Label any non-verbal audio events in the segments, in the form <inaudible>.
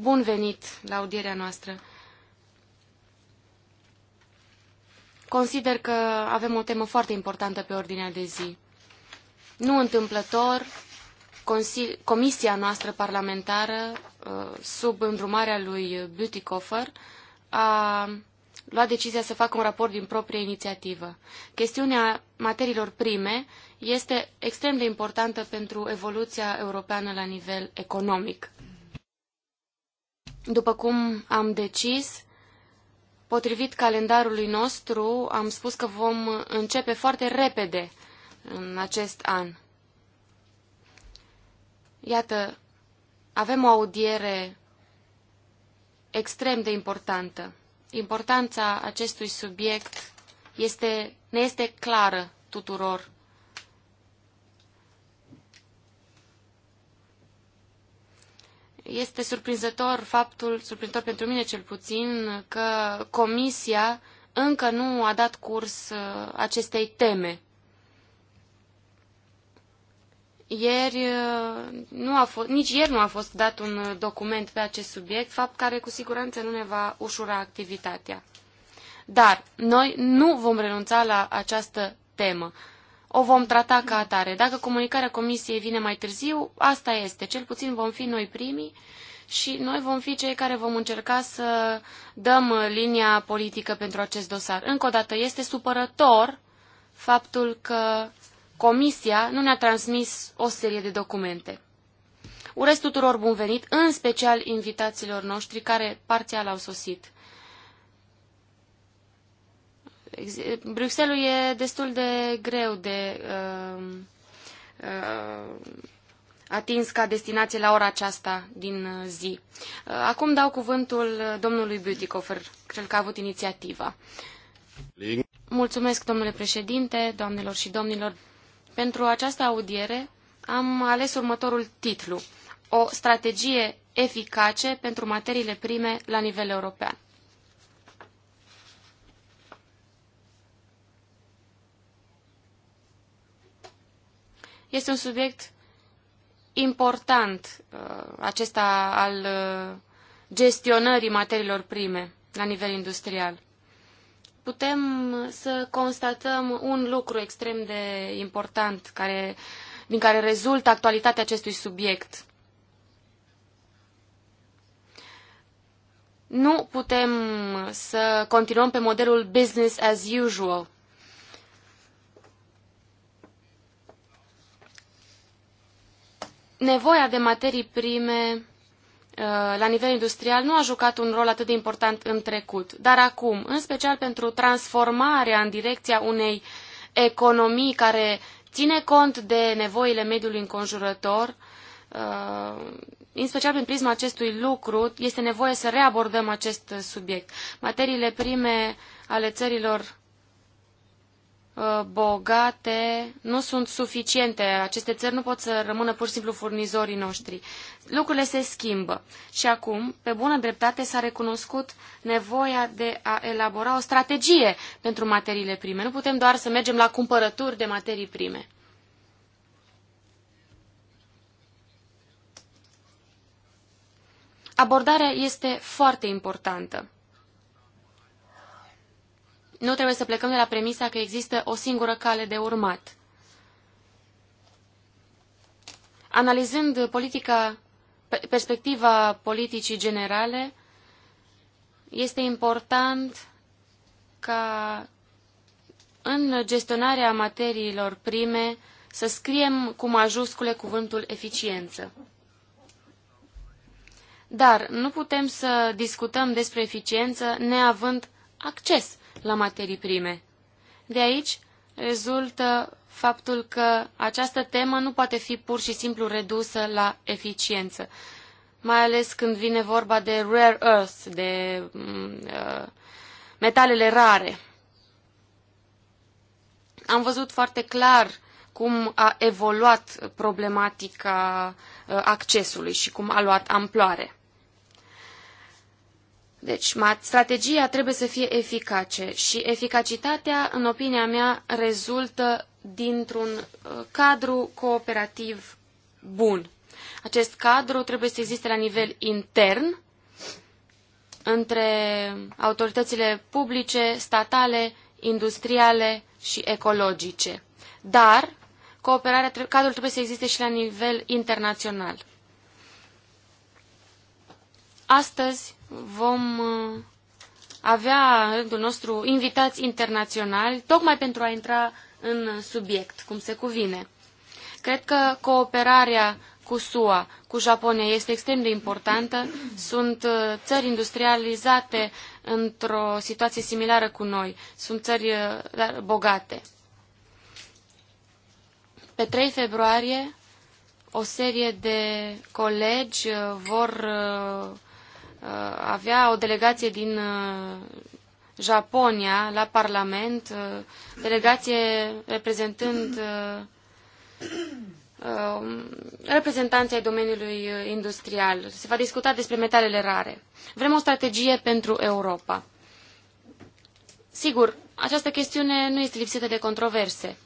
Bun venit la audierea noastră. Consider că avem o temă foarte importantă pe ordinea de zi. Nu întâmplător, Comisia noastră parlamentară, uh, sub îndrumarea lui Butikofer, a luat decizia să facă un raport din proprie inițiativă. Chestiunea materiilor prime este extrem de importantă pentru evoluția europeană la nivel economic. După cum am decis, potrivit calendarului nostru, am spus că vom începe foarte repede în acest an. Iată, avem o audiere extrem de importantă. Importanța acestui subiect este, ne este clară tuturor. Este surprinzător faptul, surprinzător pentru mine cel puțin, că Comisia încă nu a dat curs uh, acestei teme. Ieri uh, nu a fost, nici ieri nu a fost dat un uh, document pe acest subiect, fapt care cu siguranță nu ne va ușura activitatea. Dar noi nu vom renunța la această temă o vom trata ca atare. Dacă comunicarea comisiei vine mai târziu, asta este. Cel puțin vom fi noi primii și noi vom fi cei care vom încerca să dăm linia politică pentru acest dosar. Încă o dată, este supărător faptul că comisia nu ne-a transmis o serie de documente. Urez tuturor bun venit, în special invitațiilor noștri care parțial au sosit. Bruxelles e destul de greu de uh, uh, atins ca destinație la ora aceasta din uh, zi. acum dau cuvântul domnului Bütikofer, cel că a avut inițiativa. Mulțumesc, domnule președinte, doamnelor și domnilor. Pentru această audiere am ales următorul titlu. O strategie eficace pentru materiile prime la nivel european. Este un subiect important uh, acesta al uh, gestionării materiilor prime la nivel industrial. Putem să constatăm un lucru extrem de important care, din care rezultă actualitatea acestui subiect. Nu putem să continuăm pe modelul business as usual. nevoia de materii prime uh, la nivel industrial nu a jucat un rol atât de important în trecut, dar acum, în special pentru transformarea în direcția unei economii care ține cont de nevoile mediului înconjurător, uh, în special prin prisma acestui lucru, este nevoie să reabordăm acest subiect. Materiile prime ale țărilor Uh, bogate nu sunt suficiente. Aceste țări nu pot să rămână pur și simplu furnizorii noștri. Lucrurile se schimbă și acum, pe bună dreptate, s-a recunoscut nevoia de a elabora o strategie pentru materiile prime. Nu putem doar să mergem la cumpărături de materii prime. Abordarea este foarte importantă. Nu trebuie să plecăm de la premisa că există o singură cale de urmat. Analizând politica, perspectiva politicii generale, este important ca în gestionarea materiilor prime să scriem cu majuscule cuvântul eficiență. Dar nu putem să discutăm despre eficiență neavând acces la materii prime. De aici rezultă faptul că această temă nu poate fi pur și simplu redusă la eficiență, mai ales când vine vorba de rare earth, de mm, uh, metalele rare. Am văzut foarte clar cum a evoluat problematica uh, accesului și cum a luat amploare. Deci, strategia trebuie să fie eficace și eficacitatea, în opinia mea, rezultă dintr-un uh, cadru cooperativ bun. Acest cadru trebuie să existe la nivel intern, între autoritățile publice, statale, industriale și ecologice. Dar cooperarea, cadrul trebuie să existe și la nivel internațional. Astăzi, vom uh, avea în rândul nostru invitați internaționali, tocmai pentru a intra în subiect, cum se cuvine. Cred că cooperarea cu SUA, cu Japonia, este extrem de importantă. Sunt uh, țări industrializate într-o situație similară cu noi. Sunt țări uh, bogate. Pe 3 februarie, o serie de colegi vor Uh, avea o delegație din uh, Japonia la Parlament, uh, delegație reprezentând um, reprezentanții domeniului industrial. Se va discuta despre metalele rare. Vrem o strategie pentru Europa. Sigur, această chestiune nu este lipsită de controverse.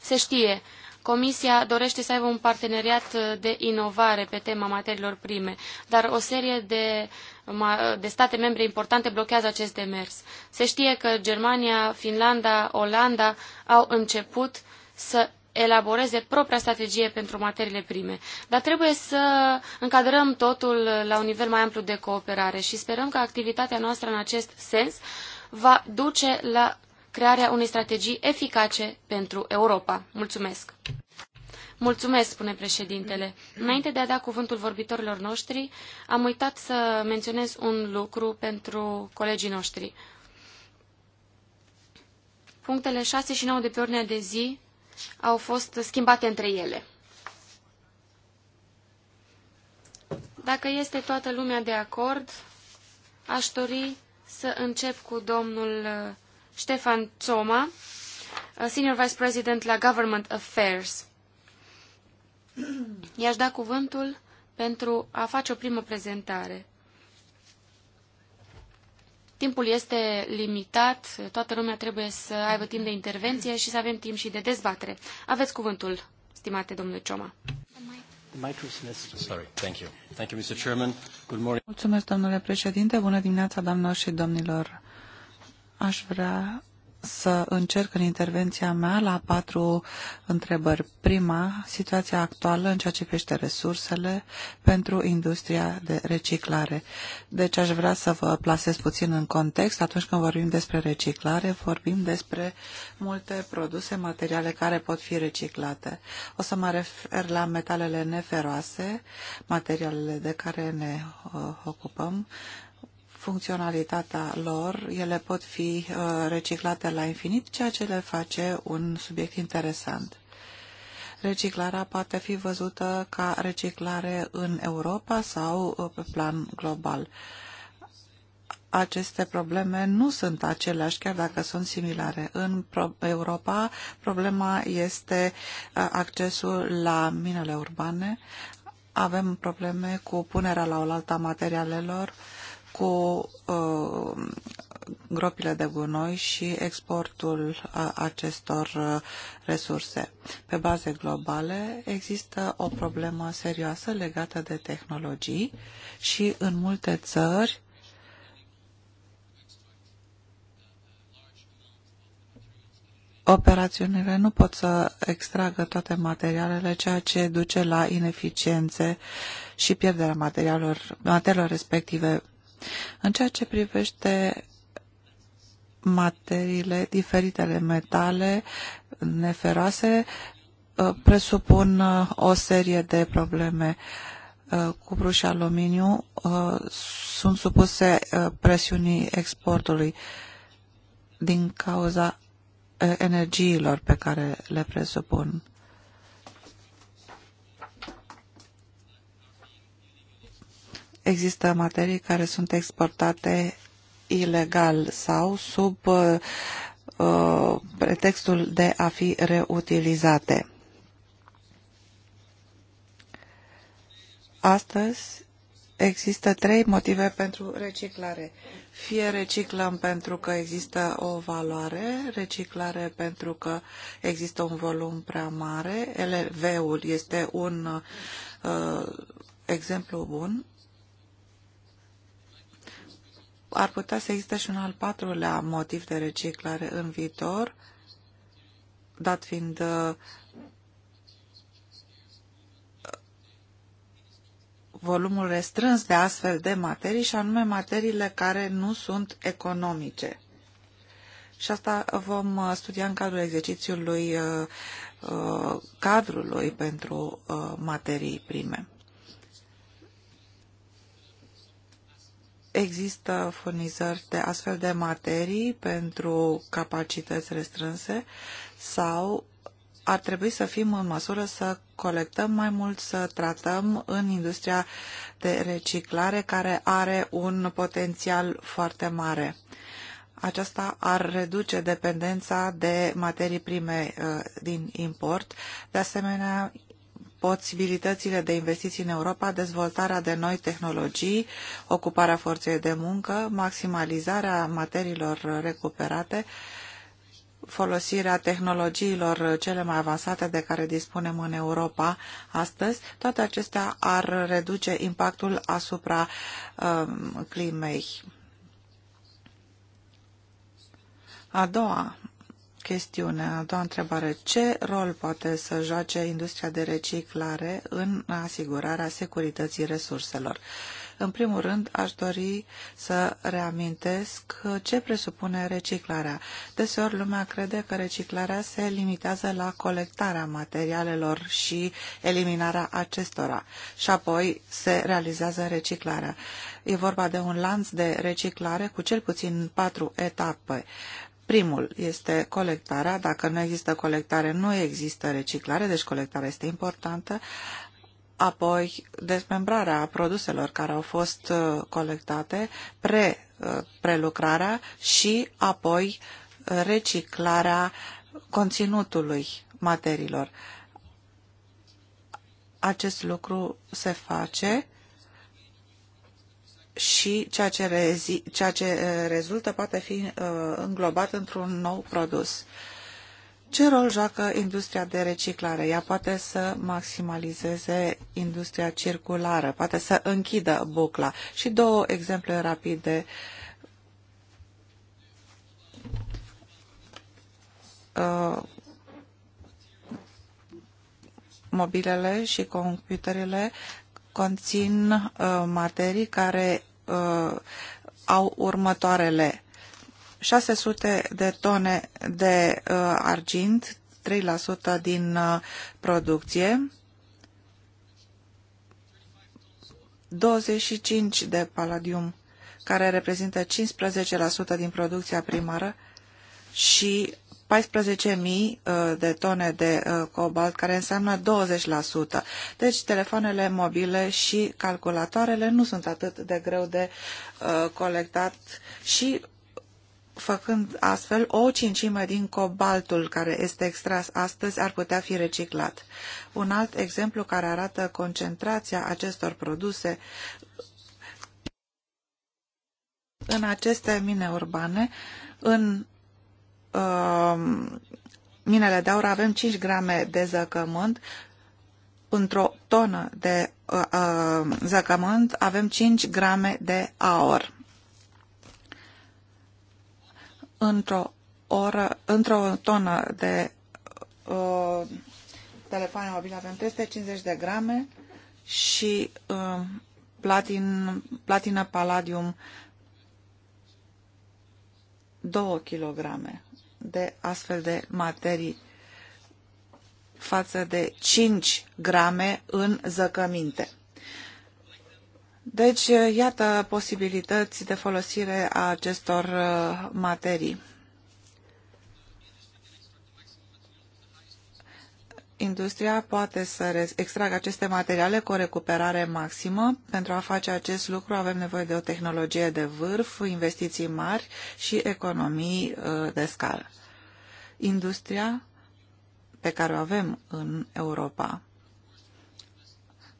Se știe Comisia dorește să aibă un parteneriat uh, de inovare pe tema materiilor prime, dar o serie de, uh, de state membre importante blochează acest demers. Se știe că Germania, Finlanda, Olanda au început să elaboreze propria strategie pentru materiile prime. Dar trebuie să încadrăm totul la un nivel mai amplu de cooperare și sperăm că activitatea noastră în acest sens va duce la crearea unei strategii eficace pentru Europa. Mulțumesc! Mulțumesc, spune președintele. Înainte de a da cuvântul vorbitorilor noștri, am uitat să menționez un lucru pentru colegii noștri. Punctele 6 și 9 de pe ordinea de zi au fost schimbate între ele. Dacă este toată lumea de acord, aș dori să încep cu domnul Stefan Tsoma, uh, Senior Vice President la Government Affairs. <clears throat> I-aș da cuvântul pentru a face o primă prezentare. Timpul este limitat, toată lumea trebuie să aibă timp de intervenție și să avem timp și de dezbatere. Aveți cuvântul, stimate domnule Cioma. Mulțumesc, domnule președinte. Bună dimineața, doamnelor și domnilor Aș vrea să încerc în intervenția mea la patru întrebări. Prima, situația actuală în ceea ce privește resursele pentru industria de reciclare. Deci aș vrea să vă plasez puțin în context. Atunci când vorbim despre reciclare, vorbim despre multe produse, materiale care pot fi reciclate. O să mă refer la metalele neferoase, materialele de care ne uh, ocupăm, funcționalitatea lor, ele pot fi uh, reciclate la infinit, ceea ce le face un subiect interesant. Reciclarea poate fi văzută ca reciclare în Europa sau uh, pe plan global. Aceste probleme nu sunt aceleași, chiar dacă sunt similare. În Europa, problema este uh, accesul la minele urbane, avem probleme cu punerea la oaltă a materialelor, uh, cu uh, gropile de gunoi și exportul uh, acestor uh, resurse. Pe baze globale există o problemă serioasă legată de tehnologii și în multe țări operațiunile nu pot să extragă toate materialele, ceea ce duce la ineficiențe și pierderea materialelor, materialelor respective în ceea ce privește materiile, diferitele metale neferoase, uh, presupun uh, o serie de probleme. Uh, cupru și aluminiu sunt supuse presiunii exportului din cauza energiilor pe care le presupun. există materii care sunt exportate ilegal sau sub uh, uh, pretextul de a fi reutilizate. Astăzi există trei motive pentru reciclare. Fie reciclăm pentru că există o valoare, reciclare pentru că există un volum prea mare, LV-ul este un uh, exemplu bun, ar putea să existe și un al patrulea motiv de reciclare în viitor, dat fiind uh, volumul restrâns de astfel de materii și anume materiile care nu sunt economice. Și asta vom uh, studia în cadrul exercițiului uh, cadrului pentru materii prime. Există furnizări de astfel de materii pentru capacități restrânse sau ar trebui să fim în măsură să colectăm mai mult, să tratăm în industria de reciclare care are un potențial foarte mare. Aceasta ar reduce dependența de materii prime uh, din import. De asemenea, posibilitățile de investiții în Europa, dezvoltarea de noi tehnologii, ocuparea forței de muncă, maximalizarea materiilor recuperate, folosirea tehnologiilor cele mai avansate de care dispunem în Europa astăzi, toate acestea ar reduce impactul asupra um, climei. A doua chestiune. A doua întrebare. Ce rol poate să joace industria de reciclare în asigurarea securității resurselor? În primul rând, aș dori să reamintesc ce presupune reciclarea. Deseori lumea crede că reciclarea se limitează la colectarea materialelor și eliminarea acestora și apoi se realizează reciclarea. E vorba de un lanț de reciclare cu cel puțin patru etape. Primul este colectarea. Dacă nu există colectare, nu există reciclare, deci colectarea este importantă. Apoi, desmembrarea produselor care au fost uh, colectate, pre, uh, prelucrarea și apoi uh, reciclarea conținutului materiilor. Acest lucru se face și ceea ce, rezi, ceea ce uh, rezultă poate fi uh, înglobat într-un nou produs. Ce rol joacă industria de reciclare? Ea poate să maximalizeze industria circulară, poate să închidă bucla. Și două exemple rapide. Uh, mobilele și computerele conțin uh, materii care uh, au următoarele 600 de tone de uh, argint, 3% din uh, producție, 25 de paladium, care reprezintă 15% din producția primară și 14.000 uh, de tone de uh, cobalt, care înseamnă 20%. Deci telefoanele mobile și calculatoarele nu sunt atât de greu de uh, colectat și făcând astfel o cincime din cobaltul care este extras astăzi ar putea fi reciclat. Un alt exemplu care arată concentrația acestor produse în aceste mine urbane, în Um, minele de aur avem 5 grame de zăcământ, într-o tonă de uh, uh zăcământ avem 5 grame de aur. Într-o oră, într-o tonă de uh, telefon mobil avem 350 de grame și uh, platin, platină palladium 2 kilograme de astfel de materii față de 5 grame în zăcăminte. Deci, iată posibilități de folosire a acestor uh, materii. industria poate să extragă aceste materiale cu o recuperare maximă. Pentru a face acest lucru avem nevoie de o tehnologie de vârf, investiții mari și economii uh, de scală. Industria pe care o avem în Europa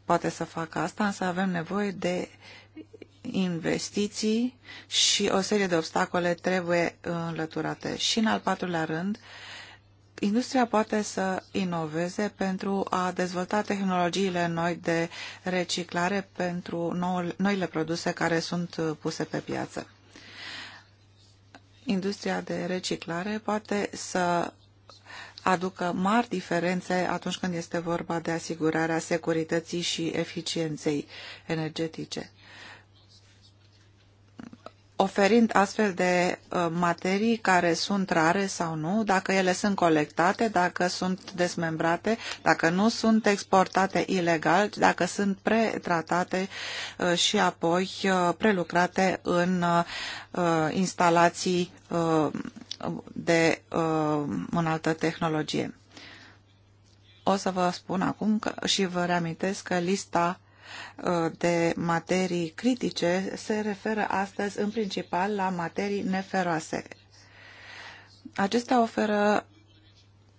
poate să facă asta, însă avem nevoie de investiții și o serie de obstacole trebuie înlăturate. Și în al patrulea rând, uh, Industria poate să inoveze pentru a dezvolta tehnologiile noi de reciclare pentru noile produse care sunt uh, puse pe piață. Industria de reciclare poate să aducă mari diferențe atunci când este vorba de asigurarea securității și eficienței energetice oferind astfel de uh, materii care sunt rare sau nu, dacă ele sunt colectate, dacă sunt desmembrate, dacă nu sunt exportate ilegal, dacă sunt pretratate uh, și apoi uh, prelucrate în instalații de înaltă tehnologie. O să vă spun acum că, și vă reamintesc că lista Uh, de materii critice se referă astăzi în principal la materii neferoase. Acestea oferă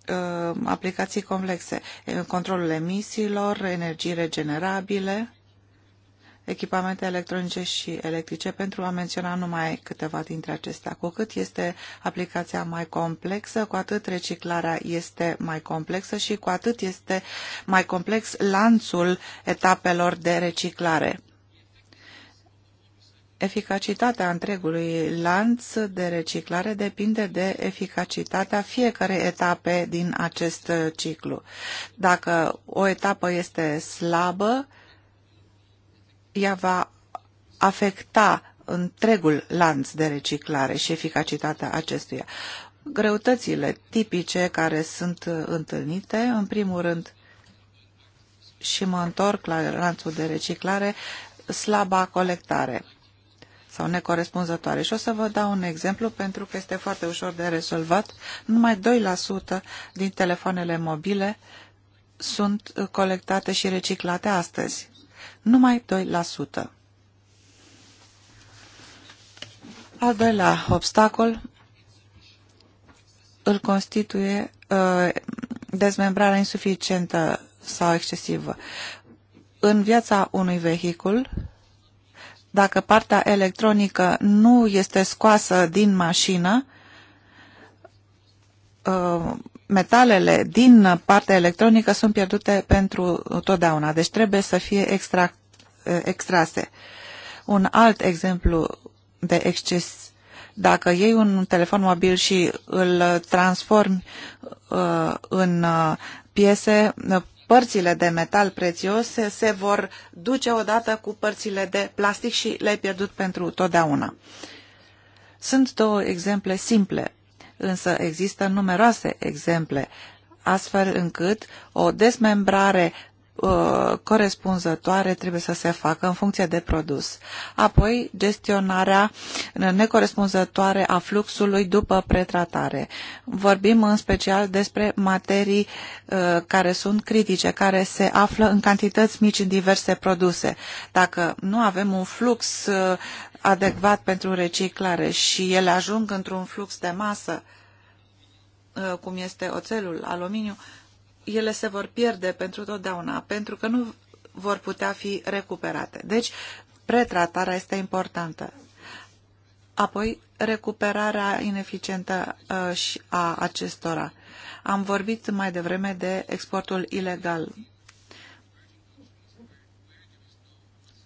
uh, aplicații complexe, controlul emisiilor, energii regenerabile, echipamente electronice și electrice, pentru a menționa numai câteva dintre acestea. Cu cât este aplicația mai complexă, cu atât reciclarea este mai complexă și cu atât este mai complex lanțul etapelor de reciclare. Eficacitatea întregului lanț de reciclare depinde de eficacitatea fiecarei etape din acest ciclu. Dacă o etapă este slabă, ea va afecta întregul lanț de reciclare și eficacitatea acestuia. Greutățile tipice care sunt întâlnite, în primul rând, și mă întorc la lanțul de reciclare, slaba colectare sau necorespunzătoare. Și o să vă dau un exemplu pentru că este foarte ușor de rezolvat. Numai 2% din telefoanele mobile sunt colectate și reciclate astăzi numai 2%. Al doilea obstacol îl constituie uh, dezmembrarea insuficientă sau excesivă. În viața unui vehicul, dacă partea electronică nu este scoasă din mașină, uh, metalele din partea electronică sunt pierdute pentru totdeauna, deci trebuie să fie extra, eh, extrase. Un alt exemplu de exces, dacă iei un telefon mobil și îl transformi uh, în uh, piese, părțile de metal prețios se, se vor duce odată cu părțile de plastic și le-ai pierdut pentru totdeauna. Sunt două exemple simple însă există numeroase exemple, astfel încât o desmembrare uh, corespunzătoare trebuie să se facă în funcție de produs. Apoi, gestionarea necorespunzătoare a fluxului după pretratare. Vorbim în special despre materii uh, care sunt critice, care se află în cantități mici în diverse produse. Dacă nu avem un flux uh, adecvat pentru reciclare și ele ajung într-un flux de masă, uh, cum este oțelul, aluminiu, ele se vor pierde pentru totdeauna, pentru că nu vor putea fi recuperate. Deci, pretratarea este importantă. Apoi, recuperarea ineficientă uh, și a acestora. Am vorbit mai devreme de exportul ilegal.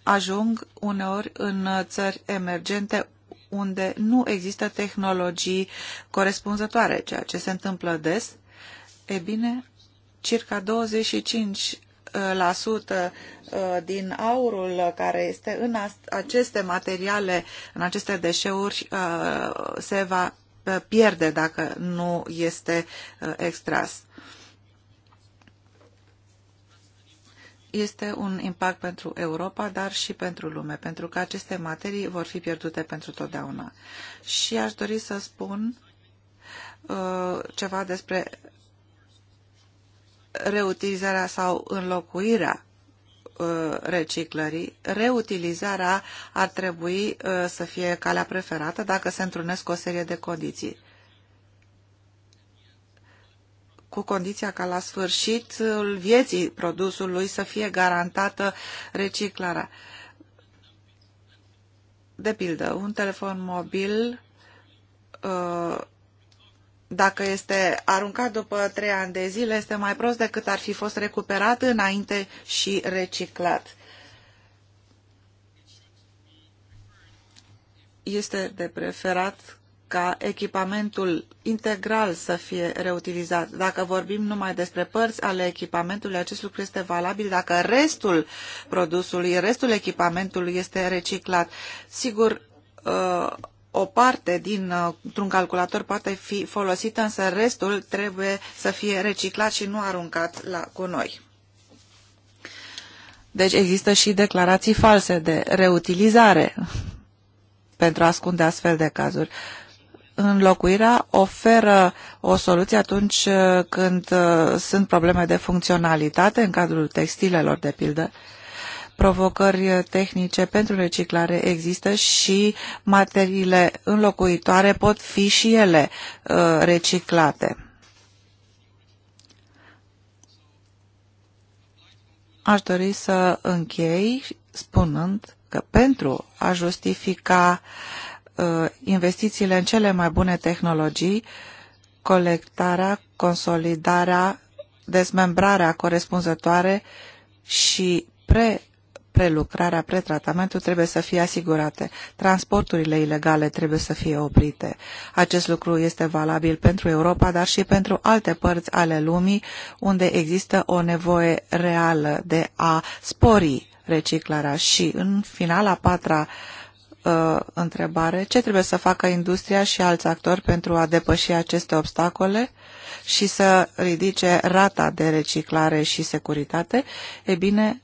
ajung uneori în țări emergente unde nu există tehnologii corespunzătoare, ceea ce se întâmplă des, e bine, circa 25 sută uh, din aurul care este în aceste materiale, în aceste deșeuri, uh, se va uh, pierde dacă nu este extras. este un impact pentru Europa, dar și pentru lume, pentru că aceste materii vor fi pierdute pentru totdeauna. Și aș dori să spun uh, ceva despre reutilizarea sau înlocuirea uh, reciclării, reutilizarea ar trebui uh, să fie calea preferată dacă se întrunesc o serie de condiții cu condiția ca la sfârșitul vieții produsului să fie garantată reciclarea. De pildă, un telefon mobil, uh, dacă este aruncat după trei ani de zile, este mai prost decât ar fi fost recuperat înainte și reciclat. Este de preferat ca echipamentul integral să fie reutilizat. Dacă vorbim numai despre părți ale echipamentului, acest lucru este valabil dacă restul produsului, restul echipamentului este reciclat. Sigur, uh, o parte dintr-un uh, calculator poate fi folosită, însă restul trebuie să fie reciclat și nu aruncat la gunoi. Deci există și declarații false de reutilizare <laughs> pentru a ascunde astfel de cazuri. Uh, înlocuirea oferă o soluție atunci uh, când uh, sunt probleme de funcționalitate în cadrul textilelor, de pildă. Provocări uh, tehnice pentru reciclare există și materiile înlocuitoare pot fi și ele reciclate. Aș dori să închei spunând că pentru a justifica uh, Uh, investițiile în cele mai bune tehnologii, colectarea, consolidarea, dezmembrarea corespunzătoare și pre prelucrarea, pretratamentul trebuie să fie asigurate. Transporturile ilegale trebuie să fie oprite. Acest lucru este valabil pentru Europa, dar și pentru alte părți ale lumii unde există o nevoie reală de a spori reciclarea și, în final, a patra uh, uh, întrebare. Ce trebuie să facă industria și alți actori pentru a depăși aceste obstacole și să ridice rata de reciclare și securitate? E bine,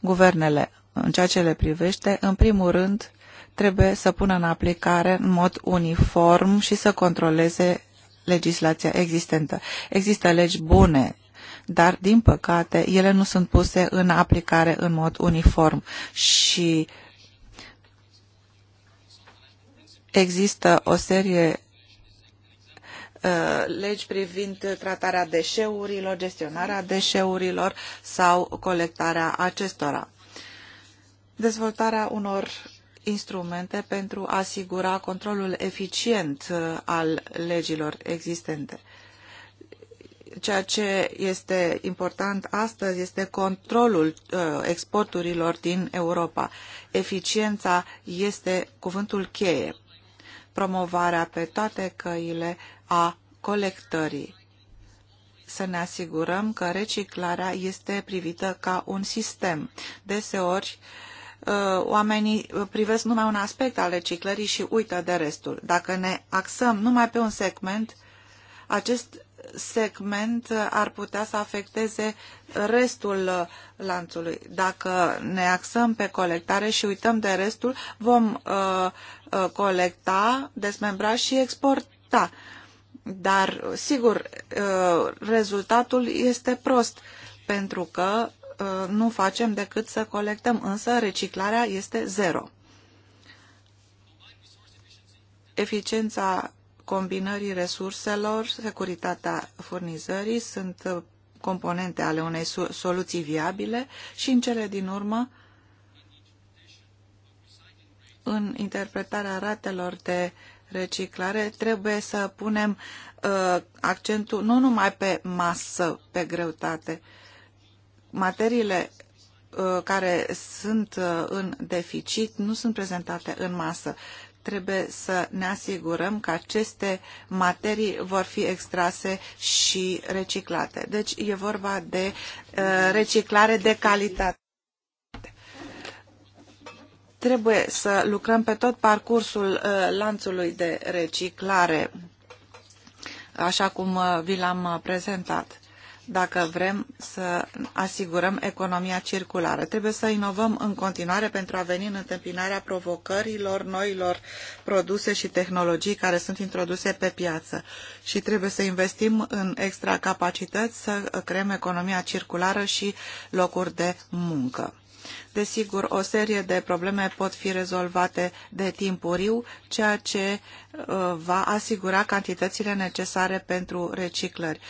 guvernele, în ceea ce le privește, în primul rând, trebuie să pună în aplicare în mod uniform și să controleze legislația existentă. Există legi bune dar, din păcate, ele nu sunt puse în aplicare în mod uniform și uh, Există o serie uh, legi privind tratarea deșeurilor, gestionarea deșeurilor sau colectarea acestora. Dezvoltarea unor instrumente pentru a asigura controlul eficient uh, al legilor existente. Ceea ce este important astăzi este controlul uh, exporturilor din Europa. Eficiența este cuvântul cheie promovarea pe toate căile a colectării. Să ne asigurăm că reciclarea este privită ca un sistem. Deseori, uh, oamenii uh, privesc numai un aspect al reciclării și uită de restul. Dacă ne axăm numai pe un segment, acest segment ar putea să afecteze restul lanțului. Dacă ne axăm pe colectare și uităm de restul, vom uh, uh colecta, desmembra și exporta. Dar, sigur, uh, rezultatul este prost, pentru că uh, nu facem decât să colectăm, însă reciclarea este zero eficiența combinării resurselor, securitatea furnizării sunt uh, componente ale unei soluții viabile și în cele din urmă în interpretarea ratelor de reciclare trebuie să punem uh, accentul nu numai pe masă, pe greutate. Materiile uh, care sunt uh, în deficit nu sunt prezentate în masă trebuie să ne asigurăm că aceste materii vor fi extrase și reciclate. Deci e vorba de uh, reciclare de calitate trebuie să lucrăm pe tot parcursul uh, lanțului de reciclare, așa cum uh, vi l-am prezentat dacă vrem să asigurăm economia circulară. Trebuie să inovăm în continuare pentru a veni în întâmpinarea provocărilor noilor produse și tehnologii care sunt introduse pe piață. Și trebuie să investim în extra capacități să creăm economia circulară și locuri de muncă. Desigur, o serie de probleme pot fi rezolvate de timpuriu, ceea ce uh, va asigura cantitățile necesare pentru reciclări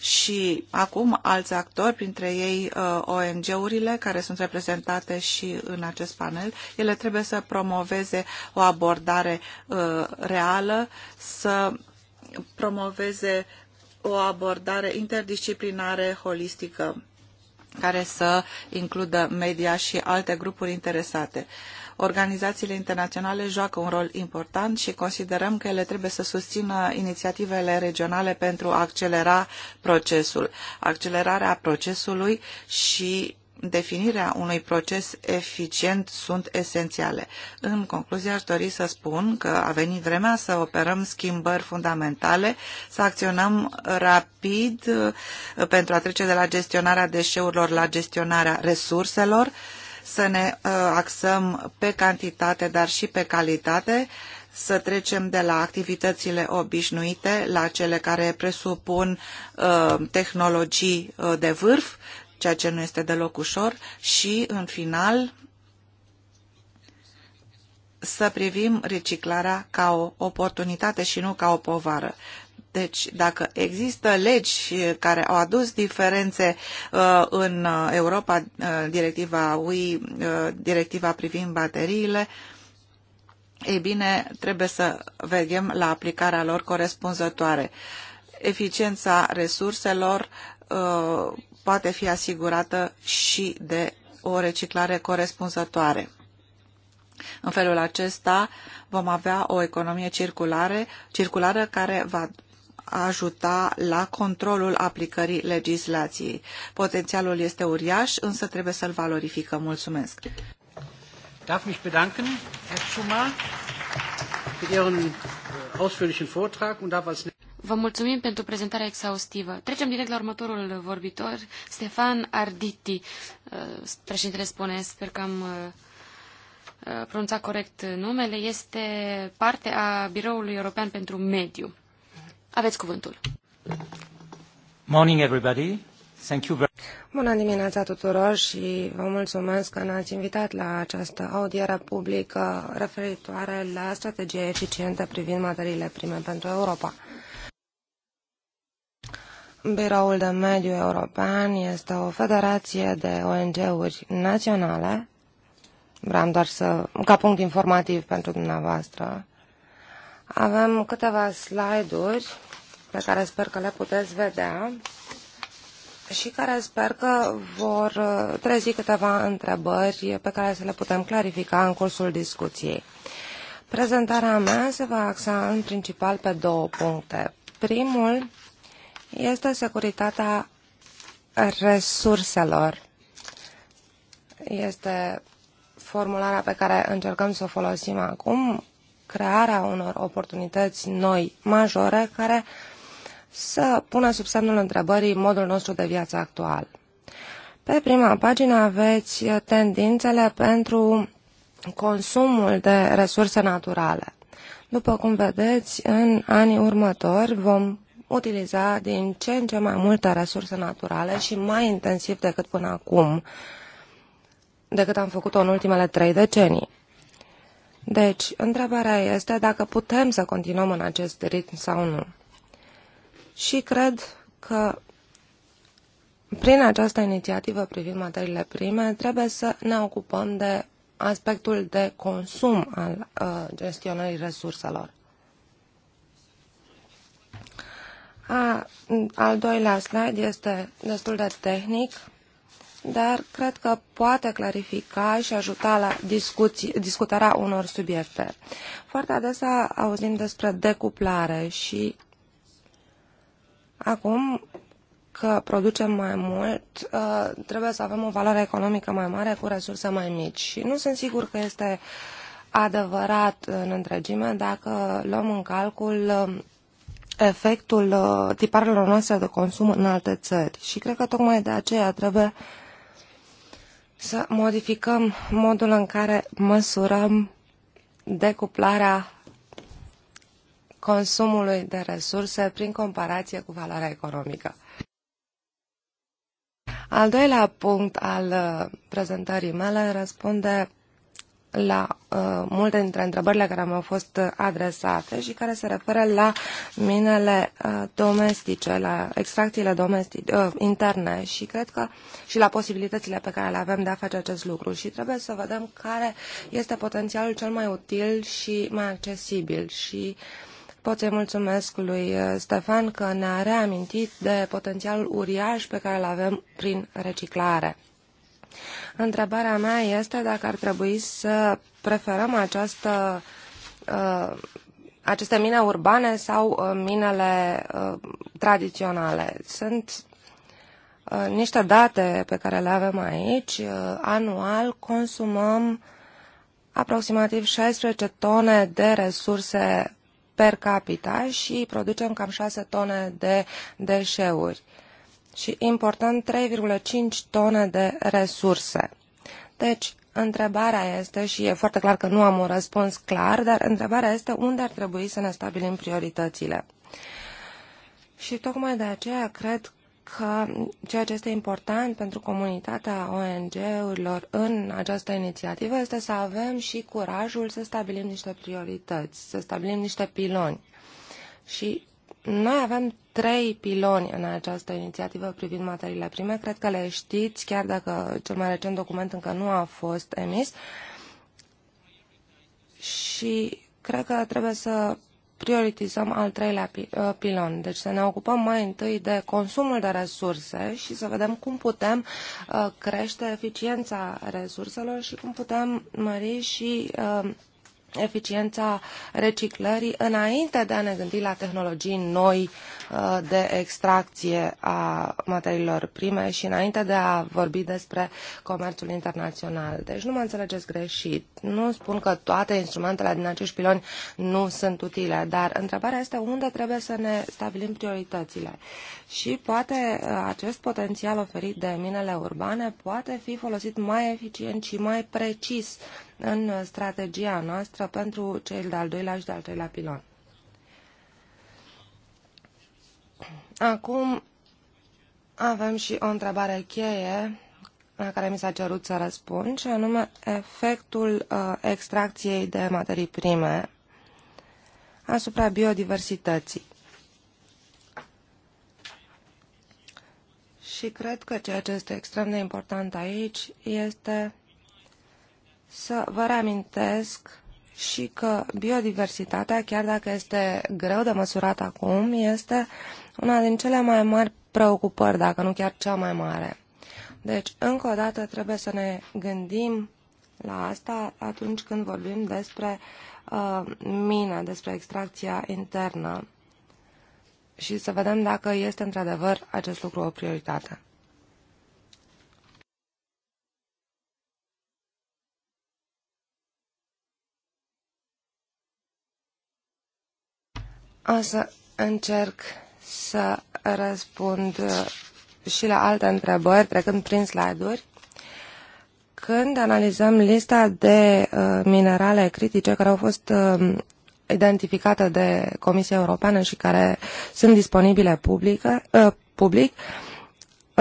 și acum alți actori, printre ei uh, ONG-urile care sunt reprezentate și în acest panel, ele trebuie să promoveze o abordare uh, reală, să promoveze o abordare interdisciplinare holistică care să includă media și alte grupuri interesate. Uh, Organizațiile internaționale joacă un rol important și considerăm că ele trebuie să susțină inițiativele regionale pentru a accelera procesul. Accelerarea procesului și definirea unui proces eficient sunt esențiale. În concluzie, aș dori să spun că a venit vremea să operăm schimbări fundamentale, să acționăm rapid uh, pentru a trece de la gestionarea deșeurilor la gestionarea resurselor, să ne uh, axăm pe cantitate, dar și pe calitate, să trecem de la activitățile obișnuite la cele care presupun uh, tehnologii uh, de vârf, ceea ce nu este deloc ușor, și, în final, să privim reciclarea ca o oportunitate și nu ca o povară. Deci, dacă există legi care au adus diferențe uh, în Europa, uh, directiva UI, uh, directiva privind bateriile, ei bine, trebuie să vedem la aplicarea lor corespunzătoare. Eficiența resurselor uh, poate fi asigurată și de o reciclare corespunzătoare. În felul acesta vom avea o economie circulare, circulară care va ajuta la controlul aplicării legislației. Potențialul este uriaș, însă trebuie să-l valorificăm. Mulțumesc! Darf mich bedanken, Herr Schumann, für Ihren äh, ausführlichen Vortrag und darf als Vă mulțumim pentru prezentarea exhaustivă. Trecem direct la următorul vorbitor, Stefan Arditi. Äh, președintele spune, sper că am äh, pronunțat corect numele, este parte a Biroului European pentru Mediu. Aveți cuvântul. Morning, everybody. Thank you very... Bună dimineața tuturor și vă mulțumesc că ne-ați invitat la această audiere publică referitoare la strategia eficientă privind materiile prime pentru Europa. Biroul de Mediu European este o federație de ONG-uri naționale, vreau doar să, ca punct informativ pentru dumneavoastră, avem câteva slide-uri pe care sper că le puteți vedea și care sper că vor uh, trezi câteva întrebări pe care să le putem clarifica în cursul discuției. Prezentarea mea se va axa în principal pe două puncte. Primul este securitatea resurselor. Este formularea pe care încercăm să o folosim acum crearea unor oportunități noi majore care să pună sub semnul întrebării modul nostru de viață actual. Pe prima pagină aveți tendințele pentru consumul de resurse naturale. După cum vedeți, în anii următori vom utiliza din ce în ce mai multe resurse naturale și mai intensiv decât până acum, decât am făcut-o în ultimele trei decenii. Deci, întrebarea este dacă putem să continuăm în acest ritm sau nu. Și cred că prin această inițiativă privind materiile prime trebuie să ne ocupăm de aspectul de consum al uh, gestionării resurselor. A, al doilea slide este destul de tehnic dar cred că poate clarifica și ajuta la discuții, discutarea unor subiecte. Foarte adesea auzim despre decuplare și acum că producem mai mult, uh, trebuie să avem o valoare economică mai mare cu resurse mai mici. Și nu sunt sigur că este adevărat în întregime dacă luăm în calcul uh, efectul uh, tiparelor noastre de consum în alte țări. Și cred că tocmai de aceea trebuie uh, să modificăm modul în care măsurăm decuplarea consumului de resurse prin comparație cu valoarea economică. Al doilea punct al uh, prezentării mele răspunde la uh, multe dintre întrebările care mi-au fost adresate și care se referă la minele uh, domestice, la extracțiile domestice, uh, interne și cred că și la posibilitățile pe care le avem de a face acest lucru și trebuie să vedem care este potențialul cel mai util și mai accesibil și Pot să-i mulțumesc lui uh, Stefan că ne-a reamintit de potențialul uriaș pe care îl avem prin reciclare. Întrebarea mea este dacă ar trebui să preferăm această, uh, aceste mine urbane sau uh, minele uh, tradiționale. Sunt niște date pe care le avem aici. Anual consumăm aproximativ 16 tone de resurse per capita și producem cam 6 tone de deșeuri și importăm 3,5 tone de resurse. Deci, întrebarea este, și e foarte clar că nu am un răspuns clar, dar întrebarea este unde ar trebui să ne stabilim prioritățile. Și tocmai de aceea cred că ceea ce este important pentru comunitatea ONG-urilor în această inițiativă este să avem și curajul să stabilim niște priorități, să stabilim niște piloni. Și noi avem trei piloni în această inițiativă privind materiile prime. Cred că le știți, chiar dacă cel mai recent document încă nu a fost emis. Și cred că trebuie să prioritizăm al treilea uh, pilon. Deci să ne ocupăm mai întâi de consumul de resurse și să vedem cum putem uh, crește eficiența resurselor și cum putem mări și uh, eficiența reciclării înainte de a ne gândi la tehnologii noi uh, de extracție a materiilor prime și înainte de a vorbi despre comerțul internațional. Deci nu mă înțelegeți greșit. Nu spun că toate instrumentele din acești piloni nu sunt utile, dar întrebarea este unde trebuie să ne stabilim prioritățile. Și poate uh, acest potențial oferit de minele urbane poate fi folosit mai eficient și mai precis în strategia noastră pentru cel de-al doilea și de-al treilea pilon. Acum avem și o întrebare cheie la care mi s-a cerut să răspund, și anume efectul uh, extracției de materii prime asupra biodiversității. Și cred că ceea ce este extrem de important aici este să vă reamintesc și că biodiversitatea, chiar dacă este greu de măsurat acum, este una din cele mai mari preocupări, dacă nu chiar cea mai mare. Deci, încă o dată, trebuie să ne gândim la asta atunci când vorbim despre uh, mine, despre extracția internă și să vedem dacă este într-adevăr acest lucru o prioritate. O să încerc să răspund uh, și la alte întrebări, trecând prin slide-uri. Când analizăm lista de uh, minerale critice care au fost um, identificate de Comisia Europeană și care sunt disponibile uh, public,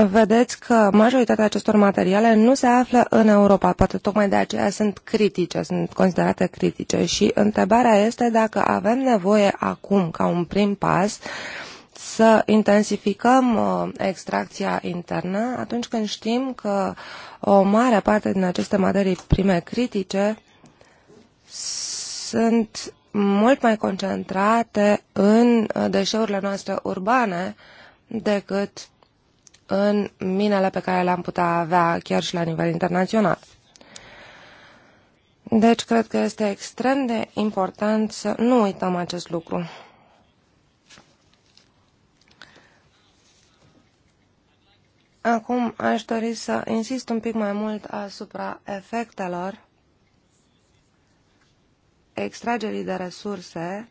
vedeți că majoritatea acestor materiale nu se află în Europa. Poate tocmai de aceea sunt critice, sunt considerate critice și întrebarea este dacă avem nevoie acum, ca un prim pas, să intensificăm uh, extracția internă atunci când știm că o mare parte din aceste materii prime critice sunt mult mai concentrate în uh, deșeurile noastre urbane decât în minele pe care le-am putea avea chiar și la nivel internațional. Deci cred că este extrem de important să nu uităm acest lucru. Acum aș dori să insist un pic mai mult asupra efectelor extragerii de resurse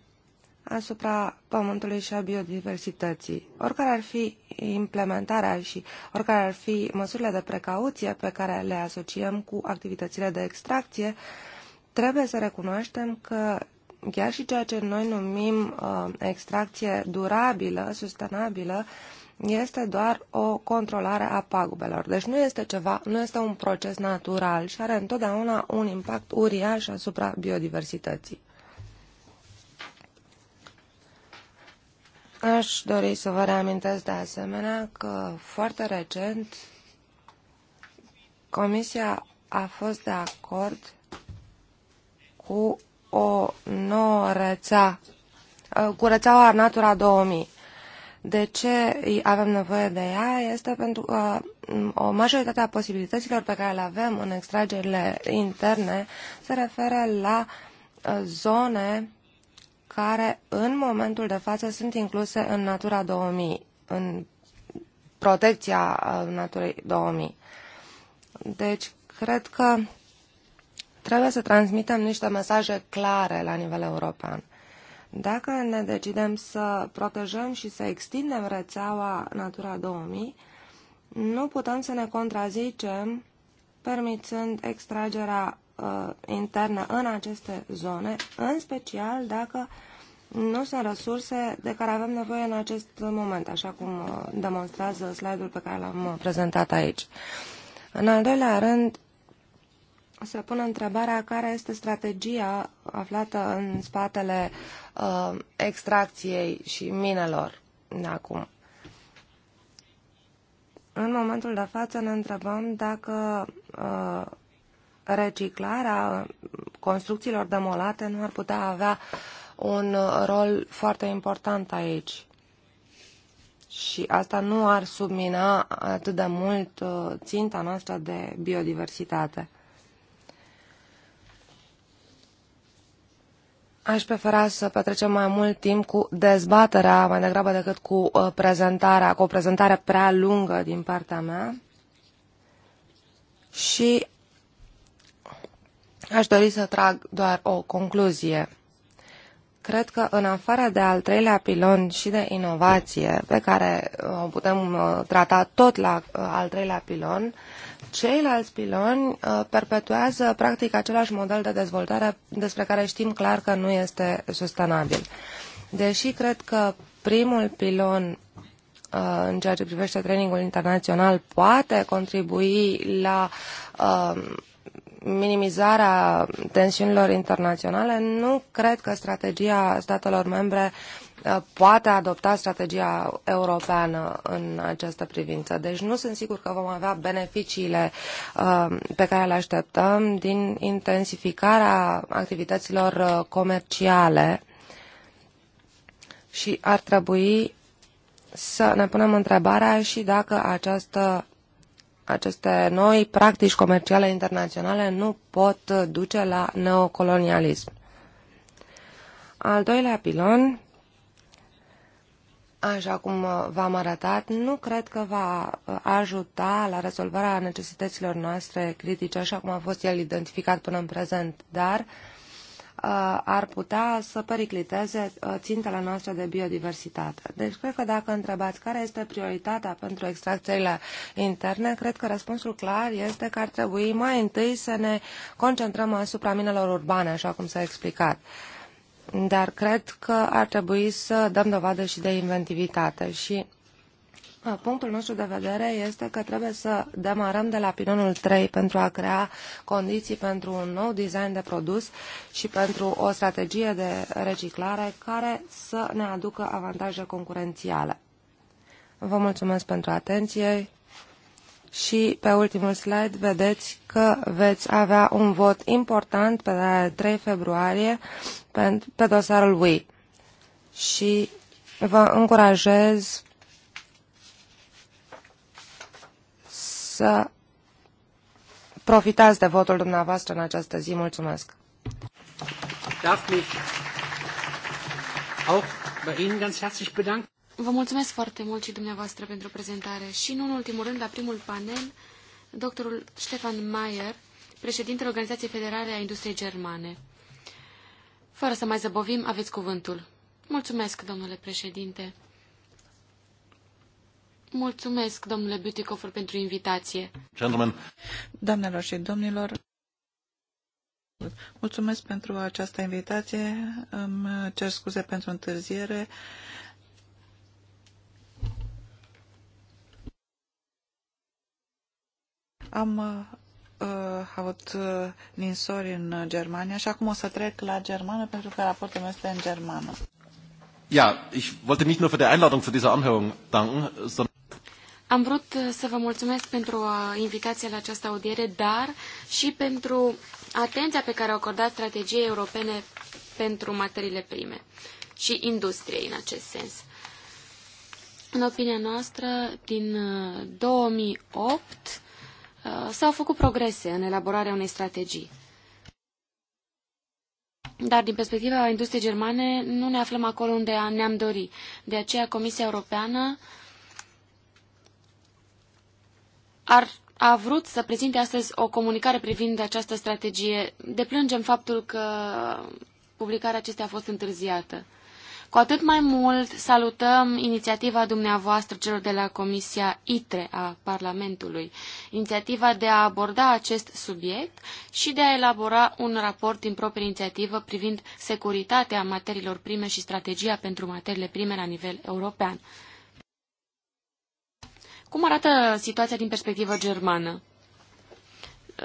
asupra pământului și a biodiversității. Oricare ar fi implementarea și oricare ar fi măsurile de precauție pe care le asociem cu activitățile de extracție, trebuie să recunoaștem că chiar și ceea ce noi numim uh, extracție durabilă, sustenabilă, este doar o controlare a pagubelor. Deci nu este ceva, nu este un proces natural și are întotdeauna un impact uriaș asupra biodiversității. Aș dori să vă reamintesc de asemenea că foarte recent Comisia a fost de acord cu o nouă rețea, ă, cu rețeaua Natura 2000. De ce avem nevoie de ea este pentru că o majoritate a posibilităților pe care le avem în extragerile interne se referă la ă, zone care în momentul de față sunt incluse în Natura 2000, în protecția Naturii 2000. Deci, cred că trebuie să transmitem niște mesaje clare la nivel european. Dacă ne decidem să protejăm și să extindem rețeaua Natura 2000, nu putem să ne contrazicem permițând extragerea uh, internă în aceste zone, în special dacă nu sunt resurse de care avem nevoie în acest moment, așa cum uh, demonstrează slide-ul pe care l-am uh, prezentat aici. În al doilea rând, se pune întrebarea care este strategia aflată în spatele uh, extracției și minelor de acum. În momentul de față ne întrebăm dacă uh, reciclarea construcțiilor demolate nu ar putea avea uh, un uh, rol foarte important aici. Și asta nu ar submina atât de mult uh, ținta noastră de biodiversitate. Aș prefera să petrecem mai mult timp cu dezbaterea mai degrabă decât cu uh, prezentarea, cu o prezentare prea lungă din partea mea. Și aș dori să trag doar o concluzie cred că în afară de al treilea pilon și de inovație, pe care uh, o putem uh, trata tot la uh, al treilea pilon, ceilalți piloni perpetuează practic același model de dezvoltare despre care știm clar că nu este sustenabil. Deși cred că primul pilon în ceea ce privește trainingul internațional poate contribui la uh, minimizarea tensiunilor internaționale, nu cred că strategia statelor membre uh, poate adopta strategia europeană în această privință. Deci nu sunt sigur că vom avea beneficiile uh, pe care le așteptăm din intensificarea activităților uh, comerciale și ar trebui să ne punem întrebarea și dacă această aceste noi practici comerciale internaționale nu pot duce la neocolonialism. Al doilea pilon, așa cum v-am arătat, nu cred că va ajuta la rezolvarea necesităților noastre critice, așa cum a fost el identificat până în prezent, dar uh, Uh, ar putea să pericliteze uh, țintele noastre de biodiversitate. Deci, cred că dacă întrebați care este prioritatea pentru extracțiile interne, cred că răspunsul clar este că ar trebui mai întâi să ne concentrăm asupra minelor urbane, așa cum s-a explicat. Dar cred că ar trebui să dăm dovadă și de inventivitate și Ah, punctul nostru de vedere este că trebuie să demarăm de la pilonul 3 pentru a crea condiții pentru un nou design de produs și pentru o strategie de reciclare care să ne aducă avantaje concurențiale. Vă mulțumesc pentru atenție și pe ultimul slide vedeți că veți avea un vot important pe 3 februarie pe dosarul Wii și vă încurajez să profitați de votul dumneavoastră în această zi. Mulțumesc! Vă mulțumesc foarte mult și dumneavoastră pentru prezentare. Și nu în ultimul rând, la primul panel, doctorul Stefan Mayer, președintele Organizației Federale a Industriei Germane. Fără să mai zăbovim, aveți cuvântul. Mulțumesc, domnule președinte. Mulțumesc, domnule Butikofer, pentru invitație. Gentlemen. Doamnelor și domnilor, mulțumesc pentru această invitație. Îmi cer scuze pentru întârziere. Am uh, avut uh, ninsori în Germania și acum o să trec la germană pentru că raportul meu este în germană. Ja, ich wollte nicht nur für die Einladung zu dieser Anhörung danken, sondern am vrut uh, să vă mulțumesc pentru uh, invitația la această audiere, dar și pentru atenția pe care a acordat strategiei europene pentru materiile prime și industriei în acest sens. În opinia noastră, din 2008 uh, s-au făcut progrese în elaborarea unei strategii. Dar din perspectiva industriei germane nu ne aflăm acolo unde ne-am dori. De aceea Comisia Europeană ar, a vrut să prezinte astăzi o comunicare privind această strategie. Deplângem faptul că publicarea acesteia a fost întârziată. Cu atât mai mult salutăm inițiativa dumneavoastră celor de la Comisia ITRE a Parlamentului, inițiativa de a aborda acest subiect și de a elabora un raport din proprie inițiativă privind securitatea materiilor prime și strategia pentru materiile prime la nivel european. Cum arată situația din perspectivă germană?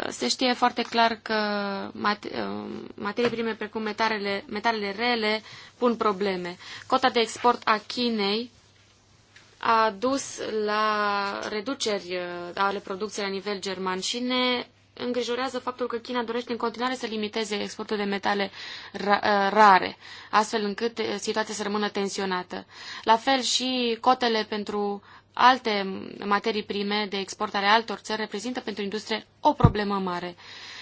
Se știe foarte clar că materii prime precum metalele, metalele rele pun probleme. Cota de export a Chinei a dus la reduceri uh, ale producției la nivel german și ne îngrijorează faptul că China dorește în continuare să limiteze exportul de metale uh, rare, astfel încât uh, situația să rămână tensionată. La fel și cotele pentru alte materii prime de export ale altor țări reprezintă pentru industrie o problemă mare.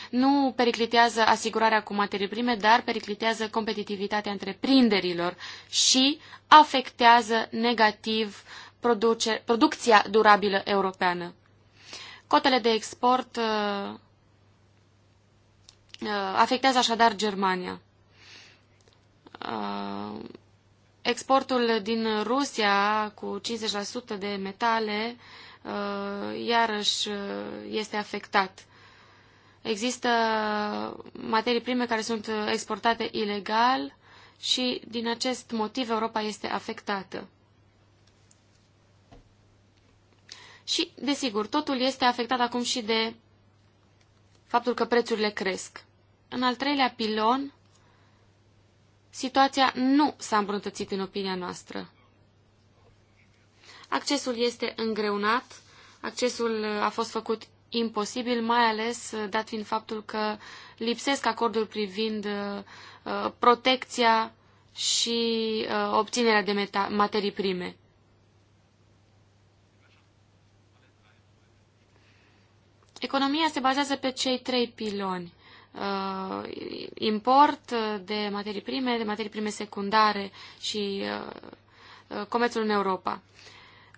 Nu periclitează asigurarea cu materii prime, dar periclitează competitivitatea întreprinderilor și afectează negativ produce, producția durabilă europeană. Cotele de export uh, uh afectează așadar Germania. Uh, exportul din Rusia cu 50% de metale uh, iarăși uh, este afectat. Există materii prime care sunt exportate ilegal și din acest motiv Europa este afectată. Și, desigur, totul este afectat acum și de faptul că prețurile cresc. În al treilea pilon, situația nu s-a îmbunătățit în opinia noastră. Accesul este îngreunat, accesul uh, a fost făcut imposibil, mai ales uh, dat fiind faptul că lipsesc acordul privind uh, uh, protecția și uh, obținerea de materii prime. Economia se bazează pe cei trei piloni uh, import de materii prime, de materii prime secundare și uh, uh, comerțul în Europa.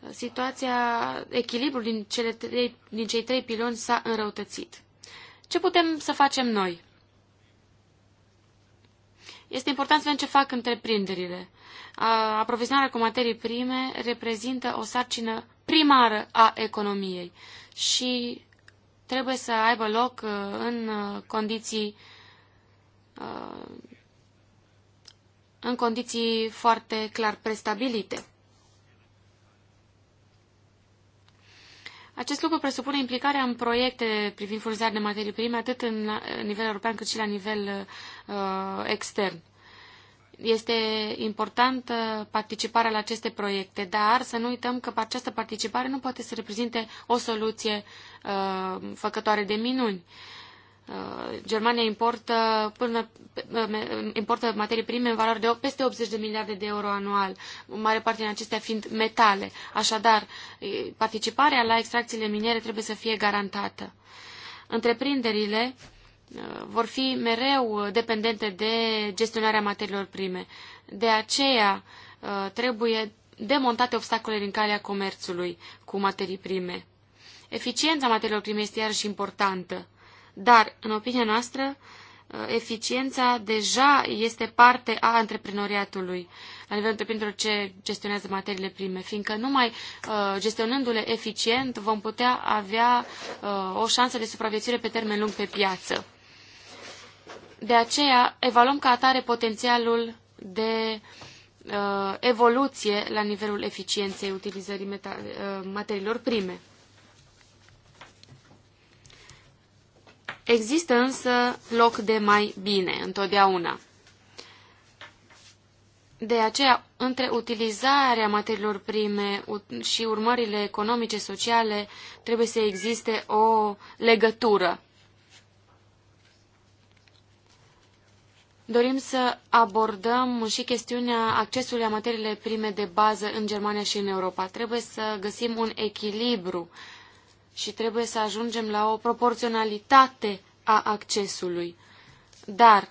Situația, echilibrul din, cele trei, din cei trei piloni s-a înrăutățit. Ce putem să facem noi? Este important să vedem ce fac întreprinderile. Aprovizionarea cu materii prime reprezintă o sarcină primară a economiei și trebuie să aibă loc uh, în uh, condiții uh, în condiții foarte clar prestabilite. Acest lucru presupune implicarea în proiecte privind furnizarea de materii prime, atât în nivel european cât și la nivel uh, extern. Este importantă participarea la aceste proiecte, dar să nu uităm că această participare nu poate să reprezinte o soluție uh, făcătoare de minuni. Uh, Germania importă, până, uh, importă materii prime în valoare de peste 80 de miliarde de euro anual, mare parte din acestea fiind metale. Așadar, participarea la extracțiile miniere trebuie să fie garantată. Întreprinderile vor fi mereu dependente de gestionarea materiilor prime. De aceea uh, trebuie demontate obstacole din calea comerțului cu materii prime. Eficiența materiilor prime este iarăși importantă, dar, în opinia noastră, uh, eficiența deja este parte a antreprenoriatului la nivelul întreprinderilor ce gestionează materiile prime, fiindcă numai uh, gestionându-le eficient vom putea avea uh, o șansă de supraviețuire pe termen lung pe piață. De aceea evaluăm ca atare potențialul de uh, evoluție la nivelul eficienței utilizării uh, materiilor prime. Există însă loc de mai bine întotdeauna. De aceea, între utilizarea materiilor prime și urmările economice, sociale, trebuie să existe o legătură. Dorim să abordăm și chestiunea accesului la materiile prime de bază în Germania și în Europa. Trebuie să găsim un echilibru și trebuie să ajungem la o proporționalitate a accesului. Dar,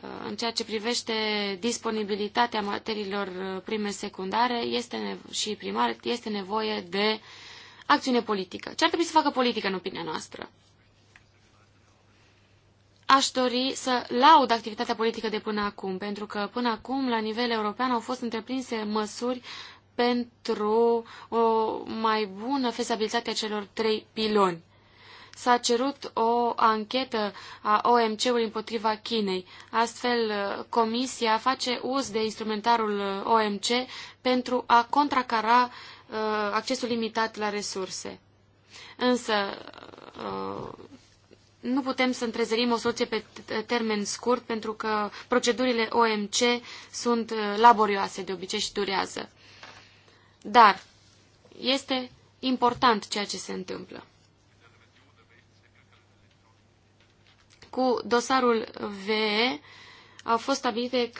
uh, în ceea ce privește disponibilitatea materiilor uh, prime secundare este și primare, este nevoie de acțiune politică. Ce ar trebui să facă politică în opinia noastră? aș dori să laud activitatea politică de până acum, pentru că până acum, la nivel european, au fost întreprinse măsuri pentru o mai bună fezabilitate a celor trei piloni. S-a cerut o anchetă a OMC-ului împotriva Chinei. Astfel, Comisia face uz de instrumentarul OMC pentru a contracara uh, accesul limitat la resurse. Însă, uh, nu putem să întrezărim o soluție pe termen scurt pentru că procedurile OMC sunt uh, laborioase de obicei și durează. Dar este important ceea ce se întâmplă. Cu dosarul VE au fost stabilite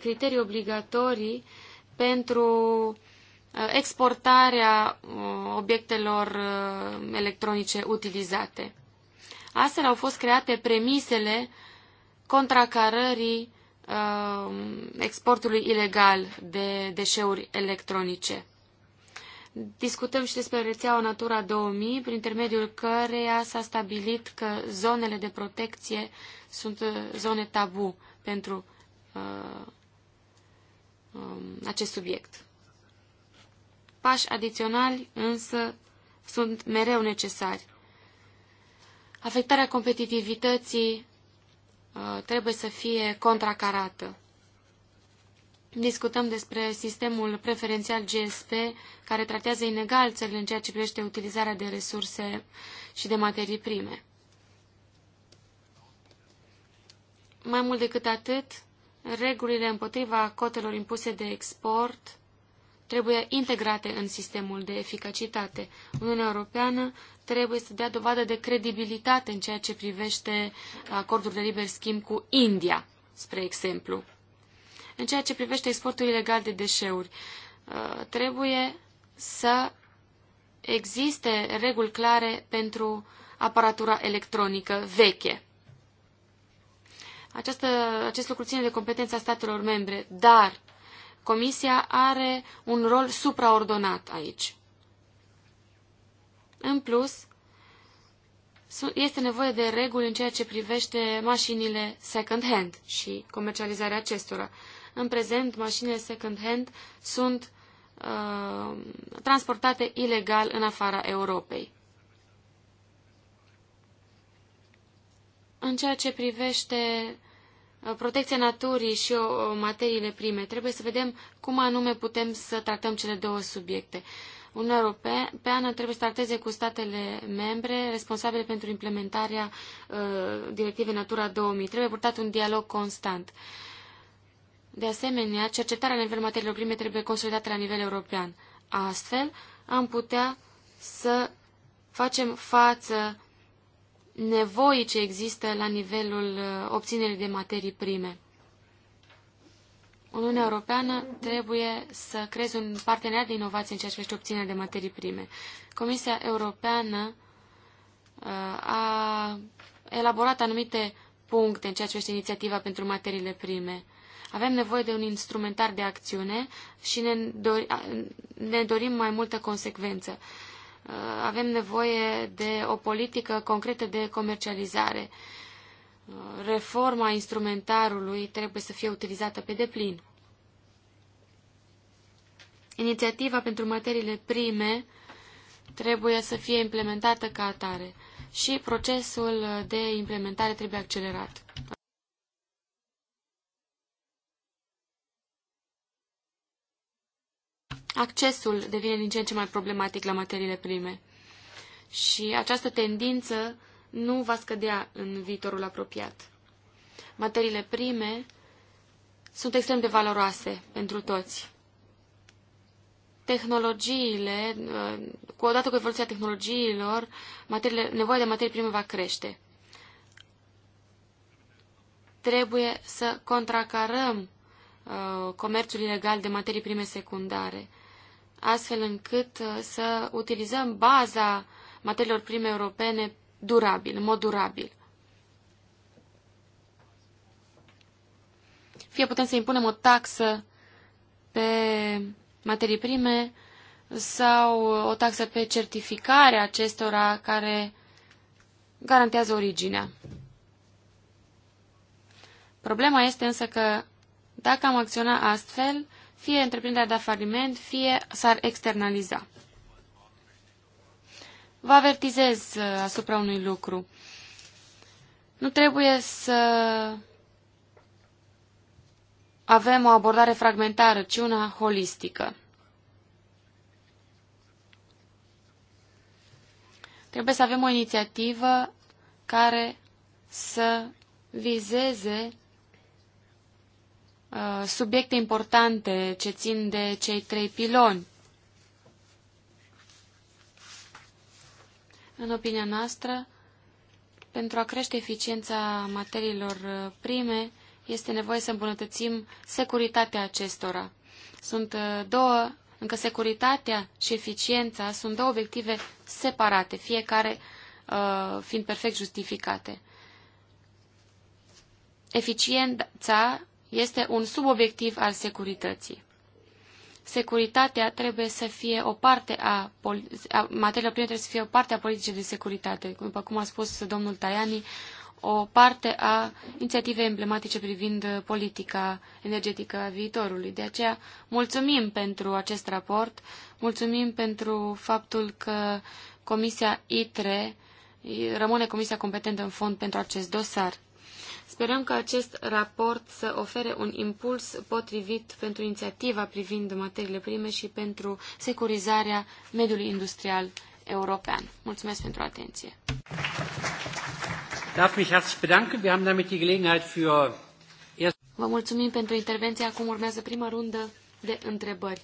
criterii obligatorii pentru uh, exportarea uh, obiectelor electronice utilizate. Astfel au fost create premisele contracarării uh, exportului ilegal de deșeuri electronice. Discutăm și despre rețeaua Natura 2000, prin intermediul căreia s-a stabilit că zonele de protecție sunt uh, zone tabu pentru uh, um, acest subiect. Pași adiționali însă sunt mereu necesari afectarea competitivității uh, trebuie să fie contracarată. Discutăm despre sistemul preferențial GSP, care tratează inegal țările în ceea ce privește utilizarea de resurse și de materii prime. Mai mult decât atât, regulile împotriva cotelor impuse de export trebuie integrate în sistemul de eficacitate. Uniunea Europeană trebuie să dea dovadă de credibilitate în ceea ce privește acordul de liber schimb cu India, spre exemplu. În ceea ce privește exportul ilegal de deșeuri, uh, trebuie să existe reguli clare pentru aparatura electronică veche. Această, acest lucru ține de competența statelor membre, dar Comisia are un rol supraordonat aici. În plus, este nevoie de reguli în ceea ce privește mașinile second-hand și comercializarea acestora. În prezent, mașinile second-hand sunt uh, transportate ilegal în afara Europei. În ceea ce privește protecția naturii și uh, materiile prime. Trebuie să vedem cum anume putem să tratăm cele două subiecte. Uniunea Europeană trebuie să trateze cu statele membre responsabile pentru implementarea uh, directivei Natura 2000. Trebuie purtat un dialog constant. De asemenea, cercetarea la nivelul materiilor prime trebuie consolidată la nivel european. Astfel, am putea să facem față nevoii ce există la nivelul uh, obținerii de materii prime. Uniunea Europeană trebuie să creeze un parteneriat de inovație în ceea ce privește obținerea de materii prime. Comisia Europeană uh, a elaborat anumite puncte în ceea ce privește inițiativa pentru materiile prime. Avem nevoie de un instrumentar de acțiune și ne, ne dorim mai multă consecvență. Uh, avem nevoie de o politică concretă de comercializare. Uh, reforma instrumentarului trebuie să fie utilizată pe deplin. Inițiativa pentru materiile prime trebuie să fie implementată ca atare și procesul de implementare trebuie accelerat. accesul devine din ce în ce mai problematic la materiile prime. Și această tendință nu va scădea în viitorul apropiat. Materiile prime sunt extrem de valoroase pentru toți. Tehnologiile, cu odată cu evoluția tehnologiilor, materiile, nevoia de materii prime va crește. Trebuie să contracarăm uh, comerțul ilegal de materii prime secundare astfel încât uh, să utilizăm baza materiilor prime europene durabil, în mod durabil. Fie putem să impunem o taxă pe materii prime sau o taxă pe certificarea acestora care garantează originea. Problema este însă că dacă am acționa astfel, fie întreprinderea de faliment, fie s-ar externaliza. Vă avertizez uh, asupra unui lucru. Nu trebuie să avem o abordare fragmentară, ci una holistică. Trebuie să avem o inițiativă care să vizeze Uh, subiecte importante ce țin de cei trei piloni. În opinia noastră, pentru a crește eficiența materiilor uh, prime, este nevoie să îmbunătățim securitatea acestora. Sunt uh, două, încă securitatea și eficiența sunt două obiective separate, fiecare uh, fiind perfect justificate. Eficiența este un subobiectiv al securității. Securitatea trebuie să fie o parte a, a materiilor prime trebuie să fie o parte a politicii de securitate, după cum a spus domnul Tajani, o parte a inițiativei emblematice privind politica energetică a viitorului. De aceea, mulțumim pentru acest raport, mulțumim pentru faptul că Comisia ITRE rămâne Comisia competentă în fond pentru acest dosar. Sperăm că acest raport să ofere un impuls potrivit pentru inițiativa privind materiile prime și pentru securizarea mediului industrial european. Mulțumesc pentru atenție. Vă mulțumim pentru intervenție. Acum urmează prima rundă de întrebări.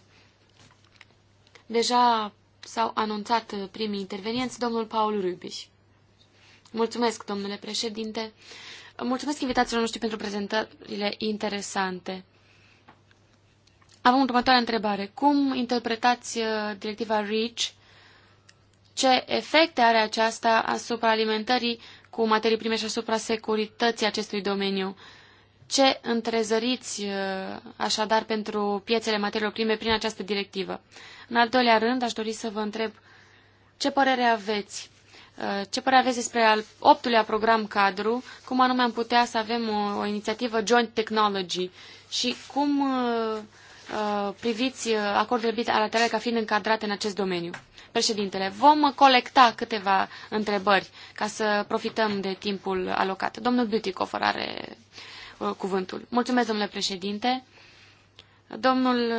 Deja s-au anunțat primii intervenienți, domnul Paul Rubiș. Mulțumesc, domnule președinte. Mulțumesc invitațiilor noștri pentru prezentările interesante. Avem următoarea întrebare. Cum interpretați uh, directiva REACH? Ce efecte are aceasta asupra alimentării cu materii prime și asupra securității acestui domeniu? Ce întrezăriți uh, așadar pentru piețele materiilor prime prin această directivă? În al doilea rând, aș dori să vă întreb ce părere aveți Uh, ce părere aveți despre al optulea program cadru, cum anume am putea să avem o, o inițiativă Joint Technology și cum uh, uh, priviți uh, acordurile bilaterale ca fiind încadrate în acest domeniu? Președintele, vom colecta câteva întrebări ca să profităm de timpul alocat. Domnul Beautycofer are uh, cuvântul. Mulțumesc, domnule președinte. Domnul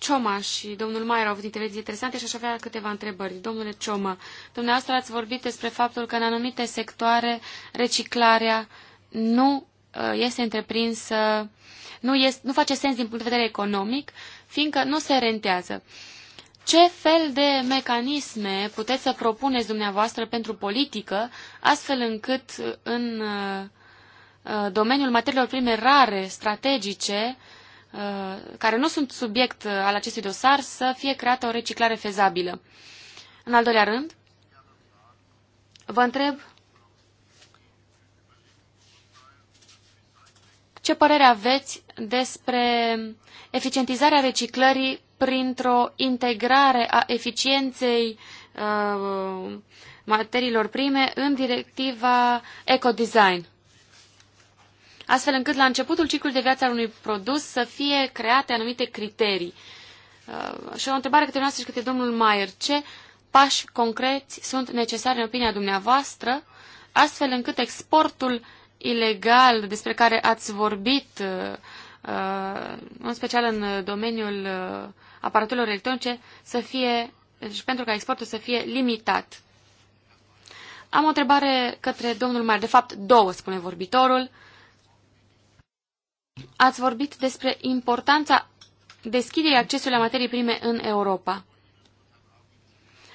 Cioma și domnul Maier au avut intervenții interesante și aș avea câteva întrebări. Domnule Cioma, dumneavoastră ați vorbit despre faptul că în anumite sectoare reciclarea nu uh, este întreprinsă, nu, este, nu face sens din punct de vedere economic, fiindcă nu se rentează. Ce fel de mecanisme puteți să propuneți dumneavoastră pentru politică, astfel încât în uh, domeniul materiilor prime rare, strategice, uh, Uh, care nu sunt subiect uh, al acestui dosar să fie creată o reciclare fezabilă. În al doilea rând, vă întreb ce părere aveți despre eficientizarea reciclării printr-o integrare a eficienței uh, materiilor prime în directiva ecodesign astfel încât la începutul ciclului de viață al unui produs să fie create anumite criterii. Uh, și o întrebare către noastră și către domnul Maier. Ce pași concreți sunt necesari în opinia dumneavoastră, astfel încât exportul ilegal despre care ați vorbit, uh, uh, în special în domeniul aparatelor electronice, să fie, și pentru ca exportul să fie limitat. Am o întrebare către domnul Maier, de fapt două, spune vorbitorul. Uh, Ați vorbit despre importanța deschiderii accesului la materii prime în Europa.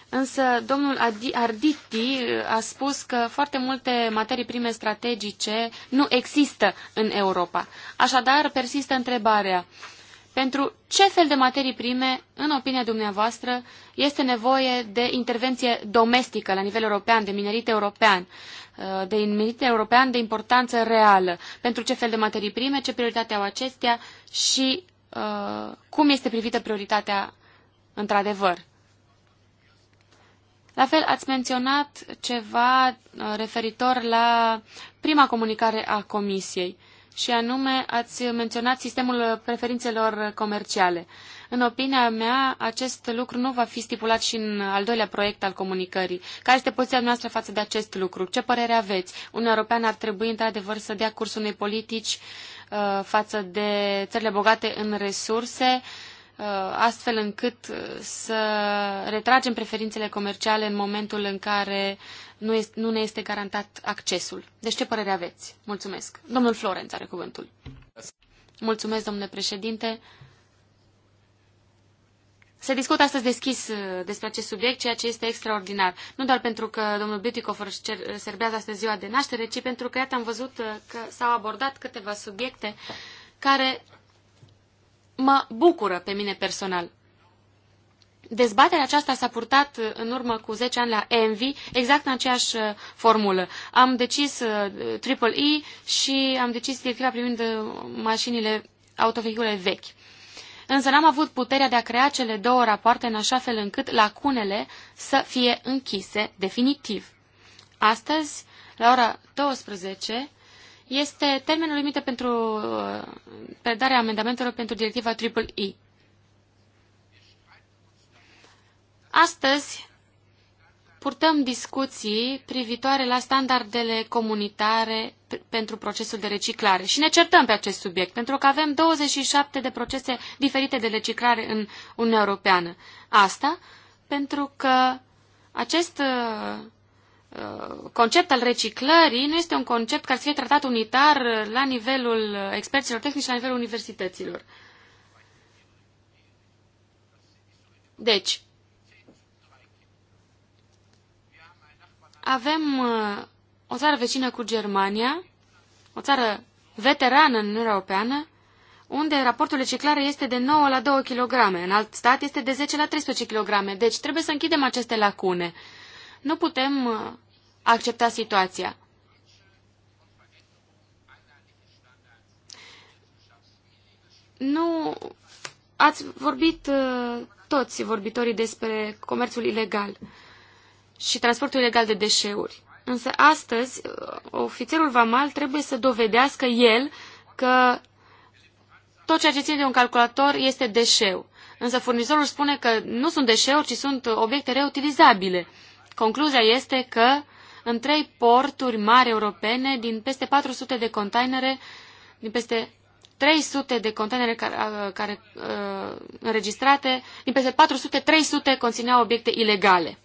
Însă domnul Arditi a spus că foarte multe materii prime strategice nu există în Europa. Așadar, persistă întrebarea, pentru ce fel de materii prime, în opinia dumneavoastră, este nevoie de intervenție domestică la nivel european, de minerit european, uh, de minerit european de importanță reală, pentru ce fel de materii prime, ce prioritate au acestea și uh, cum este privită prioritatea într-adevăr. La fel, ați menționat ceva uh, referitor la prima comunicare a Comisiei. Uh, și anume ați menționat sistemul preferințelor comerciale. În opinia mea, acest lucru nu va fi stipulat și în al doilea proiect al comunicării. Care este poziția noastră față de acest lucru? Ce părere aveți? Un european ar trebui, într-adevăr, să dea curs unei politici uh, față de țările bogate în resurse, uh, Uh, astfel încât uh, să retragem preferințele comerciale în momentul în care nu, este, nu ne este garantat accesul. Deci ce părere aveți? Mulțumesc. Domnul Florenț are cuvântul. Mulțumesc, domnule președinte. Se discută astăzi deschis uh, despre acest subiect, ceea ce este extraordinar. Nu doar pentru că domnul Beautycofer serbează astăzi ziua de naștere, ci pentru că, iată, am văzut că s-au abordat câteva subiecte care mă bucură pe mine personal. Dezbaterea aceasta s-a purtat uh, în urmă cu 10 ani la Envy, exact în aceeași uh, formulă. Am decis uh, Triple E și am decis directiva privind mașinile, autovehicule vechi. Însă n-am avut puterea de a crea cele două rapoarte în așa fel încât lacunele să fie închise definitiv. Astăzi, la ora 12, este termenul limită pentru uh, predarea amendamentelor pentru directiva Triple E. Astăzi purtăm discuții privitoare la standardele comunitare pentru procesul de reciclare și ne certăm pe acest subiect, pentru că avem 27 de procese diferite de reciclare în Uniunea Europeană. Asta pentru că acest uh, Uh, concept al reciclării nu este un concept care să fie tratat unitar la nivelul experților tehnici și la nivelul universităților. Deci, avem uh, o țară vecină cu Germania, o țară veterană în Uniunea Europeană, unde raportul reciclare este de 9 la 2 kg, în alt stat este de 10 la 13 kg, deci trebuie să închidem aceste lacune. Nu putem uh, accepta situația. Nu ați vorbit uh, toți vorbitorii despre comerțul ilegal și transportul ilegal de deșeuri. Însă astăzi, uh, ofițerul Vamal trebuie să dovedească el că tot ceea ce ține de un calculator este deșeu. Însă furnizorul spune că nu sunt deșeuri, ci sunt obiecte reutilizabile. Concluzia este că în trei porturi mari europene din peste 400 de containere, din peste 300 de containere care, care uh, înregistrate, din peste 400, 300 conțineau obiecte ilegale.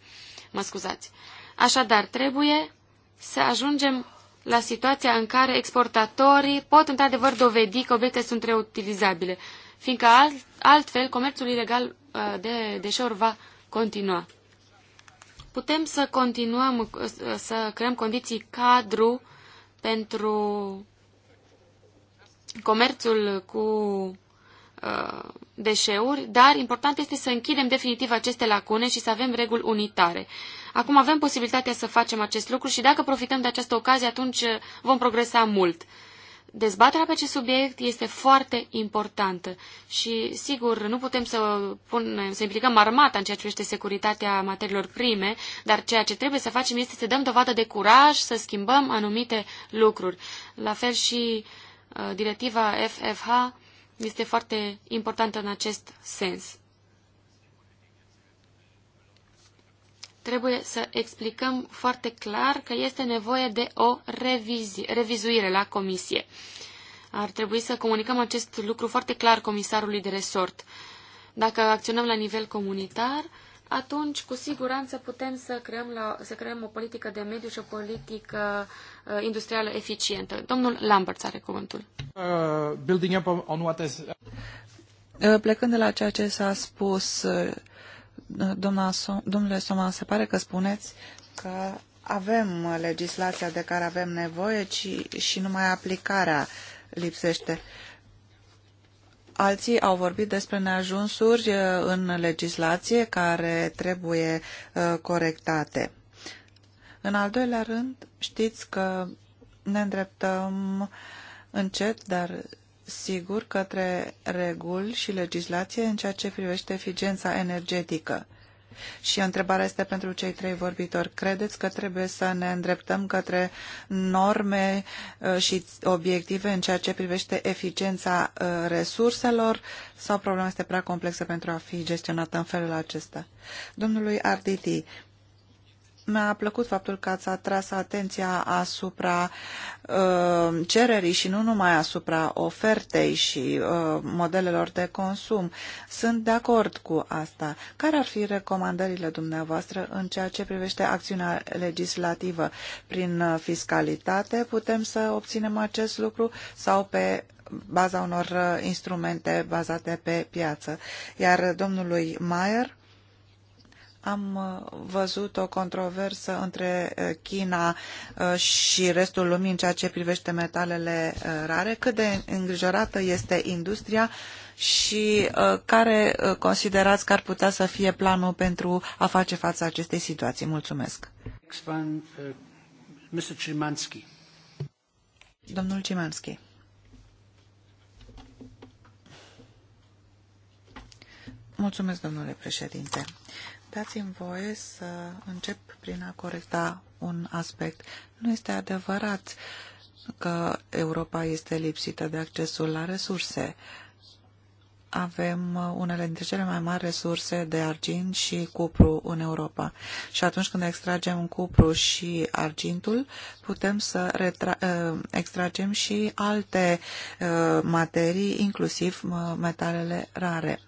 Mă scuzați. Așadar, trebuie să ajungem la situația în care exportatorii pot într-adevăr dovedi că obiectele sunt reutilizabile, fiindcă alt, altfel comerțul ilegal de deșeuri va continua putem să continuăm să creăm condiții cadru pentru comerțul cu uh, deșeuri, dar important este să închidem definitiv aceste lacune și să avem reguli unitare. Acum avem posibilitatea să facem acest lucru și dacă profităm de această ocazie, atunci vom progresa mult. Dezbaterea pe acest subiect este foarte importantă și, sigur, nu putem să, punem, să implicăm armata în ceea ce privește securitatea materiilor prime, dar ceea ce trebuie să facem este să dăm dovadă de curaj, să schimbăm anumite lucruri. La fel și uh, directiva FFH este foarte importantă în acest sens. trebuie să explicăm foarte clar că este nevoie de o revizi, revizuire la comisie. Ar trebui să comunicăm acest lucru foarte clar comisarului de resort. Dacă acționăm la nivel comunitar, atunci cu siguranță putem să creăm, la, să creăm o politică de mediu și o politică uh, industrială eficientă. Domnul Lambert are cuvântul. Uh, building up on what is... Uh, plecând de la ceea ce s-a spus uh, Doamna, domnule Soma, se pare că spuneți că avem legislația de care avem nevoie ci, și numai aplicarea lipsește. Alții au vorbit despre neajunsuri uh, în legislație care trebuie uh, corectate. În al doilea rând, știți că ne îndreptăm încet, dar sigur, către reguli și legislație în ceea ce privește eficiența energetică. Și întrebarea este pentru cei trei vorbitori. Credeți că trebuie să ne îndreptăm către norme uh, și obiective în ceea ce privește eficiența uh, resurselor sau problema este prea complexă pentru a fi gestionată în felul acesta? Domnului Arditi, mi-a plăcut faptul că ați atras atenția asupra uh, cererii și nu numai asupra ofertei și uh, modelelor de consum. Sunt de acord cu asta. Care ar fi recomandările dumneavoastră în ceea ce privește acțiunea legislativă? Prin uh, fiscalitate putem să obținem acest lucru sau pe baza unor uh, instrumente bazate pe piață? Iar domnului Mayer am uh, văzut o controversă între uh, China uh, și restul lumii în ceea ce privește metalele rare, cât de îngrijorată este industria și care considerați că ar putea să fie planul pentru a face față acestei situații. Mulțumesc. Domnul Cimanski. Mulțumesc, domnule președinte. Dați-mi voie să încep prin a corecta un aspect. Nu este adevărat că Europa este lipsită de accesul la resurse. Avem unele dintre cele mai mari resurse de argint și cupru în Europa. Și atunci când extragem cupru și argintul, putem să ă, extragem și alte ă, materii, inclusiv ă, metalele rare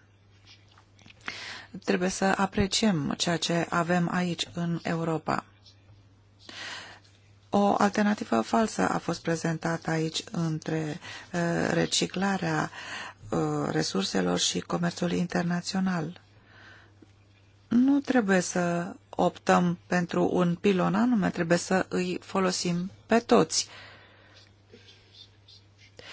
Trebuie să apreciem ceea ce avem aici, în Europa. O alternativă falsă a fost prezentată aici între uh, reciclarea uh, resurselor și comerțul internațional. Nu trebuie să optăm pentru un pilon anume, trebuie să îi folosim pe toți.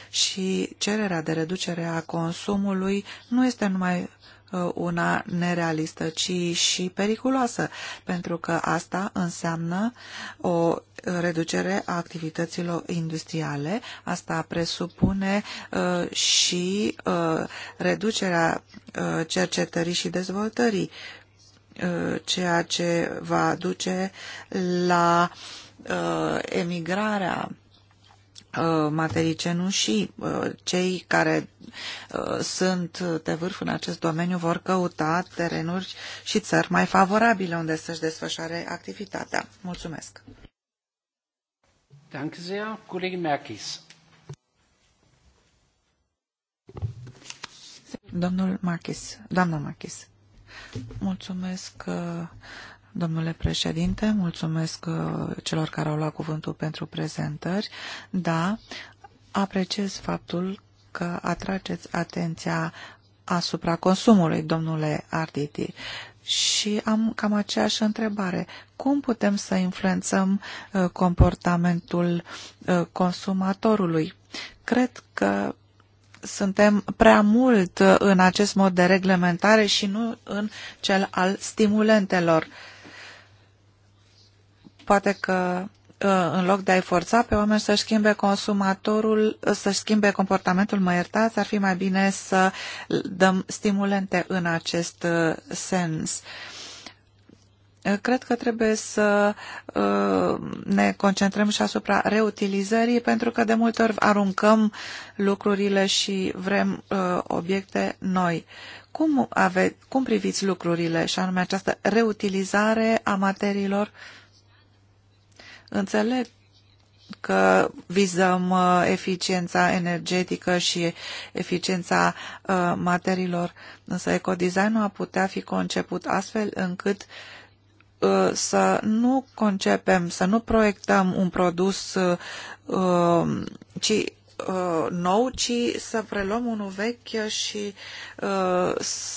Și cererea de reducere a consumului nu este numai Uh, una nerealistă, ci și periculoasă, pentru că asta înseamnă o reducere a activităților industriale, asta presupune uh, și uh, reducerea uh, cercetării și dezvoltării, uh, ceea ce va duce la uh, emigrarea Uh, materii cenușii. Uh, cei care uh, sunt de vârf în acest domeniu vor căuta terenuri și țări mai favorabile unde să-și desfășoare activitatea. Mulțumesc! Danke sehr, Kollege Merkis. Domnul Marchis, doamna Marchis, mulțumesc, Domnule președinte, mulțumesc uh, celor care au luat cuvântul pentru prezentări. Da, apreciez faptul că atrageți atenția asupra consumului, domnule Arditi. Și am cam aceeași întrebare. Cum putem să influențăm uh, comportamentul uh, consumatorului? Cred că suntem prea mult în acest mod de reglementare și nu în cel al stimulentelor. Uh, Poate că uh, în loc de a-i forța pe oameni să schimbe consumatorul, să schimbe comportamentul, mă iertați, ar fi mai bine să dăm stimulente în acest uh, sens. Uh, cred că trebuie să ne concentrăm și asupra reutilizării, pentru că de multe ori aruncăm lucrurile și vrem obiecte noi. Cum, ave, cum priviți lucrurile și anume această reutilizare a materiilor uh, Înțeleg că vizăm uh, eficiența energetică și eficiența uh, materiilor, însă ecodesignul a putea fi conceput astfel încât uh, să nu concepem, să nu proiectăm un produs um, ci nou, ci să preluăm unul vechi și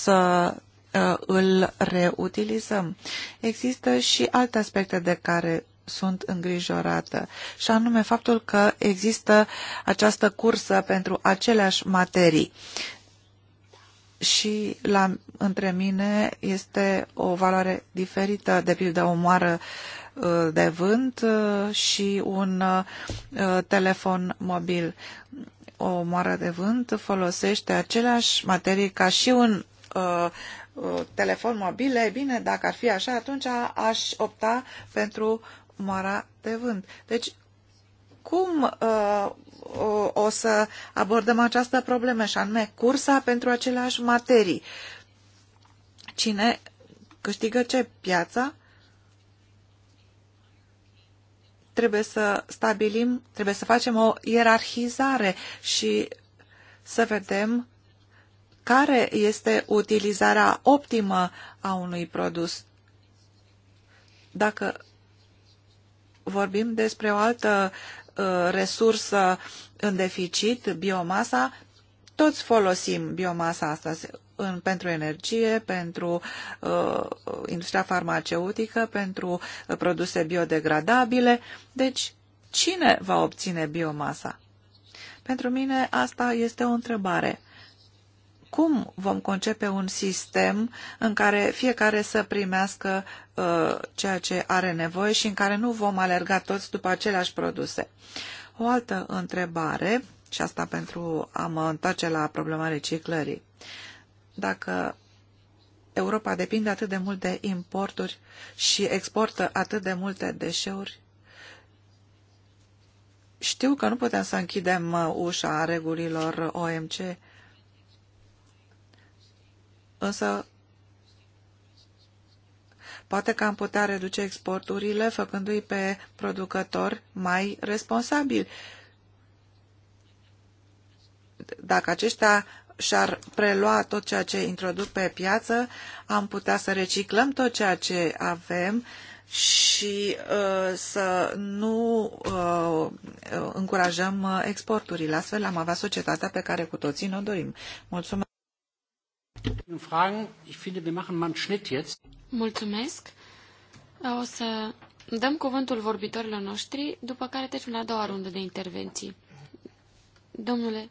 să îl reutilizăm. Există și alte aspecte de care sunt îngrijorată și anume faptul că există această cursă pentru aceleași materii și la, între mine este o valoare diferită, de pildă o moară uh, de vânt uh, și un uh, telefon mobil. O moară de vânt folosește aceleași materii ca și un telefon mobil. E bine, dacă ar fi așa, atunci aș opta pentru moara de vânt. Deci, cum uh, o să abordăm această problemă și anume cursa pentru aceleași materii? Cine câștigă ce? Piața? Trebuie să stabilim, trebuie să facem o ierarhizare și să vedem care este utilizarea optimă a unui produs. Dacă vorbim despre o altă uh, resursă în deficit, biomasa. Toți folosim biomasa asta în, pentru energie, pentru uh, industria farmaceutică, pentru uh, produse biodegradabile. Deci, cine va obține biomasa? Pentru mine asta este o întrebare cum vom concepe un sistem în care fiecare să primească uh, ceea ce are nevoie și în care nu vom alerga toți după aceleași produse. O altă întrebare, și asta pentru a mă întoarce la problema reciclării. Dacă Europa depinde atât de mult de importuri și exportă atât de multe deșeuri, știu că nu putem să închidem uh, ușa regulilor OMC, însă poate că am putea reduce exporturile făcându-i pe producători mai responsabili. Dacă aceștia și-ar prelua tot ceea ce introduc pe piață, am putea să reciclăm tot ceea ce avem și uh, să nu uh, uh încurajăm uh, exporturile. Astfel am avea societatea pe care cu toții ne-o dorim. Mulțumesc! Mulțumesc. O să dăm cuvântul vorbitorilor noștri, după care trecem la a doua rundă de intervenții. Domnule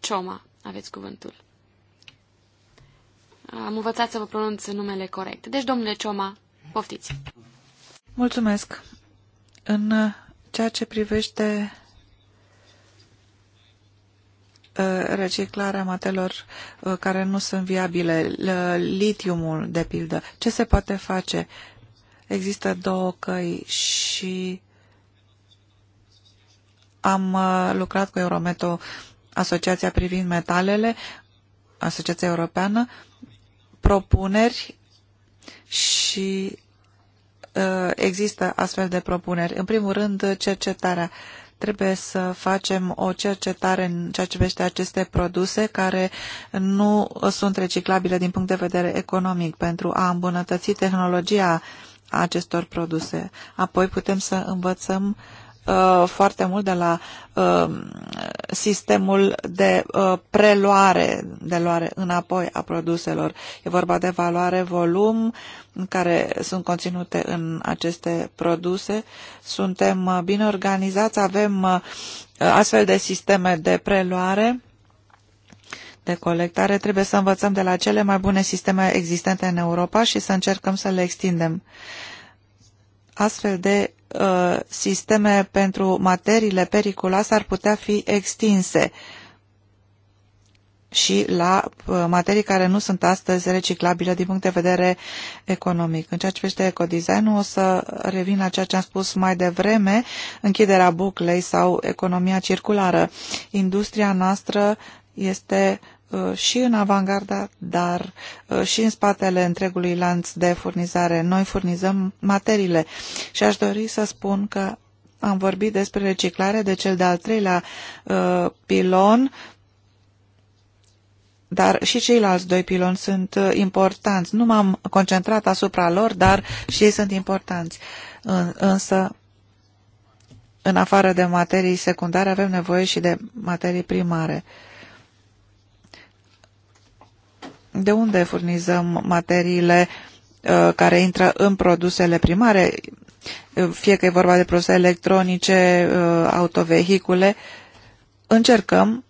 Cioma, aveți cuvântul. Am învățat să vă pronunț numele corect. Deci, domnule Cioma, poftiți. Mulțumesc. În ceea ce privește Uh, reciclarea materiilor uh, care nu sunt viabile, uh, litiumul, de pildă. Ce se poate face? Există două căi și am lucrat cu Eurometo, Asociația privind metalele, Asociația Europeană, propuneri și există astfel de propuneri. În primul rând, cercetarea. Trebuie să facem o cercetare în ceea ce privește aceste produse care nu sunt reciclabile din punct de vedere economic pentru a îmbunătăți tehnologia acestor produse. Apoi putem să învățăm uh, Uh, foarte mult de la uh, sistemul de uh, preluare, de luare înapoi a produselor. E vorba de valoare, volum, în care sunt conținute în aceste produse. Suntem uh, bine organizați, avem uh, astfel de sisteme de preluare de colectare, trebuie să învățăm de la cele mai bune sisteme existente în Europa și să încercăm să le extindem. Astfel de Uh, sisteme pentru materiile periculoase ar putea fi extinse și la uh, materii care nu sunt astăzi reciclabile din punct de vedere economic. În ceea ce privește ecodesignul, o să revin la ceea ce am spus mai devreme, închiderea buclei sau economia circulară. Industria noastră este Uh, și în avangarda, dar uh, și în spatele întregului lanț de furnizare. Noi furnizăm materiile și aș dori să spun că am vorbit despre reciclare de cel de-al treilea uh, pilon, dar și ceilalți doi piloni sunt importanți. Nu m-am concentrat asupra lor, dar și ei sunt importanți. însă, în afară de materii secundare, avem nevoie și de materii primare de unde furnizăm materiile uh, care intră în produsele primare, fie că e vorba de produse electronice, uh, autovehicule, încercăm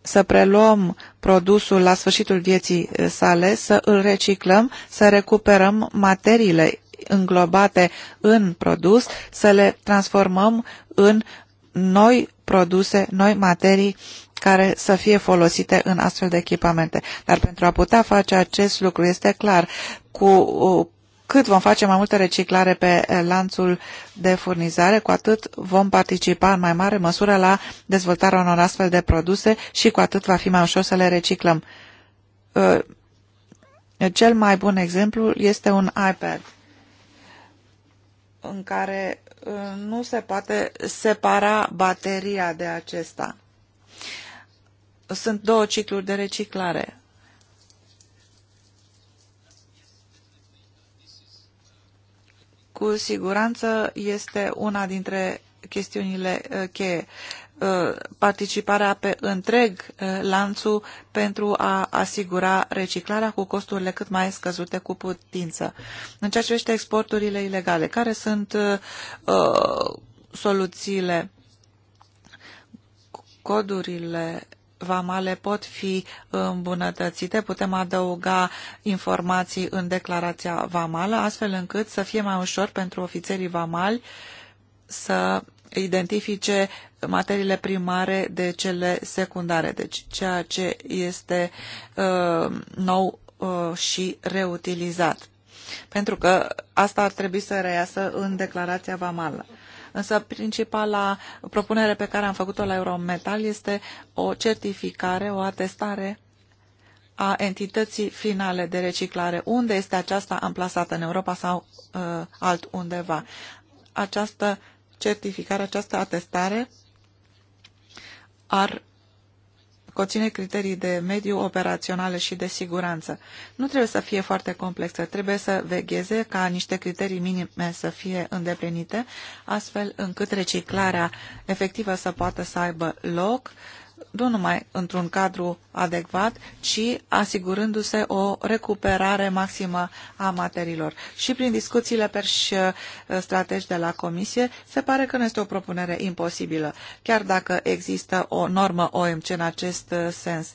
să preluăm produsul la sfârșitul vieții uh, sale, să îl reciclăm, să recuperăm materiile înglobate în produs, să le transformăm în noi produse, noi materii care să fie folosite în astfel de echipamente. Dar pentru a putea face acest lucru, este clar, cu uh, cât vom face mai multă reciclare pe uh, lanțul de furnizare, cu atât vom participa în mai mare măsură la dezvoltarea unor astfel de produse și cu atât va fi mai ușor să le reciclăm. Uh, cel mai bun exemplu este un iPad în care nu se poate separa bateria de acesta sunt două cicluri de reciclare. Cu siguranță este una dintre chestiunile uh, cheie uh, participarea pe întreg uh, lanțul pentru a asigura reciclarea cu costurile cât mai scăzute cu putință. În ceea ce privește exporturile ilegale, care sunt uh, soluțiile? Codurile vamale pot fi îmbunătățite, putem adăuga informații în declarația vamală, astfel încât să fie mai ușor pentru ofițerii vamali să identifice materiile primare de cele secundare, deci ceea ce este uh, nou uh, și reutilizat. Pentru că asta ar trebui să reiasă în declarația vamală. Însă principala propunere pe care am făcut-o la Eurometal este o certificare, o atestare a entității finale de reciclare. Unde este aceasta amplasată în Europa sau uh, altundeva? Această certificare, această atestare ar conține criterii de mediu operaționale și de siguranță. Nu trebuie să fie foarte complexă, trebuie să vegheze ca niște criterii minime să fie îndeplinite, astfel încât reciclarea efectivă să poată să aibă loc, nu numai într-un cadru adecvat, ci asigurându-se o recuperare maximă a materiilor. Și prin discuțiile per uh, strategi de la Comisie, se pare că nu este o propunere imposibilă, chiar dacă există o normă OMC în acest uh, sens,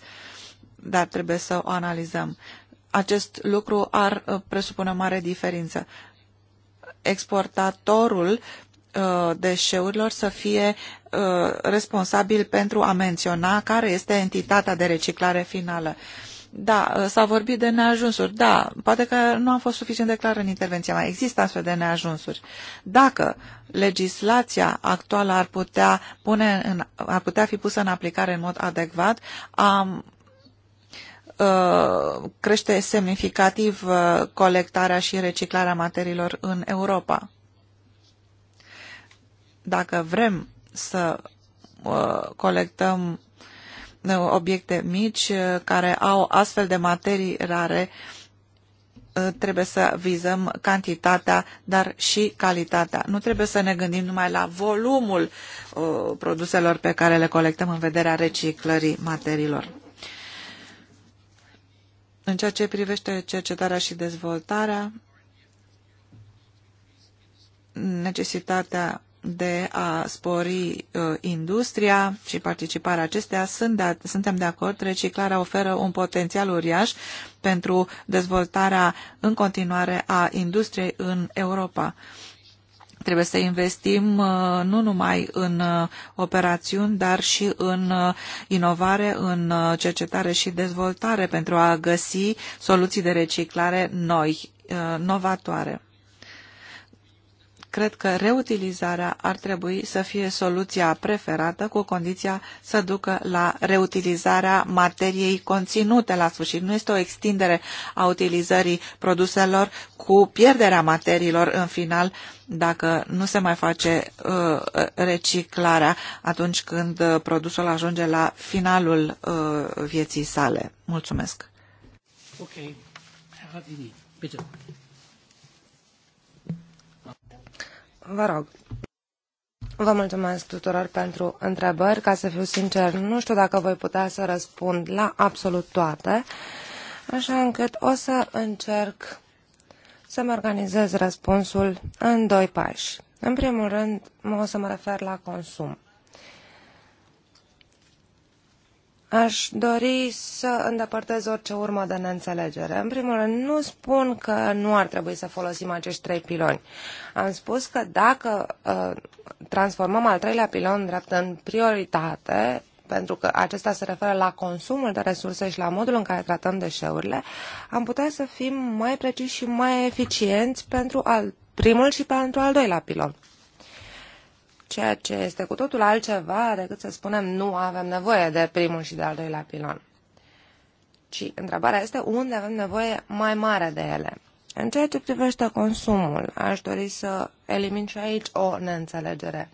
dar trebuie să o analizăm. Acest lucru ar uh, presupune o mare diferență. Exportatorul Uh, deșeurilor să fie uh, responsabil pentru a menționa care este entitatea de reciclare finală. Da, uh, s-a vorbit de neajunsuri. Da, poate că nu am fost suficient de clar în intervenția mea. Există astfel de neajunsuri. Dacă legislația actuală ar putea, pune în, ar putea fi pusă în aplicare în mod adecvat, am, crește semnificativ colectarea și reciclarea materiilor în Europa dacă vrem să uh, colectăm uh, obiecte mici uh, care au astfel de materii rare, trebuie să vizăm cantitatea, dar și calitatea. Nu trebuie să ne gândim numai la volumul produselor pe care le colectăm în vederea reciclării materiilor. În ceea ce privește cercetarea și dezvoltarea, necesitatea de a spori uh, industria și participarea acestea, sunt de, suntem de acord, reciclarea oferă un potențial uriaș pentru dezvoltarea în continuare a industriei în Europa. Trebuie să investim uh, nu numai în uh, operațiuni, dar și în uh, inovare, în uh, cercetare și dezvoltare pentru a găsi soluții de reciclare noi, uh, novatoare Cred că reutilizarea ar trebui să fie soluția preferată cu condiția să ducă la reutilizarea materiei conținute la sfârșit. Nu este o extindere a utilizării produselor cu pierderea materiilor în final dacă nu se mai face uh, reciclarea atunci când uh, produsul ajunge la finalul uh, vieții sale. Mulțumesc. Ok. Radini, bitte. Vă rog. Vă mulțumesc tuturor pentru întrebări. Ca să fiu sincer, nu știu dacă voi putea să răspund la absolut toate, așa încât o să încerc să-mi organizez răspunsul în doi pași. În primul rând, o să mă refer la consum. Aș dori să îndepărtez orice urmă de neînțelegere. În primul rând, nu spun că nu ar trebui să folosim acești trei piloni. Am spus că dacă uh, transformăm al treilea pilon drept în prioritate, pentru că acesta se referă la consumul de resurse și la modul în care tratăm deșeurile, am putea să fim mai preciși și mai eficienți pentru al primul și pentru al doilea pilon ceea ce este cu totul altceva decât să spunem nu avem nevoie de primul și de al doilea pilon. Ci întrebarea este unde avem nevoie mai mare de ele. În ceea ce privește consumul, aș dori să elimin și aici o neînțelegere.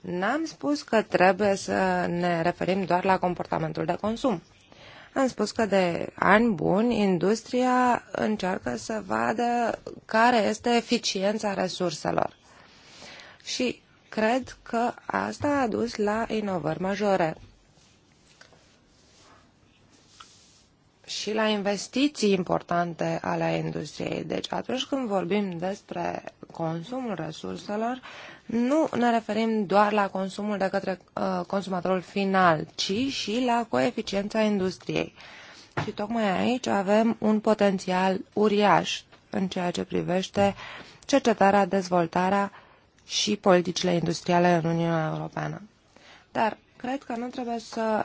N-am spus că trebuie să ne referim doar la comportamentul de consum. Am spus că de ani buni industria încearcă să vadă care este eficiența resurselor. Și cred că asta a dus la inovări majore. și la investiții importante ale industriei. Deci atunci când vorbim despre consumul resurselor, nu ne referim doar la consumul de către uh, consumatorul final, ci și la coeficiența industriei. Și tocmai aici avem un potențial uriaș în ceea ce privește cercetarea, dezvoltarea și politicile industriale în Uniunea Europeană. Dar cred că nu trebuie să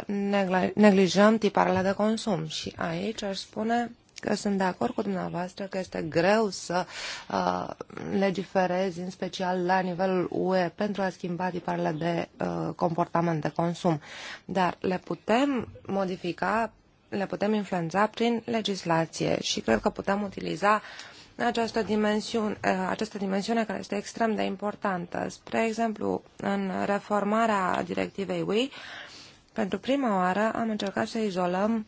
neglijăm tiparele de consum și aici aș spune că sunt de acord cu dumneavoastră că este greu să uh, legiferezi, în special la nivelul UE, pentru a schimba tiparele de uh, comportament de consum. Dar le putem modifica, le putem influența prin legislație și cred că putem utiliza uh, această dimensiune, eh, această dimensiune care este extrem de importantă. Spre exemplu, în reformarea directivei UE, pentru prima oară am încercat să izolăm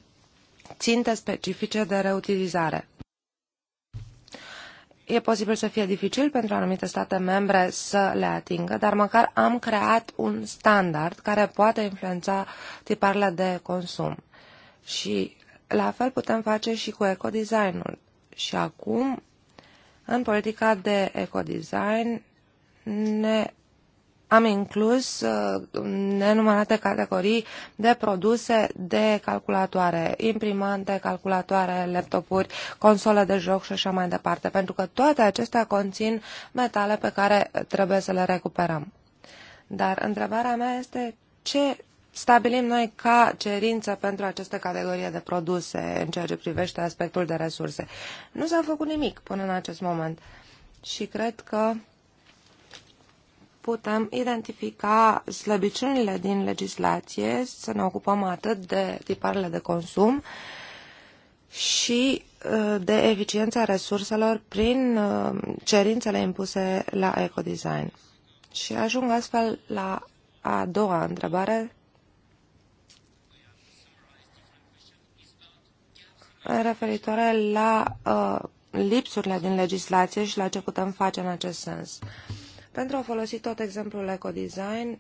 ținte specifice de reutilizare. E posibil să fie dificil pentru anumite state membre să le atingă, dar măcar am creat un standard care poate influența tiparele de consum. Și la fel putem face și cu ecodesignul. Și acum în politica de ecodesign ne am inclus uh, nenumărate categorii de produse de calculatoare, imprimante, calculatoare, laptopuri, console de joc și așa mai departe, pentru că toate acestea conțin metale pe care trebuie să le recuperăm. Dar întrebarea mea este ce stabilim noi ca cerință pentru această categorie de produse în ceea ce privește aspectul de resurse. Nu s-a făcut nimic până în acest moment și cred că putem identifica slăbiciunile din legislație, să ne ocupăm atât de tiparele de consum și uh, de eficiența resurselor prin uh, cerințele impuse la ecodesign. Și ajung astfel la a doua întrebare referitoare la uh, lipsurile din legislație și la ce putem face în acest sens. Pentru a folosi tot exemplul ecodesign,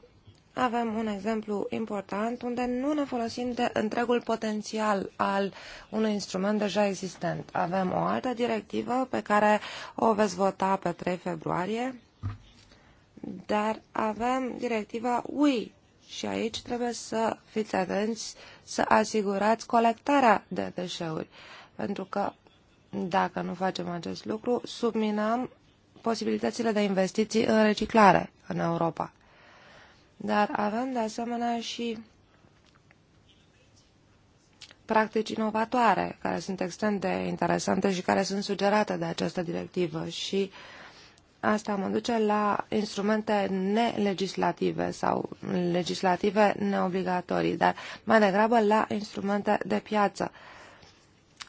avem un exemplu important unde nu ne folosim de întregul potențial al unui instrument deja existent. Avem o altă directivă pe care o veți vota pe 3 februarie, dar avem directiva UI și aici trebuie să fiți atenți să asigurați colectarea de deșeuri. Pentru că dacă nu facem acest lucru, subminăm posibilitățile de investiții în reciclare în Europa. Dar avem de asemenea și practici inovatoare, care sunt extrem de interesante și care sunt sugerate de această directivă. Și uh, Asta mă duce la instrumente nelegislative sau legislative neobligatorii, dar mai degrabă la instrumente de piață.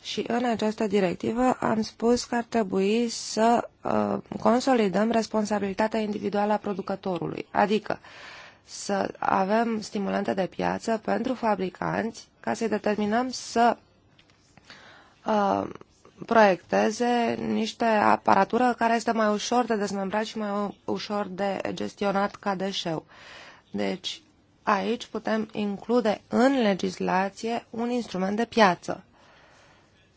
Și în această directivă am spus că ar trebui să uh, consolidăm responsabilitatea individuală a producătorului, adică să avem stimulante de piață pentru fabricanți ca să-i determinăm să uh, proiecteze niște aparatură care este mai ușor de dezmembrat și mai ușor de gestionat ca deșeu. Deci, aici putem include în legislație un instrument de piață.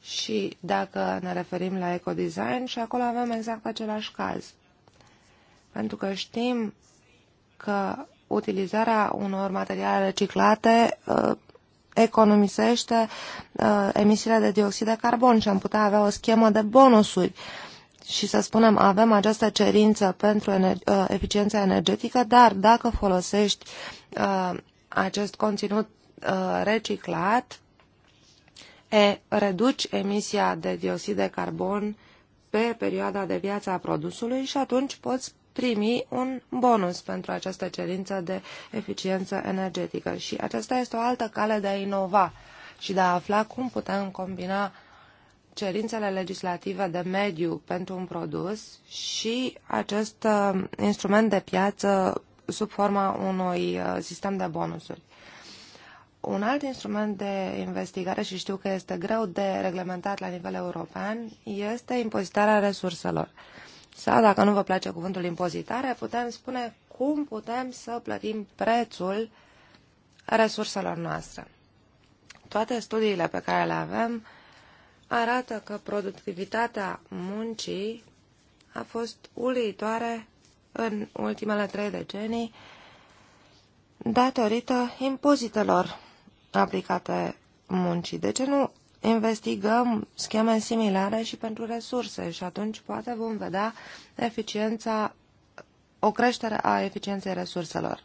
Și dacă ne referim la ecodesign, și acolo avem exact același caz. Pentru că știm că utilizarea unor materiale reciclate uh, economisește uh, emisiile de dioxid de carbon și am putea avea o schemă de bonusuri și să spunem avem această cerință pentru ener- uh, eficiența energetică, dar dacă folosești uh, acest conținut uh, reciclat, e, reduci emisia de dioxid de carbon pe perioada de viață a produsului și atunci poți primi un bonus pentru această cerință de eficiență energetică. Și aceasta este o altă cale de a inova și de a afla cum putem combina cerințele legislative de mediu pentru un produs și acest uh, instrument de piață sub forma unui uh, sistem de bonusuri. Un alt instrument de investigare, și știu că este greu de reglementat la nivel european, este impozitarea resurselor. Uh, sau, dacă nu vă place cuvântul impozitare, putem spune cum putem să plătim prețul resurselor noastre. Toate studiile pe care le avem arată că productivitatea muncii a fost uluitoare în ultimele trei decenii datorită impozitelor aplicate muncii. De ce nu investigăm scheme similare și pentru resurse și atunci poate vom vedea eficiența, o creștere a eficienței resurselor.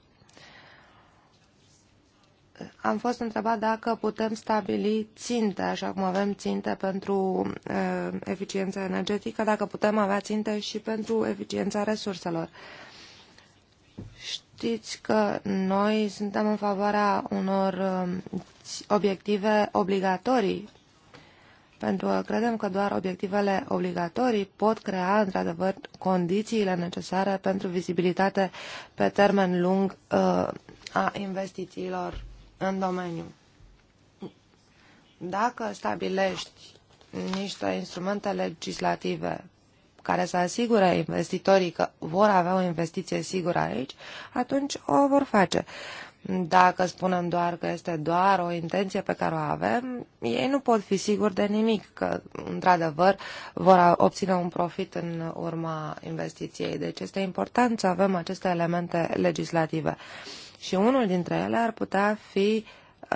Am fost întrebat dacă putem stabili ținte, așa cum avem ținte pentru uh, eficiența energetică, dacă putem avea ținte și pentru eficiența resurselor. Știți că noi suntem în favoarea unor obiective obligatorii pentru că credem că doar obiectivele obligatorii pot crea, într-adevăr, condițiile necesare pentru vizibilitate pe termen lung uh, a investițiilor în domeniu. Dacă stabilești niște instrumente legislative care să asigure investitorii că vor avea o investiție sigură aici, atunci o vor face. Uh, dacă spunem doar că este doar o intenție pe care o avem, ei nu pot fi siguri de nimic, că într-adevăr vor obține un profit în urma investiției. Deci este important să avem aceste elemente legislative. Și unul dintre ele ar putea fi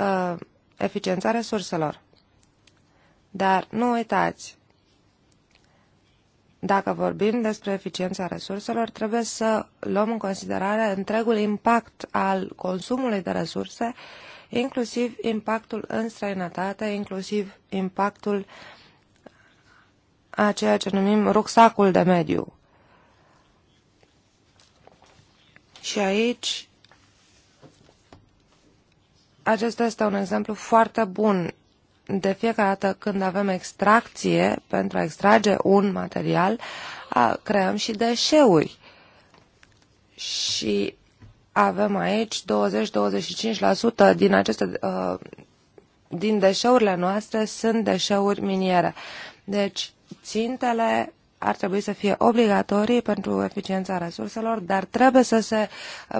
uh, eficiența resurselor. Dar nu uitați, dacă vorbim despre eficiența resurselor, trebuie să luăm în considerare întregul impact al consumului de resurse, inclusiv impactul în străinătate, inclusiv impactul a ceea ce numim rucsacul de mediu. Și aici, acesta este un exemplu foarte bun de fiecare dată când avem extracție pentru a extrage un material, a, creăm și deșeuri. Și avem aici 20-25% din aceste uh, din deșeurile noastre sunt deșeuri miniere. Deci, țintele ar trebui să fie obligatorii pentru eficiența resurselor, dar trebuie să se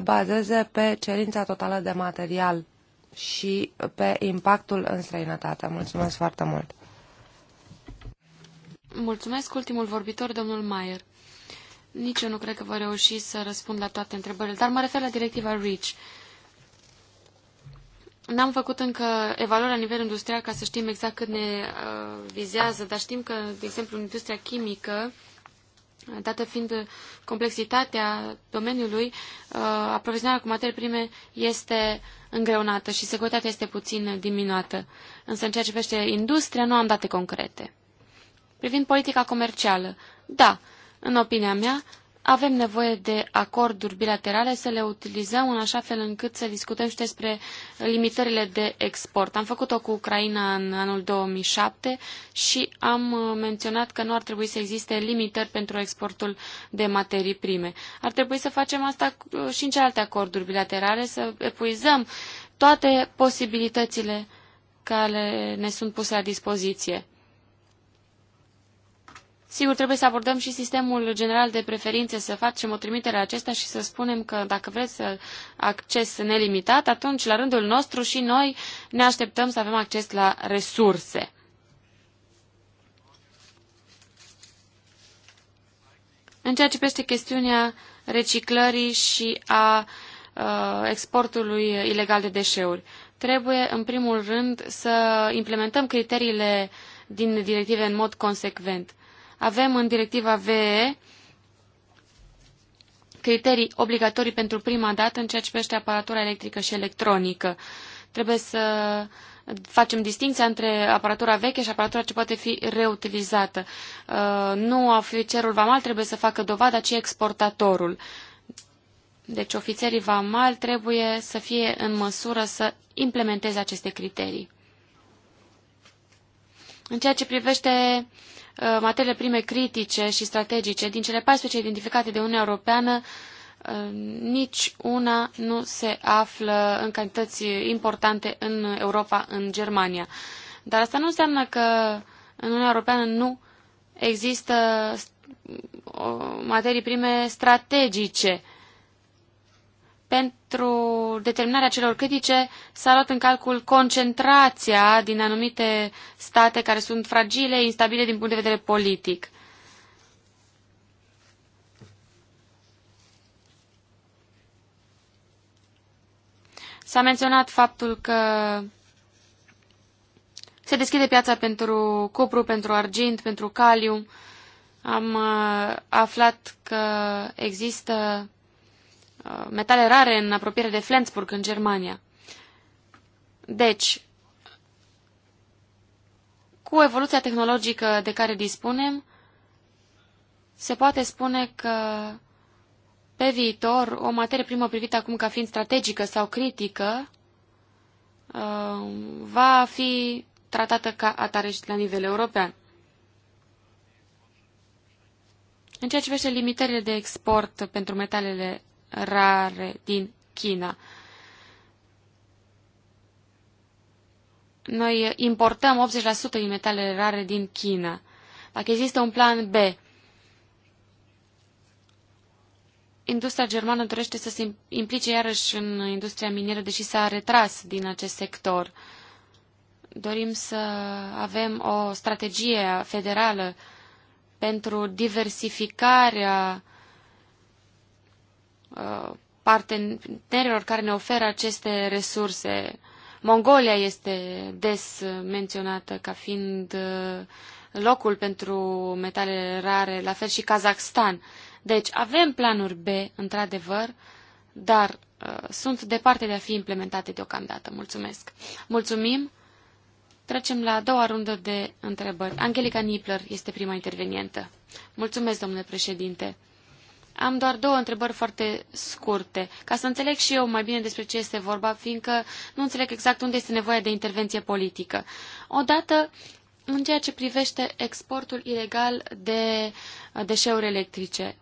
bazeze pe cerința totală de material și pe impactul în străinătate. Mulțumesc foarte mult! Mulțumesc ultimul vorbitor, domnul Mayer. Nici eu nu cred că vă reuși să răspund la toate întrebările, dar mă refer la directiva REACH. N-am făcut încă evaluarea la nivel industrial ca să știm exact cât ne uh, vizează, dar știm că, de exemplu, în industria chimică, Dată fiind complexitatea domeniului, uh, aprovizionarea cu materii prime este îngreunată și securitatea este puțin diminuată. Însă în ceea ce privește industria, nu am date concrete. Privind politica comercială, da, în opinia mea, avem nevoie de acorduri bilaterale, să le utilizăm în așa fel încât să discutăm și despre limitările de export. Am făcut-o cu Ucraina în anul 2007 și am uh, menționat că nu ar trebui să existe limitări pentru exportul de materii prime. Ar trebui să facem asta uh, și în celelalte acorduri bilaterale, să epuizăm toate posibilitățile care ne sunt puse la dispoziție. Sigur, trebuie să abordăm și sistemul general de preferințe, să facem o trimitere acesta și să spunem că dacă vreți să acces nelimitat, atunci la rândul nostru și noi ne așteptăm să avem acces la resurse. În ceea ce privește chestiunea reciclării și a uh, exportului ilegal de deșeuri, trebuie în primul rând să implementăm criteriile din directive în mod consecvent. Avem în directiva VE criterii obligatorii pentru prima dată în ceea ce privește aparatura electrică și electronică. Trebuie să facem distinția între aparatura veche și aparatura ce poate fi reutilizată. Uh, nu oficierul vamal trebuie să facă dovada, ci exportatorul. Deci ofițerii vamal trebuie să fie în măsură să implementeze aceste criterii. În ceea ce privește Uh, materiile prime critice și strategice, din cele 14 identificate de Uniunea Europeană, uh, nici una nu se află în cantități importante în Europa, în Germania. Dar asta nu înseamnă că în Uniunea Europeană nu există uh, materii prime strategice pentru determinarea celor critice s-a luat în calcul concentrația din anumite state care sunt fragile, instabile din punct de vedere politic. S-a menționat faptul că se deschide piața pentru cupru, pentru argint, pentru calium. Am uh, aflat că există Uh, metale rare în apropiere de Flensburg, în Germania. Deci, cu evoluția tehnologică de care dispunem, se poate spune că pe viitor o materie primă privită acum ca fiind strategică sau critică uh, va fi tratată ca atare și la nivel european. În ceea ce privește limitările de export pentru metalele rare din China. Noi importăm 80% din metalele rare din China. Dacă există un plan B, industria germană dorește să se implice iarăși în industria minieră, deși s-a retras din acest sector. Dorim să avem o strategie federală pentru diversificarea Uh, partenerilor care ne oferă aceste resurse. Mongolia este des menționată ca fiind uh, locul pentru metale rare, la fel și Kazakhstan. Deci avem planuri B, într-adevăr, dar uh, sunt departe de a fi implementate deocamdată. Mulțumesc! Mulțumim! Trecem la a doua rundă de întrebări. Angelica Nipler este prima intervenientă. Mulțumesc, domnule președinte! Am doar două întrebări foarte scurte, ca să înțeleg și eu mai bine despre ce este vorba, fiindcă nu înțeleg exact unde este nevoia de intervenție politică. Odată, în ceea ce privește exportul ilegal de uh, deșeuri electrice,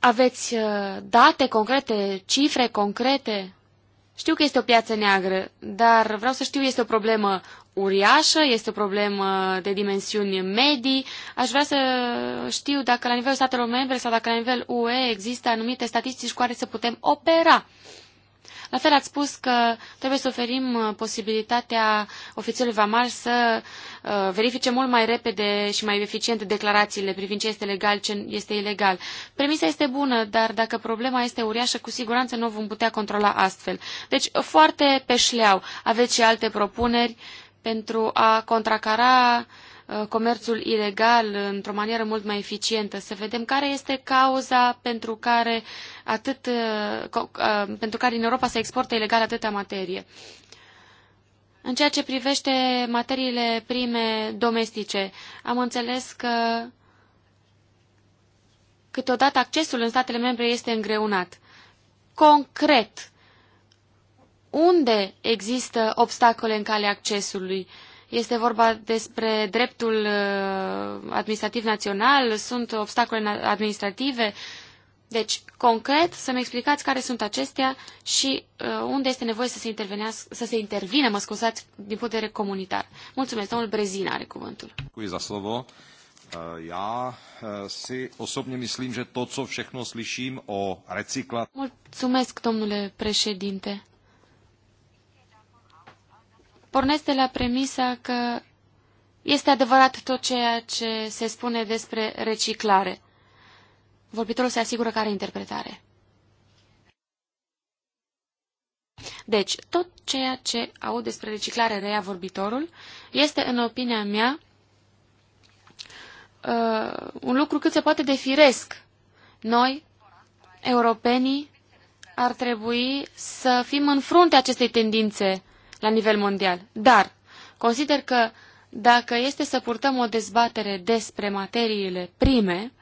aveți uh, date concrete, cifre concrete? Știu că este o piață neagră, dar vreau să știu este o problemă uriașă, este o problemă de dimensiuni medii. Aș vrea să știu dacă la nivelul statelor membre sau dacă la nivel UE există anumite statistici cu care să putem opera. La fel ați spus că trebuie să oferim uh, posibilitatea ofițerului Vamar să uh, verifice mult mai repede și mai eficient declarațiile privind ce este legal, ce este ilegal. Premisa este bună, dar dacă problema este uriașă, cu siguranță nu o vom putea controla astfel. Deci, foarte pe șleau. Aveți și alte propuneri pentru a contracara uh, comerțul ilegal într-o manieră mult mai eficientă, să vedem care este cauza pentru care, atât, uh, uh, pentru care în Europa se exportă ilegal atâta materie. În ceea ce privește materiile prime domestice, am înțeles că câteodată accesul în statele membre este îngreunat. Concret, unde există obstacole în calea accesului. Este vorba despre dreptul uh, administrativ național, sunt obstacole administrative. Deci, concret, să-mi explicați care sunt acestea și uh, unde este nevoie să se, să se intervine, mă scuzați, din punct de vedere comunitar. Mulțumesc, domnul Brezina are cuvântul. Děkuji za slovo. Uh, já uh, si osobně myslím, že to, co všechno slyším o recyklaci... Mulțumesc, domnule președinte pornesc de la premisa că este adevărat tot ceea ce se spune despre reciclare. Vorbitorul se asigură că are interpretare. Deci, tot ceea ce aud despre reciclare reia vorbitorul este, în opinia mea, uh, un lucru cât se poate de firesc. Noi, europenii, ar trebui să fim în frunte acestei tendințe la nivel mondial. Dar consider că dacă este să purtăm o dezbatere despre materiile prime,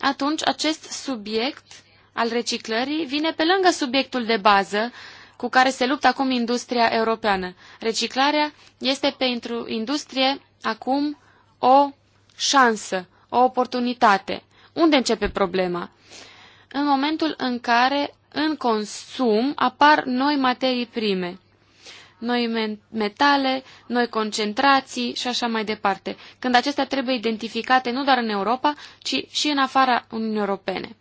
atunci acest subiect al reciclării vine pe lângă subiectul de bază cu care se luptă acum industria europeană. Reciclarea este pentru industrie acum o șansă, o oportunitate. Unde începe problema? În momentul în care în consum apar noi materii prime noi metale, noi concentrații și așa mai departe, când acestea trebuie identificate nu doar în Europa, ci și în afara Uniunii Europene.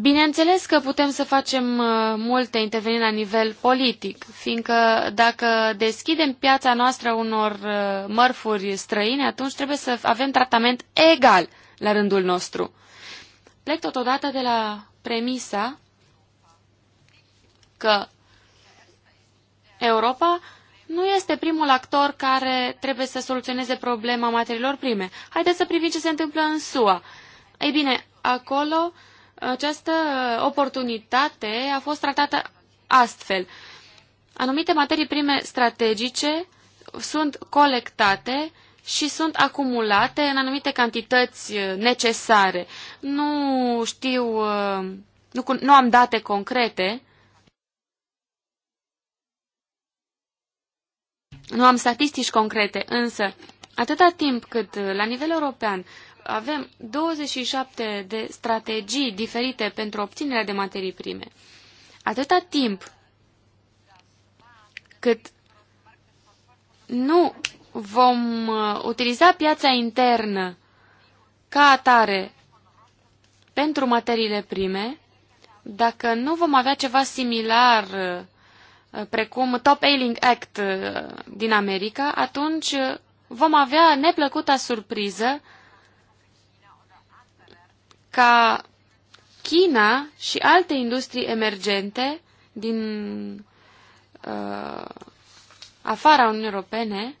Bineînțeles că putem să facem uh, multe interveniri la nivel politic, fiindcă dacă deschidem piața noastră unor uh, mărfuri străine, atunci trebuie să avem tratament egal la rândul nostru. Plec totodată de la premisa că Europa nu este primul actor care trebuie să soluționeze problema materiilor prime. Haideți să privim ce se întâmplă în SUA. Ei bine, acolo această oportunitate a fost tratată astfel. Anumite materii prime strategice sunt colectate și sunt acumulate în anumite cantități uh, necesare. Nu știu, uh, nu, nu am date concrete, Nu am statistici concrete, însă atâta timp cât uh, la nivel european avem 27 de strategii diferite pentru obținerea de materii prime, atâta timp cât nu vom uh, utiliza piața internă ca atare pentru materiile prime, dacă nu vom avea ceva similar uh, precum Top Ailing Act uh, din America, atunci uh, vom avea neplăcuta surpriză ca China și alte industrii emergente din uh, afara Uniunii Europene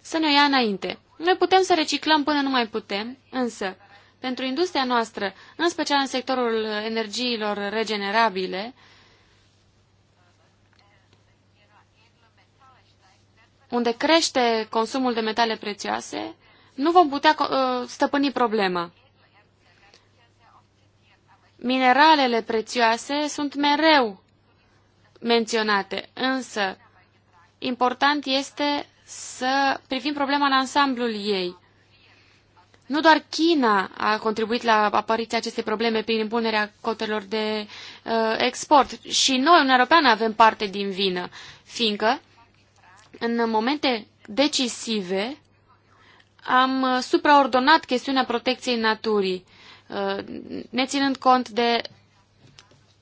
să ne ia înainte. Noi putem să reciclăm până nu mai putem, însă pentru industria noastră, în special în sectorul energiilor regenerabile, uh, unde crește consumul de metale prețioase, nu vom putea ă, stăpâni problema. Mineralele prețioase sunt mereu menționate, însă important este să privim problema în ansamblul ei. Nu doar China a contribuit la apariția acestei probleme prin impunerea cotelor de uh, export. Și noi, în Europeană, avem parte din vină, fiindcă în momente decisive am uh, supraordonat chestiunea protecției naturii, uh, ne ținând cont de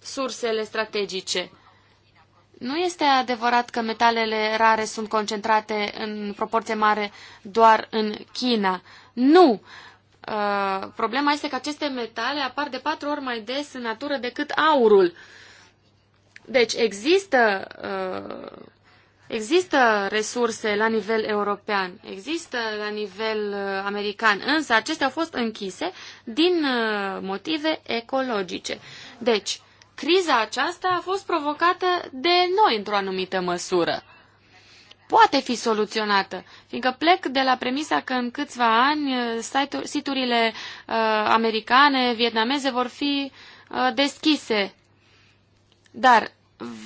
sursele strategice. Nu este adevărat că metalele rare sunt concentrate în proporție mare doar în China. Nu! Uh, problema este că aceste metale apar de patru ori mai des în natură decât aurul. Deci există uh, Există resurse la nivel european, există la nivel uh, american, însă acestea au fost închise din uh, motive ecologice. Deci, criza aceasta a fost provocată de noi într-o anumită măsură. Poate fi soluționată, fiindcă plec de la premisa că în câțiva ani uh, siturile uh, americane, vietnameze vor fi uh, deschise. Dar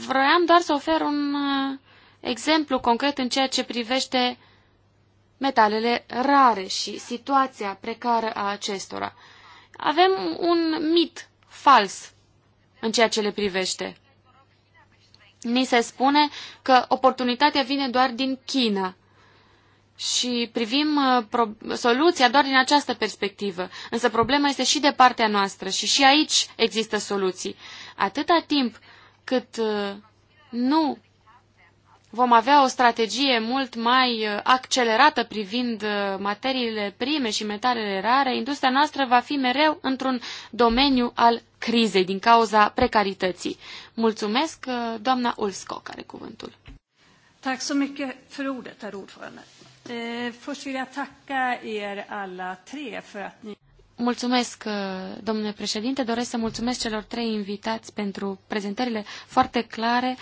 vroiam doar să ofer un uh, exemplu concret în ceea ce privește metalele rare și situația precară a acestora. Avem un mit fals în ceea ce le privește. Ni se spune că oportunitatea vine doar din China și privim uh, soluția doar din această perspectivă. Însă problema este și de partea noastră și și aici există soluții. Atâta timp cât uh, nu vom avea o strategie mult mai uh, accelerată privind uh, materiile prime și metalele rare, industria noastră va fi mereu într-un domeniu al crizei din cauza precarității. Mulțumesc, uh, doamna Ulsco, care cuvântul. Tack så mycket för ordet, herr ordförande. Eh, först vill jag tacka er alla tre för att ni... Mulțumesc, domnule președinte. Doresc să mulțumesc celor trei invitați pentru prezentările foarte clare.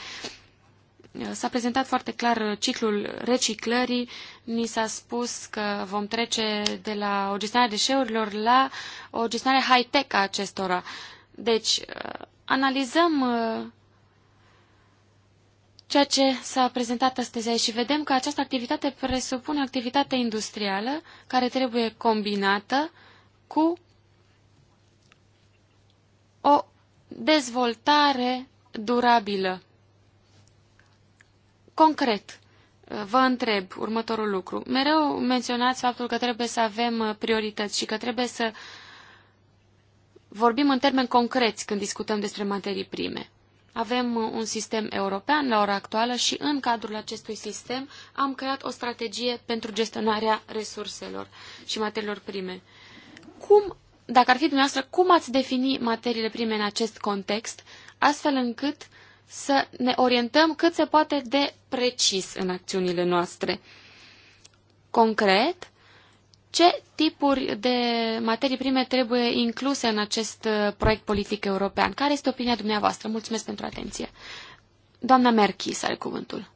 S-a prezentat foarte clar ciclul reciclării. Ni s-a spus că vom trece de la o gestionare deșeurilor la o gestionare high-tech a acestora. Deci, uh, analizăm uh, ceea ce s-a prezentat astăzi aici și vedem că această activitate presupune activitate industrială care trebuie combinată cu o dezvoltare durabilă. Concret, vă întreb următorul lucru. Mereu menționați faptul că trebuie să avem uh, priorități și că trebuie să vorbim în termeni concreți când discutăm despre materii prime. Avem uh, un sistem european la ora actuală și în cadrul acestui sistem am creat o strategie pentru gestionarea resurselor și materiilor prime. Cum, dacă ar fi dumneavoastră, cum ați defini materiile prime în acest context, astfel încât uh, să ne orientăm cât se poate de precis în acțiunile noastre. Concret, ce tipuri de materii prime trebuie incluse în acest uh, proiect politic european? Care este opinia dumneavoastră? Mulțumesc pentru atenție. Doamna Merchis are cuvântul.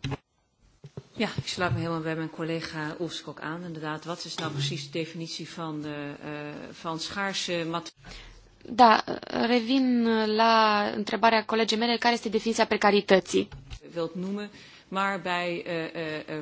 Ja, ik sluit me helemaal bij mijn collega Oeskok aan. Inderdaad, wat is nou precies de definitie van, uh, van schaarse materie? Da, revin la întrebarea colegii mele, care este definiția precarității. Eh, eh, eh,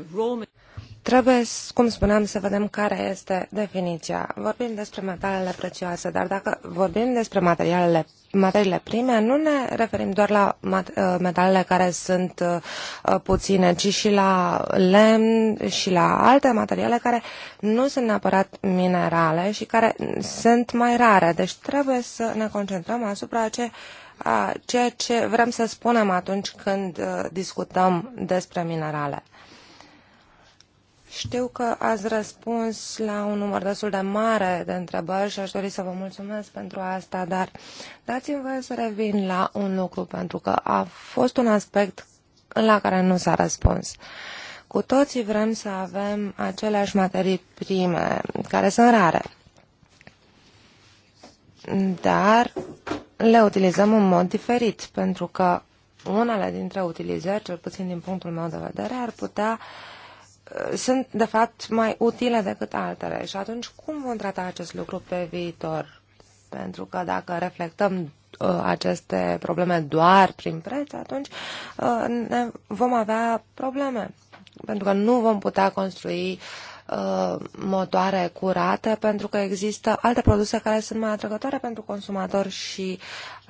Trebuie, cum spuneam, să vedem care este definiția. Vorbim despre metalele prețioase, dar dacă vorbim despre materialele materiile prime, nu ne referim doar la uh, metalele care sunt uh, puține, ci și la lemn și la alte materiale care nu sunt neapărat minerale și care sunt mai rare. Deci trebuie să ne concentrăm asupra ce a ceea ce vrem să spunem atunci când uh, discutăm despre minerale. Știu că ați răspuns la un număr destul de mare de întrebări și aș dori să vă mulțumesc pentru asta, dar dați-mi voie să revin la un lucru, pentru că a fost un aspect la care nu s-a răspuns. Cu toții vrem să avem aceleași materii prime, care sunt rare, dar le utilizăm în mod diferit, pentru că unele dintre utilizări, cel puțin din punctul meu de vedere, ar putea uh, sunt, de fapt, mai utile decât altele. Și atunci, cum vom trata acest lucru pe viitor? Pentru că dacă reflectăm uh, aceste probleme doar prin preț, atunci uh, ne vom avea probleme. Pentru că nu vom putea construi uh, Uh, motoare curate, pentru că există alte produse care sunt mai atrăgătoare pentru consumator și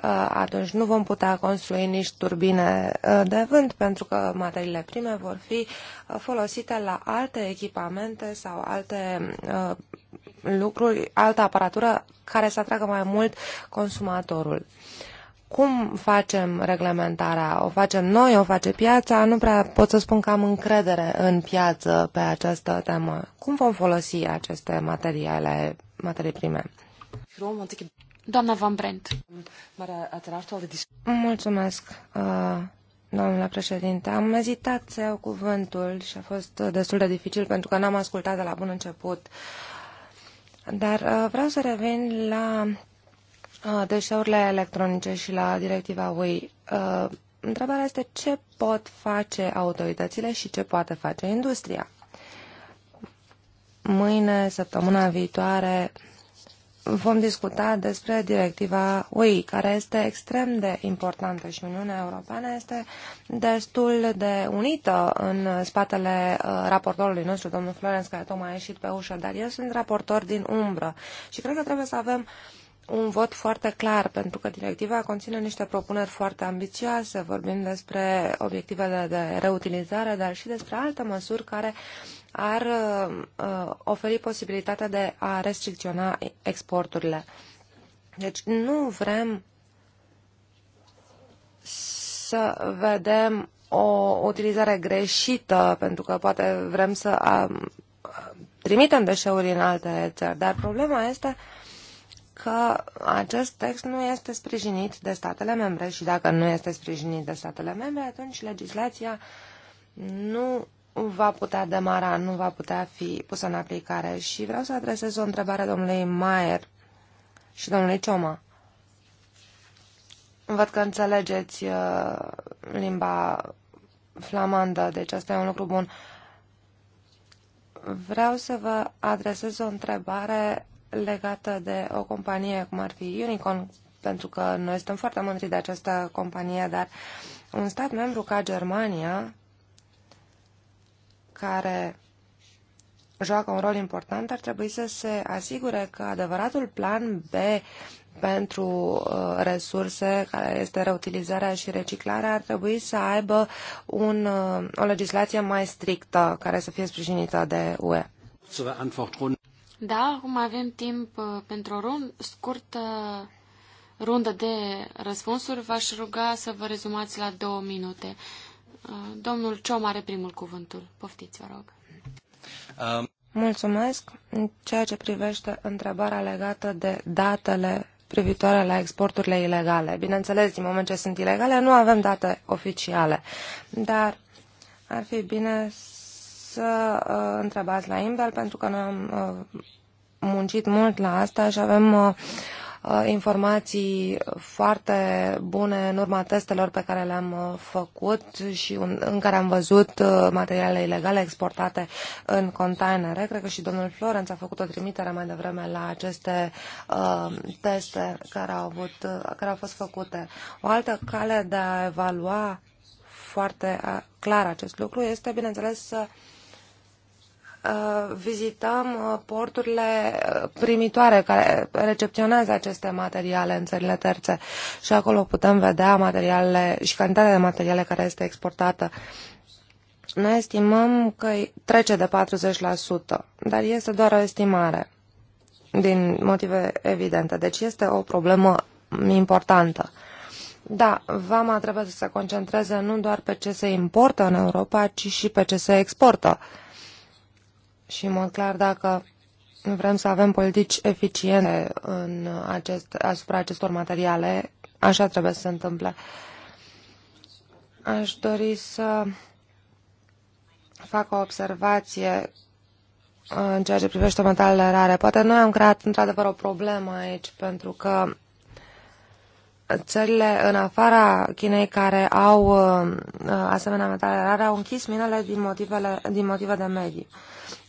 uh, atunci nu vom putea construi nici turbine uh, de vânt, pentru că materiile prime vor fi folosite la alte echipamente sau alte lucruri, altă aparatură care să atragă mai mult consumatorul. Uh, cum facem reglementarea? O facem noi, o face piața? Nu prea pot să spun că am încredere în piață pe această temă. Cum vom folosi aceste materiale, materii prime? Doamna Van Brent. Mulțumesc, uh, domnule președinte. Am ezitat să iau cuvântul și a fost destul de dificil pentru că n-am ascultat de la bun început. Dar uh, vreau să revin la Ah, deșeurile electronice și la directiva UE. Ah, întrebarea este ce pot face autoritățile și ce poate face industria. Mâine, săptămâna viitoare, vom discuta despre directiva UI, care este extrem de importantă și Uniunea Europeană este destul de unită în spatele ah, raportorului nostru, domnul Florenț, care tocmai a ieșit pe ușă, dar eu sunt raportor din umbră și cred că trebuie să avem uh, un vot foarte clar, pentru că directiva conține niște propuneri foarte ambițioase. Vorbim despre obiectivele de reutilizare, dar și despre alte măsuri care ar uh, oferi posibilitatea de a restricționa exporturile. Deci nu vrem să vedem o utilizare greșită, pentru că poate vrem să uh, trimitem deșeuri în alte țări, dar problema este uh, că acest text nu este sprijinit de statele membre și dacă nu este sprijinit de statele membre, atunci legislația nu va putea demara, nu va putea fi pusă în aplicare. Și vreau să adresez o întrebare domnului Maier și domnului Cioma. Văd că înțelegeți uh, limba flamandă, deci asta e un lucru bun. Vreau să vă adresez o întrebare legată de o companie cum ar fi Unicorn, pentru că noi suntem foarte mândri de această companie, dar un stat membru ca Germania, care joacă un rol important, ar trebui să se asigure că adevăratul plan B pentru uh, resurse, care este reutilizarea și reciclarea, ar trebui să aibă un, uh, o legislație mai strictă care să fie sprijinită de UE. Da, acum avem timp uh, pentru o rund, scurtă rundă de răspunsuri. V-aș ruga să vă rezumați la două minute. Uh, domnul Ciom are primul cuvântul. Poftiți, vă rog. Um... Mulțumesc. În ceea ce privește întrebarea legată de datele privitoare la exporturile ilegale. Bineînțeles, din moment ce sunt ilegale, nu avem date oficiale, dar ar fi bine să uh, întrebați la Imbel, pentru că noi am uh, muncit mult la asta și avem uh, uh informații foarte bune în urma testelor pe care le-am uh, făcut și în care am văzut uh, materiale ilegale exportate în containere. Cred că și domnul Florenț a făcut o trimitere mai devreme la aceste uh, teste care au, avut, care au fost făcute. O altă cale de a evalua foarte clar acest lucru este, bineînțeles, să uh, Uh, vizităm uh, porturile uh, primitoare care recepționează aceste materiale în țările terțe și acolo putem vedea materialele și cantitatea de materiale care este exportată. Noi estimăm că trece de 40%, dar este doar o estimare din motive evidente. Deci este o problemă importantă. Da, vama trebuie să se concentreze nu doar pe ce se importă în Europa, ci și pe ce se exportă. Uh, și, în mod clar, dacă vrem să avem politici eficiente în acest, asupra acestor materiale, așa trebuie să se întâmple. Aș dori să fac o observație în ceea ce privește metalele rare. Poate noi am creat într-adevăr o problemă aici, pentru că țările în afara Chinei care au uh, asemenea metale rare au închis minele din, motivele, din motive de mediu.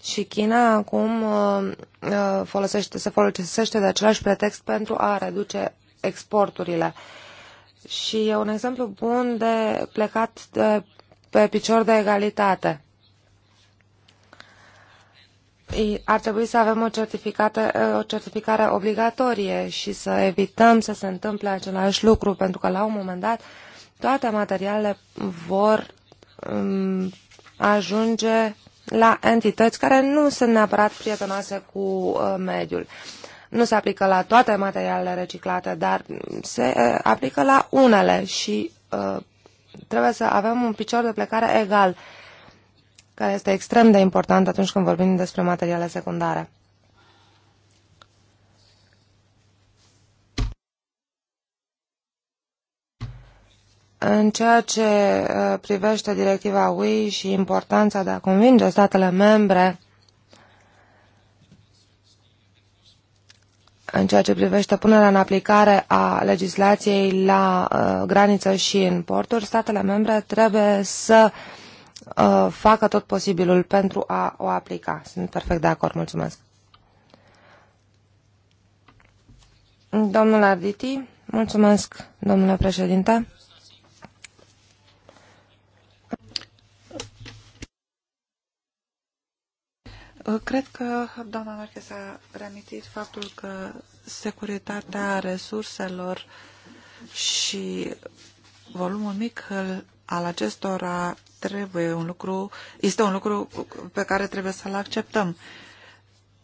Și China acum uh, uh, folosește, se folosește de același pretext pentru a reduce exporturile. Și e un exemplu bun de plecat de, pe picior de egalitate. Ar trebui să avem o, certificare, uh, o certificare obligatorie și să evităm să se întâmple același lucru, pentru că la un moment dat toate materialele vor um, ajunge la entități care nu sunt neapărat prietenoase cu uh, mediul. Nu se aplică la toate materialele reciclate, dar se uh, aplică la unele și uh, trebuie să avem un picior de plecare egal, care este extrem de important atunci când vorbim despre materiale secundare. În ceea ce uh, privește directiva UE și importanța de a convinge statele membre în ceea ce privește punerea în aplicare a legislației la uh, graniță și în porturi, statele membre trebuie să uh, facă tot posibilul pentru a o aplica. Sunt perfect de acord. Mulțumesc. Domnul Arditi, mulțumesc, domnule președinte. Uh, cred că doamna Marquez a reamintit faptul că securitatea resurselor și volumul mic al acestora trebuie un lucru, este un lucru pe care trebuie să-l acceptăm.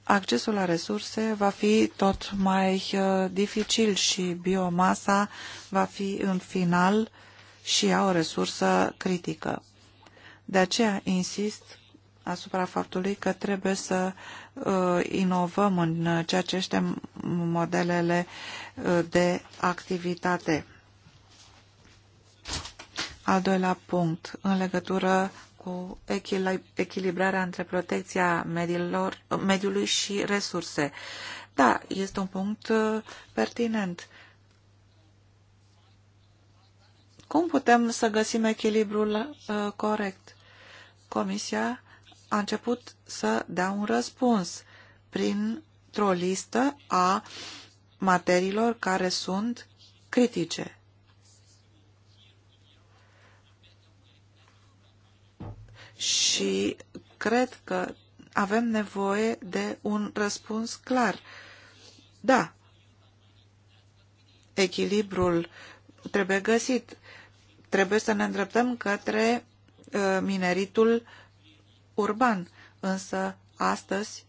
Accesul la resurse va fi tot mai uh, dificil și biomasa va fi în final și ea o resursă critică. De aceea insist asupra faptului că trebuie să uh, inovăm în ceea ce este modelele uh, de activitate. Al doilea punct, în legătură cu echilibrarea între protecția mediului și resurse. Da, este un punct uh, pertinent. Cum putem să găsim echilibrul uh, corect? Comisia a început să dea un răspuns printr-o listă a materiilor care sunt critice. Și cred că avem nevoie de un răspuns clar. Da, echilibrul trebuie găsit. Trebuie să ne îndreptăm către uh, mineritul urban, însă astăzi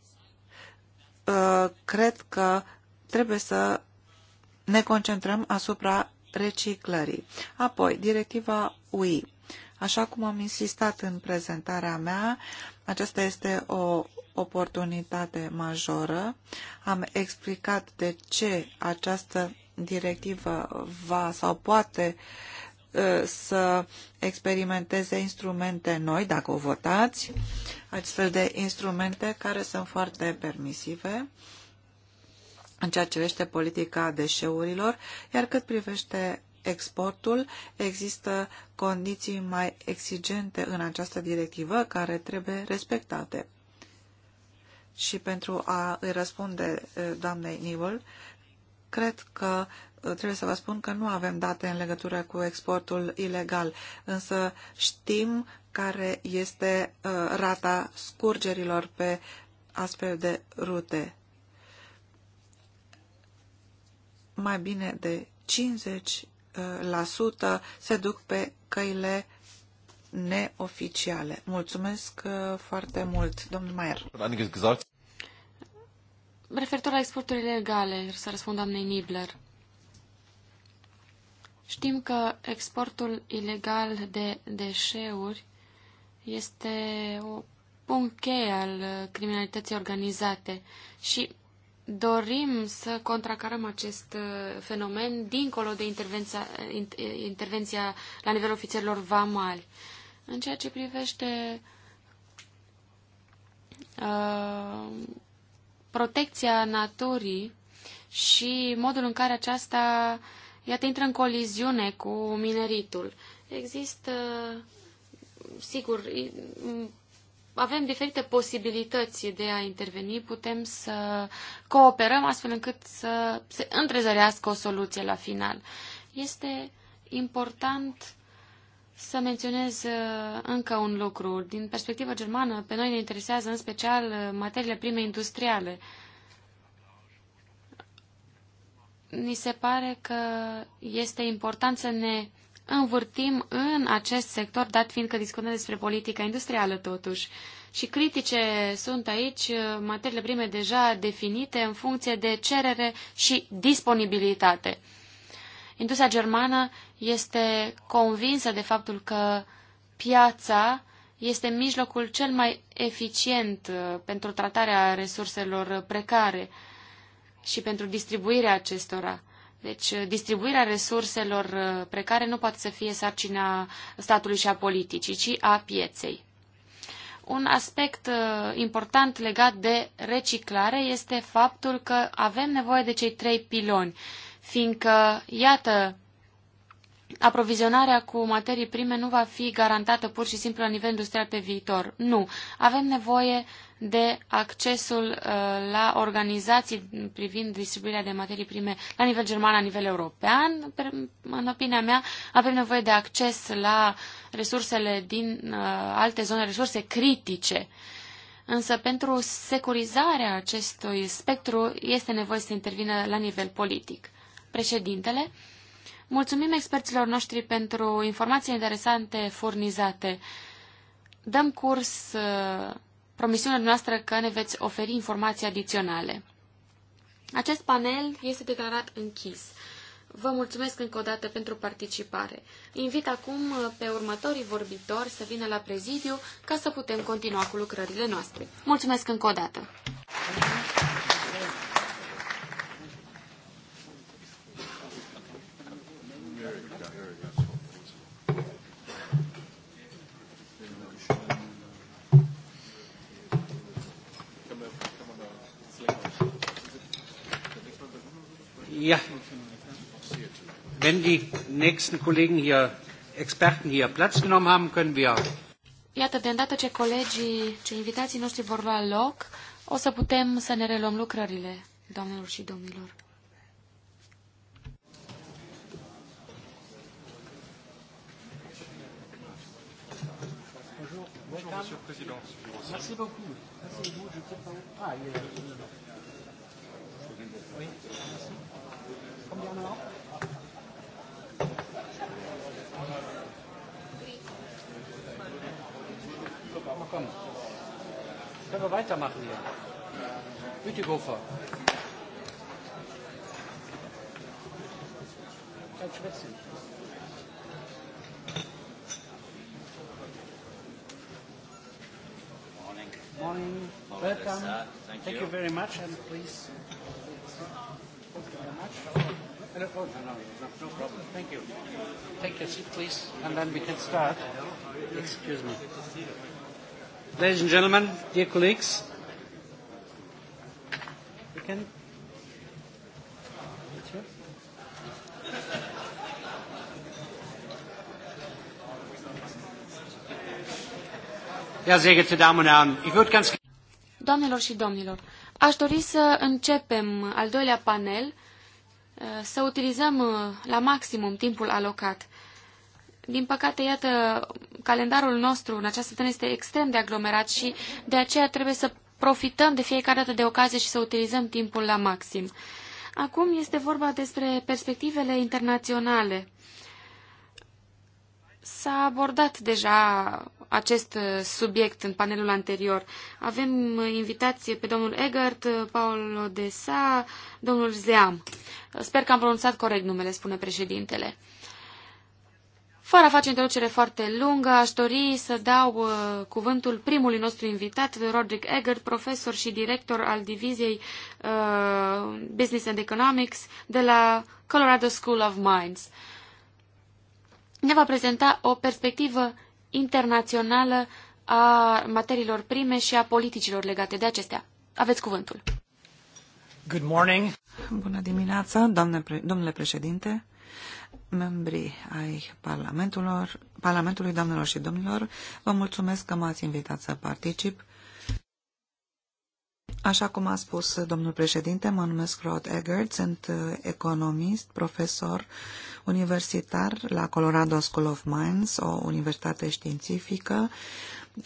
ă, cred că trebuie să ne concentrăm asupra reciclării. Apoi, directiva UI. Așa cum am insistat în prezentarea mea, aceasta este o oportunitate majoră. Am explicat de ce această directivă va sau poate Uh, să experimenteze instrumente noi, dacă o votați, astfel de instrumente care sunt foarte permisive în ceea ce privește politica deșeurilor, iar cât privește exportul, există condiții mai exigente în această directivă care trebuie respectate. Și pentru a îi răspunde uh, doamnei Nivol, Cred că uh, trebuie să vă spun că nu avem date în legătură cu exportul ilegal, însă știm care este uh, rata scurgerilor pe astfel de rute. Mai bine de 50% uh, se duc pe căile neoficiale. Mulțumesc foarte mult, domnul Maier. Referitor la exporturile legale, să răspund doamnei Nibler. Știm că exportul ilegal de deșeuri este o punct cheie al criminalității organizate și dorim să contracarăm acest uh, fenomen dincolo de intervenția, intervenția la nivelul ofițerilor vamali. În ceea ce privește uh, protecția naturii și modul în care aceasta, iată, intră în coliziune cu mineritul. Există, sigur, avem diferite posibilități de a interveni, putem să cooperăm astfel încât să se întrezărească o soluție la final. Este important să menționez uh, încă un lucru. Din perspectiva germană, pe noi ne interesează în special uh, materiile prime industriale. Ni se pare că este important să ne învârtim în acest sector, dat fiindcă discutăm despre politica industrială totuși. Și critice sunt aici uh, materiile prime deja definite în funcție de cerere și disponibilitate. Industria germană este convinsă de faptul că piața este mijlocul cel mai eficient uh, pentru tratarea resurselor precare și pentru distribuirea acestora. Deci, uh, distribuirea resurselor uh, precare nu poate să fie sarcina statului și a politicii, ci a pieței. Un aspect important legat de reciclare este faptul că avem nevoie de cei trei piloni fiindcă, iată, aprovizionarea cu materii prime nu va fi garantată pur și simplu la nivel industrial pe viitor. Nu. Avem nevoie de accesul uh, la organizații privind distribuirea de materii prime la nivel german, la nivel european. În opinia mea, avem nevoie de acces la resursele din uh, alte zone, resurse critice. Însă pentru securizarea acestui spectru este nevoie să intervină la nivel politic. Președintele, mulțumim experților noștri pentru informații interesante furnizate. Dăm curs uh, promisiunea noastră că ne veți oferi informații adiționale. Acest panel este declarat închis. Vă mulțumesc încă o dată pentru participare. Invit acum uh, pe următorii vorbitori să vină la prezidiu ca să putem continua cu lucrările noastre. Mulțumesc încă o dată! Ja, wenn die nächsten Kollegen hier, Experten hier Platz genommen haben, können wir... Iată, de îndată ce colegii, ce invitații noștri vor lua loc, o să putem să ne reluăm lucrările, doamnelor și domnilor. Monsieur le Président. Merci beaucoup. Merci beaucoup. Je ne sais pas où. Ah, il est Oui. Merci. Mal kommen. Können wir weitermachen hier? Bütikofer. Dann schwitzen. Morning. Morning. Welcome. Thank you very much and please. Thank you very much. No, no, no problem. Thank you. Take a seat, please, and then we can start. Excuse me. Ladies and gentlemen, dear colleagues, we can. Damen und Herren, ich würde ganz. Doamnelor și domnilor, aș dori să începem al doilea panel să utilizăm uh, la maximum timpul alocat. Din păcate, iată, calendarul nostru în această tână este extrem de aglomerat și de aceea trebuie să profităm de fiecare dată de ocazie și să utilizăm timpul la maxim. Acum este vorba despre perspectivele internaționale. S-a abordat deja acest uh, subiect în panelul anterior. Avem uh, invitație pe domnul Egert, uh, Paul Odessa, domnul Zeam. Sper că am pronunțat corect numele, spune președintele. Fără a face introducere foarte lungă, aș dori să dau uh, cuvântul primului nostru invitat, Roderick Egger, profesor și director al diviziei uh, Business and Economics de la Colorado School of Mines. Ne va prezenta o perspectivă internațională a materiilor prime și a politicilor legate de acestea. Aveți cuvântul. Good morning. Bună dimineața, doamne, domnule președinte, membrii ai Parlamentului, doamnelor și domnilor. Vă mulțumesc că m-ați invitat să particip Așa cum a spus domnul președinte, mă numesc Rod Eggert, sunt uh, economist, profesor universitar la Colorado School of Mines, o universitate științifică,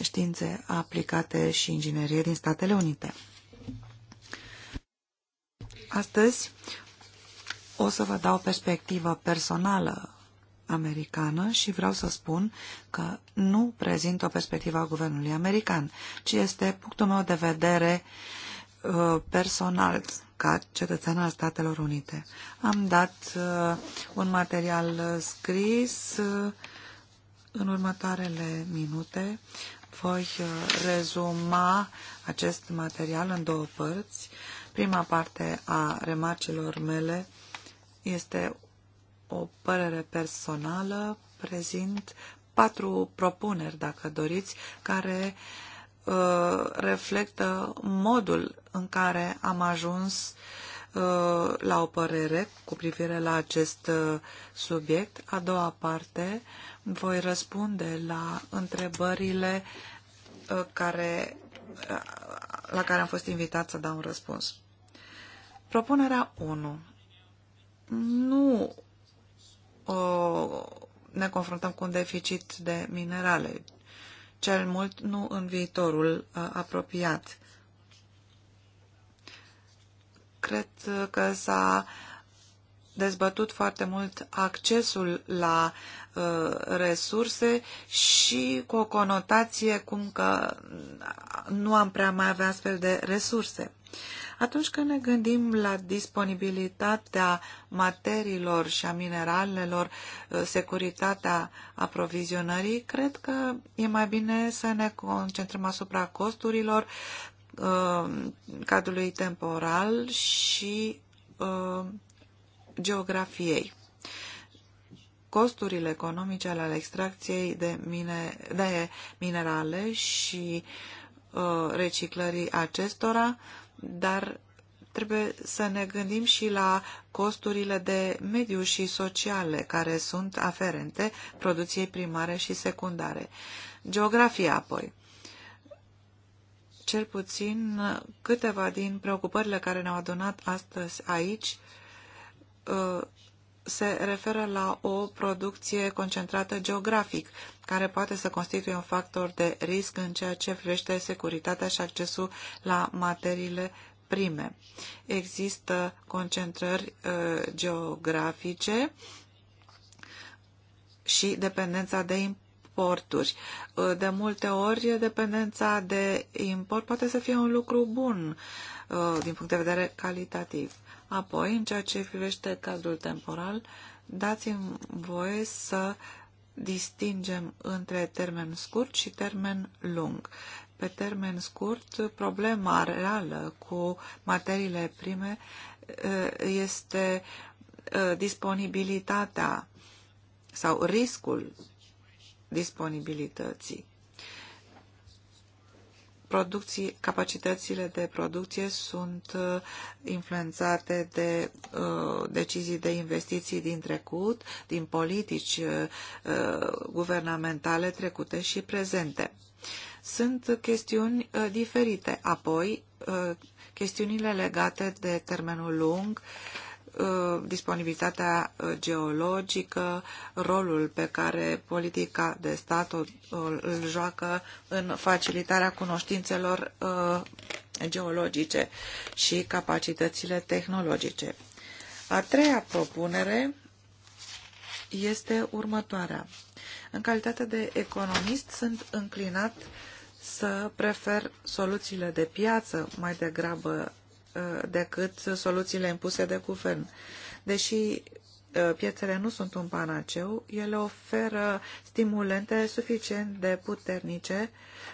științe aplicate și inginerie din Statele Unite. Astăzi o să vă dau o perspectivă personală americană și vreau să spun că nu prezint o perspectivă a guvernului american, ci este punctul meu de vedere uh, Uh, personal ca cetățean al Statelor Unite. Am dat uh, un material uh, scris în următoarele minute. Voi rezuma acest material în două părți. Prima parte a remarcilor mele este o părere personală, prezint patru propuneri, dacă doriți, care uh, Uh, reflectă modul în care am ajuns uh, la o părere cu privire la acest uh, subiect. A doua parte voi răspunde la întrebările care, la care am fost invitat să dau un răspuns. Propunerea 1. Nu o, ne confruntăm cu un deficit de minerale, cel mult nu în viitorul uh, apropiat. Cred uh, că s-a dezbătut foarte mult accesul la uh, resurse și cu o conotație cum că nu am prea mai avea astfel de resurse. Uh, atunci când ne gândim la disponibilitatea materiilor și a mineralelor, uh, securitatea aprovizionării, cred că e mai bine să ne concentrăm asupra costurilor, uh, cadrului temporal și uh, geografiei costurile economice ale extracției de, mine, de minerale și uh, reciclării acestora dar trebuie să ne gândim și la costurile de mediu și sociale care sunt aferente producției primare și secundare. Geografia apoi. Cel puțin câteva din preocupările care ne-au adunat astăzi aici uh, se referă la o producție concentrată geografic, care poate să constituie un factor de risc în ceea ce privește securitatea și accesul la materiile prime. Există concentrări uh, geografice și dependența de importuri. Uh, de multe ori, dependența de import poate să fie un lucru bun uh, din punct de vedere calitativ Apoi, în ceea ce privește cadrul temporal, dați-mi voie să distingem între termen scurt și termen lung. Pe termen scurt, problema reală cu materiile prime eh, este eh, disponibilitatea sau riscul disponibilității producții, capacitățile de producție sunt uh, influențate de uh, decizii de investiții din trecut, din politici uh, uh guvernamentale trecute și prezente. Sunt chestiuni uh, diferite. Apoi, uh, chestiunile legate de termenul lung, uh, Uh, disponibilitatea uh, geologică, rolul pe care politica de stat îl joacă în facilitarea cunoștințelor uh, geologice și capacitățile tehnologice. A treia propunere este următoarea. În calitate de economist sunt înclinat să prefer soluțiile de piață mai degrabă Uh, decât soluțiile impuse de guvern. Deși uh, piețele nu sunt un panaceu, ele oferă stimulente suficient de puternice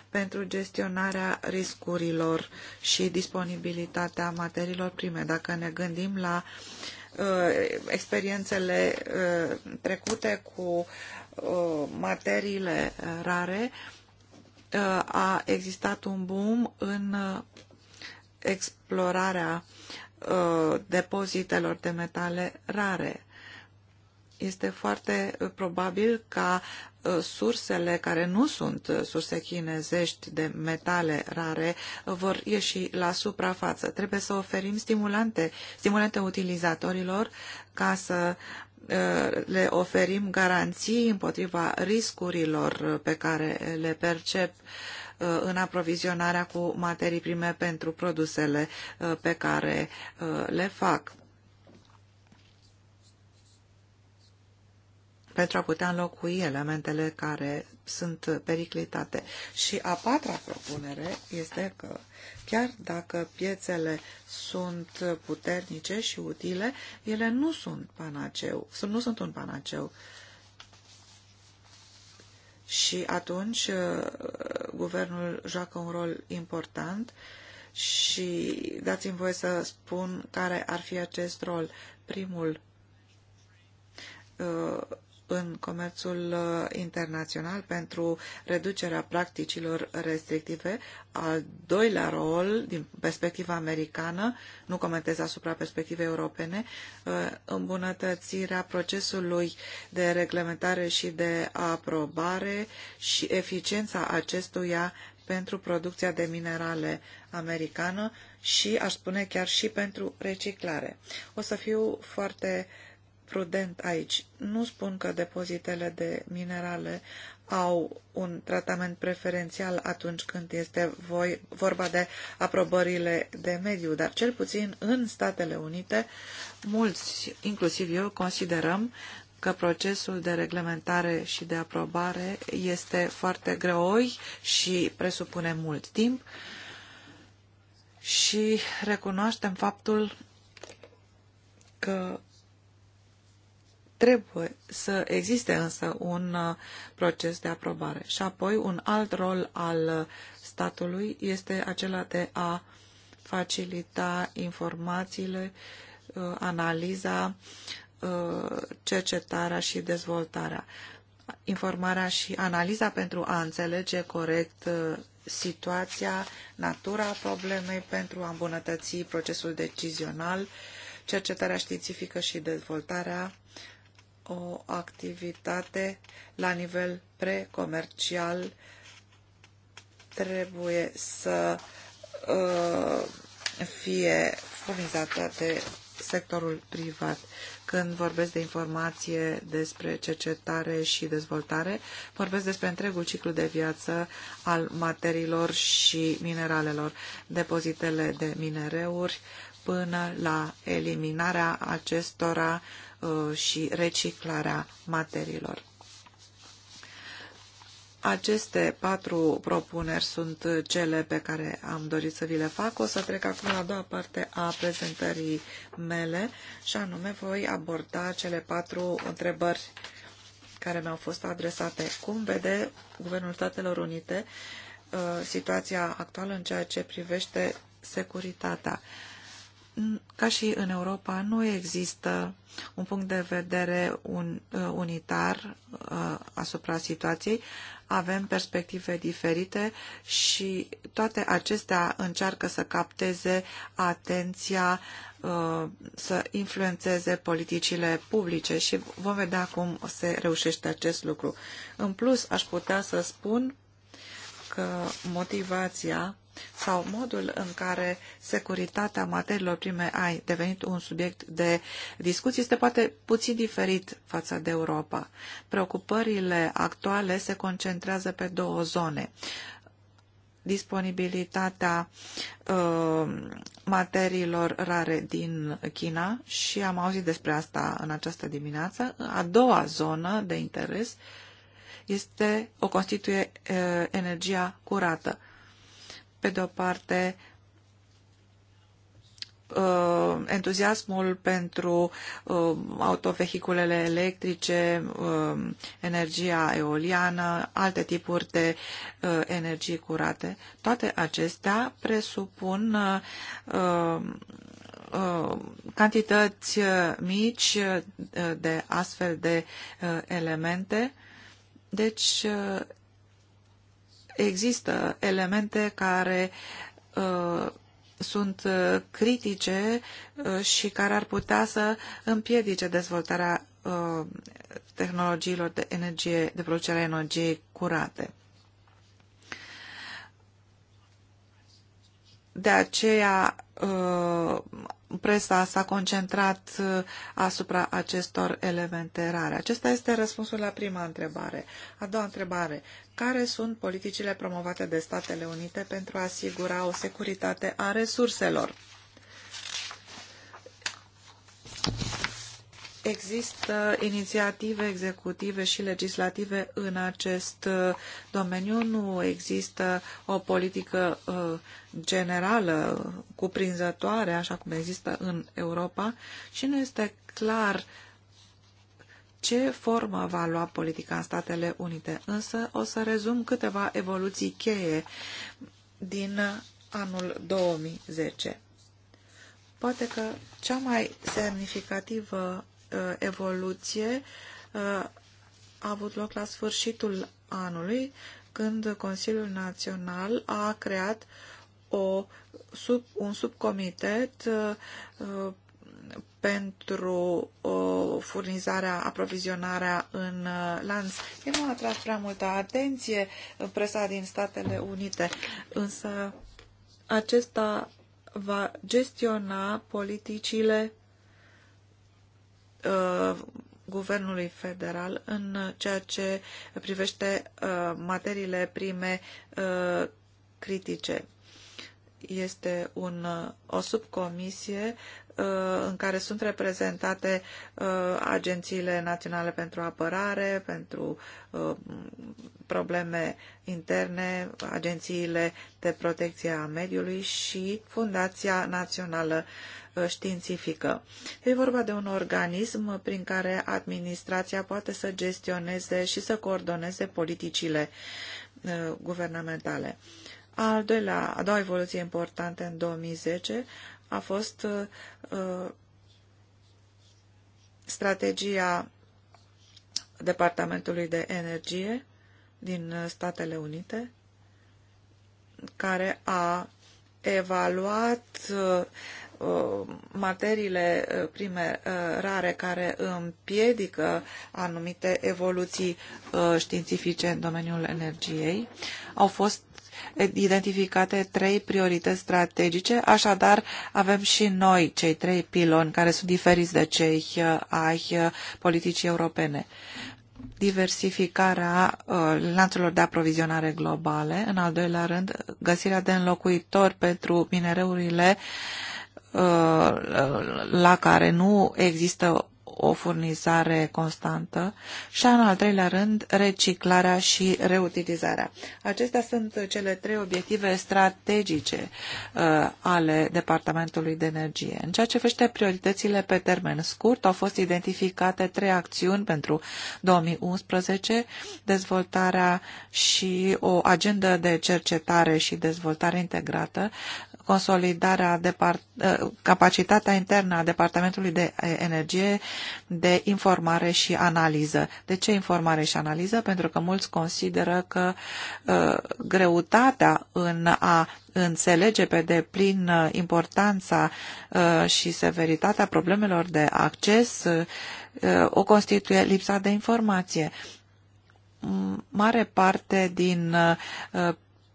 pentru gestionarea riscurilor și disponibilitatea materiilor prime. Dacă ne gândim la uh, experiențele uh, trecute cu uh, materiile rare, uh, a existat un boom în explorarea uh, depozitelor de metale rare. Este foarte uh, probabil ca uh, sursele care nu sunt uh, surse chinezești de metale rare vor ieși la suprafață. Trebuie să oferim stimulante, stimulante utilizatorilor ca să le oferim garanții împotriva riscurilor pe care le percep uh, Uh, în aprovizionarea cu materii prime pentru produsele uh, pe care uh, le fac. pentru a putea înlocui elementele care sunt periclitate. Și a patra propunere este că chiar dacă piețele sunt puternice și utile, ele nu sunt panaceu, nu sunt un panaceu. Uh, și atunci uh, guvernul joacă un rol important și dați-mi voie să spun care ar fi acest rol. Primul, uh, în comerțul uh, internațional pentru reducerea practicilor restrictive. Al doilea rol, din perspectiva americană, nu comentez asupra perspectivei europene, uh, îmbunătățirea procesului de reglementare și de aprobare și eficiența acestuia pentru producția de minerale americană și, aș spune, chiar și pentru reciclare. O să fiu foarte uh, prudent aici. Nu spun că depozitele de minerale au un tratament preferențial atunci când este voi, vorba de aprobările de mediu, dar cel puțin în Statele Unite, mulți, inclusiv eu, considerăm că procesul de reglementare și de aprobare este foarte greoi și presupune mult timp și recunoaștem faptul că Trebuie să existe însă un uh, proces de aprobare. Și apoi un alt rol al uh, statului este acela de a facilita informațiile, uh, analiza, cercetarea și dezvoltarea. Informarea și analiza pentru a înțelege corect situația, natura problemei pentru a îmbunătăți procesul decizional, cercetarea științifică și dezvoltarea o activitate la nivel precomercial trebuie să uh, fie furnizată de sectorul privat. Când vorbesc de informație despre cercetare și dezvoltare, vorbesc despre întregul ciclu de viață al materiilor și mineralelor, depozitele de minereuri până la eliminarea acestora uh, Uh, și reciclarea materiilor. Aceste patru propuneri sunt cele pe care am dorit să vi le fac. O să trec acum la a doua parte a prezentării mele și anume voi aborda cele patru întrebări care mi-au fost adresate. Cum vede Guvernul Statelor Unite uh, situația actuală în ceea ce privește securitatea? ca și în Europa, nu există un punct de vedere un, uh, unitar uh, asupra situației. Avem perspective diferite și toate acestea încearcă să capteze atenția, uh, să influențeze politicile publice și vom vedea cum se reușește acest lucru. În plus, aș putea să spun că motivația sau modul în care securitatea materiilor prime a devenit un subiect de discuție este poate puțin diferit față de Europa. Preocupările actuale se concentrează pe două zone disponibilitatea uh, materiilor rare din China și am auzit despre asta în această dimineață. A doua zonă de interes este o constituie uh, energia curată. Pe de o parte, uh, entuziasmul pentru uh, autovehiculele electrice, uh, energia eoliană, alte tipuri de energii curate. Toate acestea presupun cantități mici de astfel de elemente deci există elemente care uh, sunt uh, critice uh, și care ar putea să împiedice dezvoltarea tehnologiilor de energie, de producerea energiei curate. De aceea, presa s-a concentrat asupra acestor elemente rare. Acesta este răspunsul la prima întrebare. A doua întrebare. Care sunt politicile promovate de Statele Unite pentru a asigura o securitate a resurselor? Există inițiative executive și legislative în acest uh, domeniu. Nu există o politică uh, generală, cuprinzătoare, așa cum există în Europa și nu este clar uh, ce formă va lua politica în Statele Unite, însă o să rezum câteva evoluții cheie din anul 2010. Poate că cea mai semnificativă uh, evoluție uh, a avut loc la sfârșitul anului, când Consiliul Național a creat o, sub, un subcomitet uh, pentru uh, furnizarea, aprovizionarea în uh, lanț. El nu a atras prea multă atenție în presa din Statele Unite, însă acesta va gestiona politicile uh, guvernului federal în ceea ce privește uh, materiile prime uh, critice este un, uh, o subcomisie uh, în care sunt reprezentate uh, agențiile naționale pentru apărare, pentru probleme interne, agențiile de protecție a mediului și Fundația Națională Științifică. E vorba de un organism prin care administrația poate să gestioneze și să coordoneze politicile guvernamentale. Al doilea, a doua evoluție importantă în 2010 a fost uh, strategia Departamentului de Energie din Statele Unite, care a evaluat uh, materiile uh, prime uh, rare care împiedică anumite evoluții uh, științifice în domeniul energiei. Au fost identificate trei priorități strategice, așadar avem și noi cei trei piloni care sunt diferiți de cei uh, ai uh, politicii europene. Diversificarea uh, lanțurilor de aprovizionare globale, în al doilea rând găsirea de înlocuitori pentru minereurile la care nu există o furnizare constantă și, în al treilea rând, reciclarea și reutilizarea. Acestea sunt cele trei obiective strategice uh, ale Departamentului de Energie. În ceea ce vește prioritățile pe termen scurt, au fost identificate trei acțiuni pentru 2011, dezvoltarea și o agendă de cercetare și dezvoltare integrată, consolidarea eh, capacitatea internă a Departamentului de Energie de informare și analiză. De ce informare și analiză? Pentru că mulți consideră că eh, greutatea în a înțelege pe deplin eh, importanța și severitatea problemelor de acces o constituie lipsa de informație mare parte din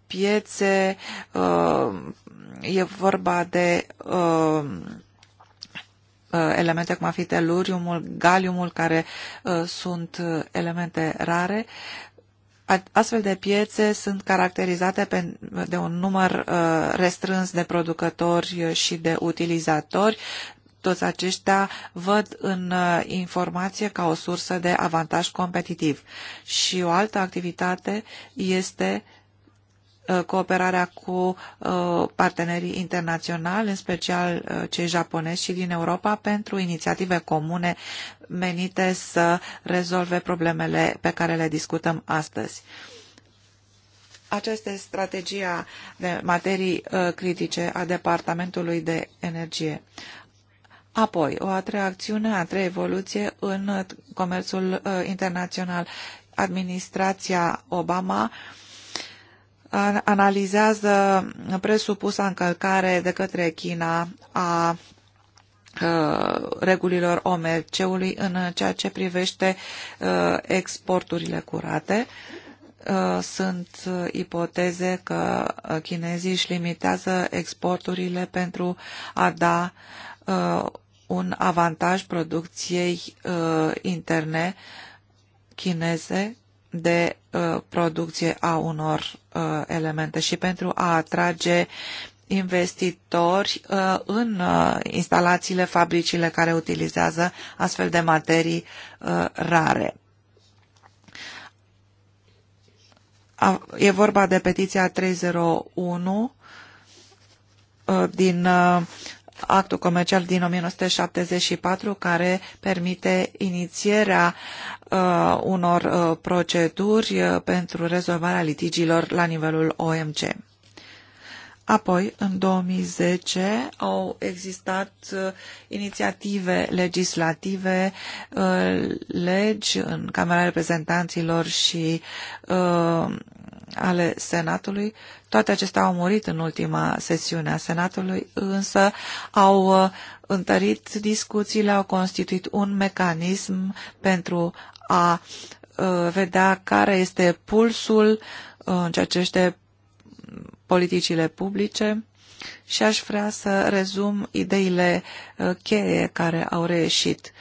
piețe, uh, e vorba de uh, uh, elemente cum a fi teluriumul, galiumul, care sunt elemente rare. Astfel de piețe sunt caracterizate de un număr restrâns de producători și de utilizatori. Toți aceștia văd în informație ca o sursă de avantaj competitiv. Și o altă activitate este Uh, cooperarea cu uh, partenerii internaționali, în special uh, cei japonezi și din Europa, pentru inițiative comune menite să rezolve problemele pe care le discutăm astăzi. Aceasta este strategia de materii critice a Departamentului de Energie. Apoi, o a treia acțiune, a treia evoluție în comerțul internațional. Administrația Obama uh, analizează presupusa încălcare de către China a regulilor OMC-ului în ceea ce privește exporturile curate. Sunt ipoteze că chinezii își limitează exporturile pentru a da un avantaj producției interne chineze de uh, producție a unor uh, elemente și pentru a atrage investitori uh, în uh, instalațiile, fabricile care utilizează astfel de materii uh, rare. A, e vorba de petiția 301 uh, din uh, actul comercial din 1974 care permite inițierea uh, unor uh, proceduri uh, pentru rezolvarea litigiilor la nivelul OMC. Apoi, în 2010, au existat uh, inițiative legislative, uh, legi în Camera Reprezentanților și uh, ale Senatului. Toate acestea au murit în ultima sesiune a Senatului, însă au uh, întărit discuțiile, au constituit un mecanism pentru a uh, vedea care este pulsul uh, în ceea ce este politicile publice și aș vrea să rezum ideile cheie care au reieșit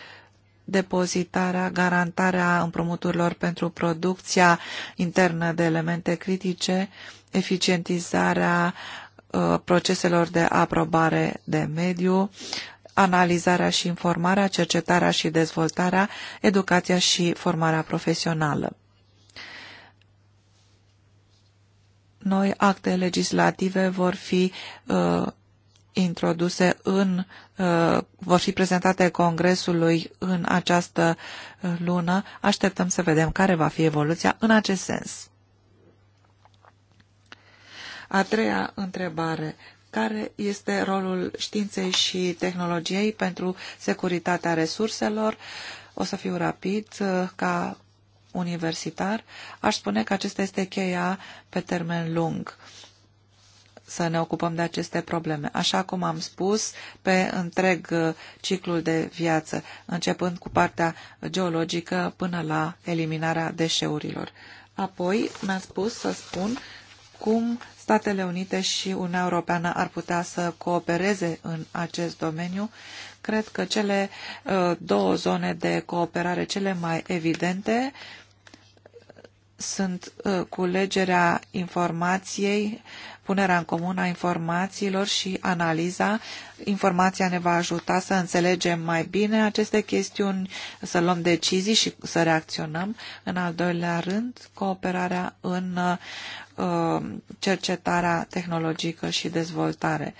depozitarea, garantarea împrumuturilor pentru producția internă de elemente critice, eficientizarea uh, proceselor de aprobare de mediu, analizarea și informarea, cercetarea și dezvoltarea, educația și formarea profesională. Noi acte legislative vor fi uh, introduse în, uh, vor fi prezentate Congresului în această uh, lună. Așteptăm să vedem care va fi evoluția în acest sens. A treia întrebare. Care este rolul științei și tehnologiei pentru securitatea resurselor? O să fiu rapid uh, ca universitar. Aș spune că acesta este cheia pe termen lung să ne ocupăm de aceste probleme. Așa cum am spus, pe întreg uh, ciclul de viață, începând cu partea geologică până la eliminarea deșeurilor. Apoi mi-a spus să spun cum Statele Unite și Uniunea Europeană ar putea să coopereze în acest domeniu. Cred că cele uh, două zone de cooperare cele mai evidente sunt uh, culegerea informației punerea în comun a informațiilor și analiza. Informația ne va ajuta să înțelegem mai bine aceste chestiuni, să luăm decizii și să reacționăm. În al doilea rând, cooperarea în uh, cercetarea tehnologică și dezvoltare.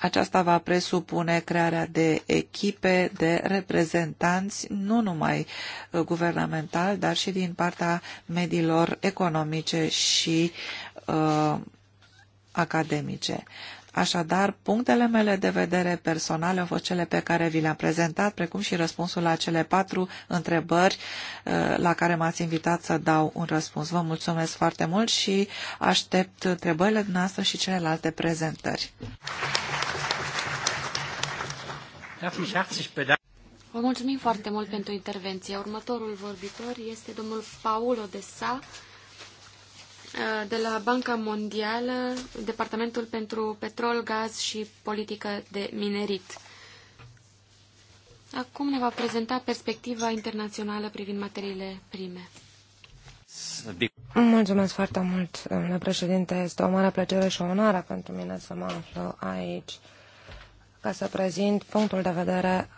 Aceasta va presupune crearea de echipe de reprezentanți, nu numai uh, guvernamental, dar și din partea mediilor economice și uh, academice. Așadar, punctele mele de vedere personale au fost cele pe care vi le-am prezentat, precum și răspunsul la cele patru întrebări uh, la care m-ați invitat să dau un răspuns. Vă mulțumesc foarte mult și aștept întrebările noastre și celelalte prezentări. Vă mulțumim foarte mult pentru intervenție. Următorul vorbitor este domnul Paulo de Sa, Eh, de la Banca Mondială, Departamentul pentru Petrol, Gaz și Politică de Minerit. Acum ne va prezenta perspectiva internațională privind materiile prime. Mulțumesc foarte mult, domnule președinte. Este o mare plăcere și o onoare pentru mine să mă aflu aici ca să prezint punctul de vedere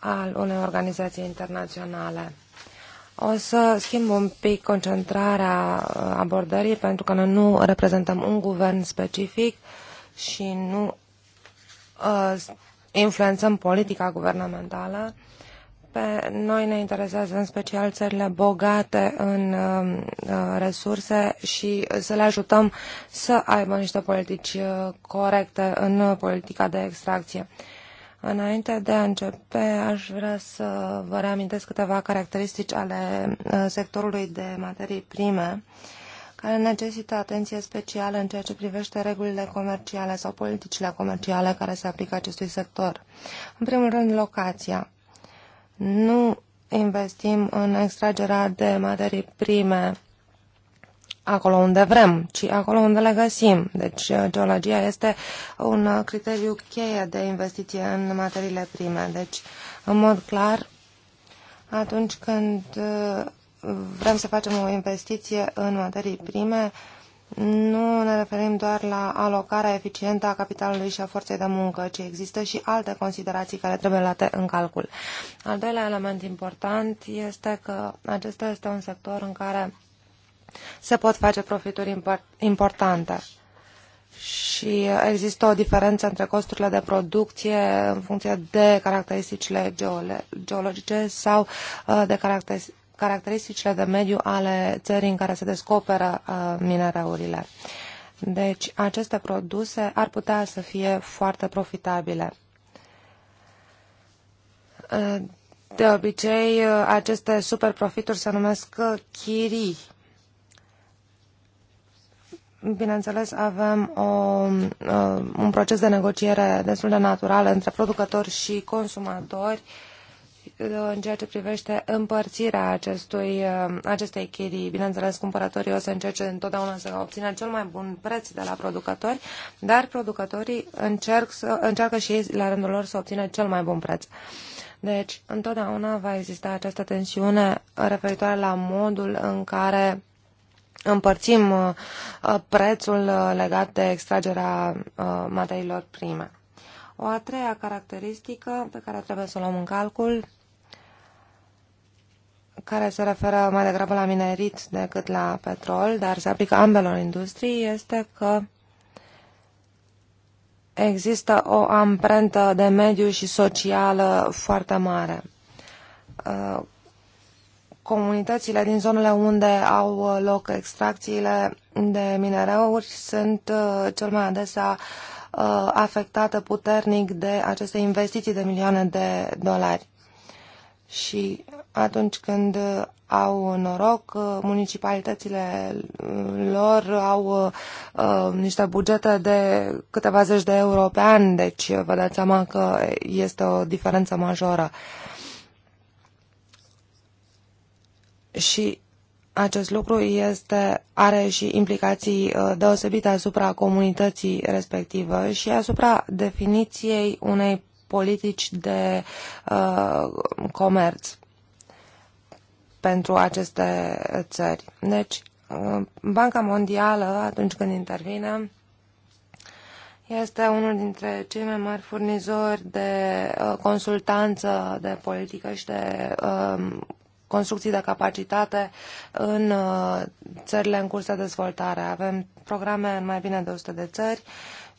al unei organizații internaționale o să schimb un pic concentrarea uh, abordării pentru că noi nu reprezentăm un guvern specific și nu uh, influențăm politica guvernamentală. Pe noi ne interesează în special țările bogate în uh, uh resurse și să le ajutăm să aibă niște politici uh, corecte în politica de extracție. Uh, Înainte de a începe, aș vrea să vă reamintesc câteva caracteristici ale uh, sectorului de materii prime care necesită atenție specială în ceea ce privește regulile comerciale sau politicile comerciale care se aplică acestui sector. În primul rând, locația. Nu investim în extragerea de materii prime acolo unde vrem, ci acolo unde le găsim. Deci uh, geologia este un uh, criteriu cheie de investiție în materiile prime. Deci, în mod clar, atunci când uh, vrem să facem o investiție în materii prime, nu ne referim doar la alocarea eficientă a capitalului și a forței de muncă, ci există și alte considerații care trebuie luate în calcul. Al doilea element important este că acesta este un sector în care se pot face profituri importante. Și există o diferență între costurile de producție în funcție de caracteristicile geologice sau uh, de caracteristicile de mediu ale țării în care se descoperă uh, minereurile. Deci aceste produse ar putea să fie foarte profitabile. Uh, de obicei, aceste superprofituri se numesc chirii Bineînțeles, avem o, uh, un proces de negociere destul de natural între producători și consumatori uh, în ceea ce privește împărțirea acestui, uh, acestei chirii. Bineînțeles, cumpărătorii o să încerce întotdeauna să obțină cel mai bun preț de la producători, dar producătorii încerc să, încearcă și ei la rândul lor să obțină cel mai bun preț. Deci, întotdeauna va exista această tensiune referitoare la modul în care împărțim uh, uh, prețul uh, legat de extragerea materiilor prime. O a treia caracteristică pe care trebuie să o luăm în calcul, care se referă mai degrabă la minerit decât la petrol, dar se aplică ambelor industrii, este că există o amprentă de mediu și socială foarte mare comunitățile din zonele unde au uh, loc extracțiile de minereuri sunt uh, cel mai adesea uh, afectată puternic de aceste investiții de milioane de dolari. Și atunci când au noroc, municipalitățile lor au uh, niște bugete de câteva zeci de euro pe an, deci vă dați seama că este o diferență majoră. Uh, și acest lucru este, are și implicații uh, deosebite asupra comunității respective și asupra definiției unei politici de uh, comerț pentru aceste țări. Deci, uh, Banca Mondială, atunci când intervine, este unul dintre cei mai mari furnizori de uh, consultanță de politică și de uh, construcții de capacitate în uh, țările în curs de dezvoltare. Avem programe în mai bine de 100 de țări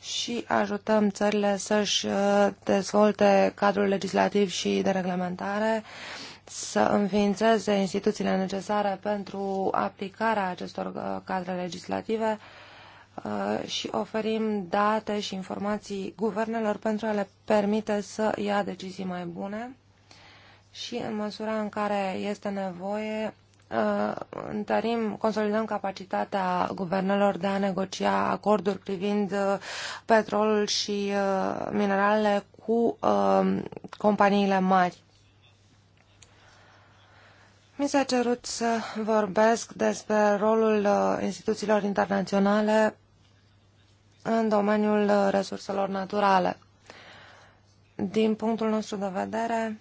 și ajutăm țările să-și uh, dezvolte cadrul legislativ și de reglementare, să înființeze instituțiile necesare pentru aplicarea acestor uh, cadre legislative și oferim date și informații guvernelor pentru a le permite să ia decizii mai bune și în măsura în care este nevoie, ă, întărim, consolidăm capacitatea guvernelor de a negocia acorduri privind ă, petrolul și ă, mineralele cu companiile mari. Mi s-a cerut să vorbesc despre rolul instituțiilor internaționale în domeniul resurselor naturale. Din punctul nostru de vedere,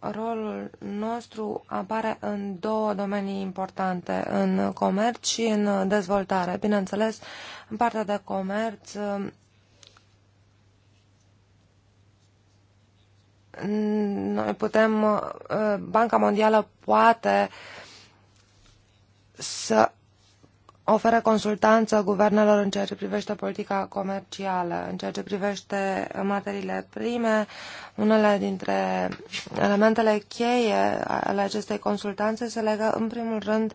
rolul nostru apare în două domenii importante, în comerț și în dezvoltare. Bineînțeles, în partea de comerț noi putem, Banca Mondială poate să oferă consultanță guvernelor în ceea ce privește politica comercială, în ceea ce privește materiile prime. Unele dintre elementele cheie ale acestei consultanțe se legă în primul rând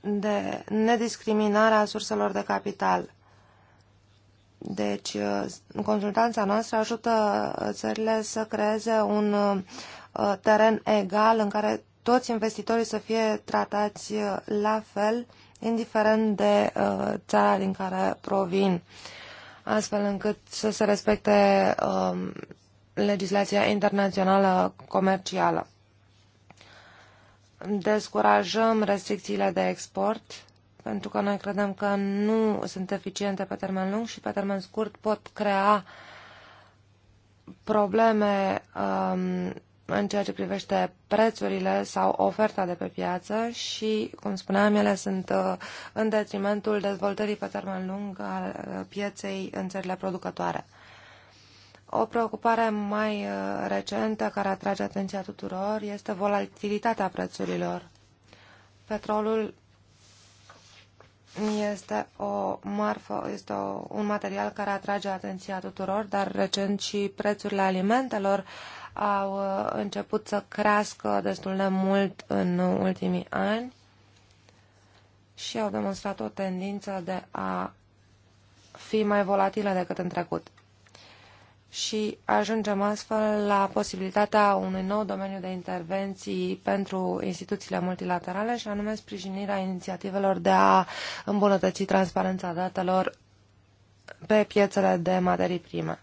de nediscriminarea surselor de capital. Deci, consultanța noastră ajută țările să creeze un uh, teren egal în care toți investitorii să fie tratați uh, la fel, indiferent de uh, țara din care provin, astfel încât să se respecte um, legislația internațională comercială. Descurajăm restricțiile de export, pentru că noi credem că nu sunt eficiente pe termen lung și pe termen scurt pot crea probleme um, în ceea ce privește prețurile sau oferta de pe piață și, cum spuneam, ele sunt uh, în detrimentul dezvoltării pe termen lung al uh, pieței în țările producătoare. O preocupare mai uh, recentă care atrage atenția tuturor este volatilitatea prețurilor. Petrolul este, o marfă, este o, un material care atrage atenția tuturor, dar recent și prețurile alimentelor au uh, început să crească destul de mult în ultimii ani și au demonstrat o tendință de a fi mai volatile decât în trecut. Și ajungem astfel la posibilitatea unui nou domeniu de intervenții pentru instituțiile multilaterale și anume sprijinirea inițiativelor de a îmbunătăți transparența datelor pe piețele de materii prime.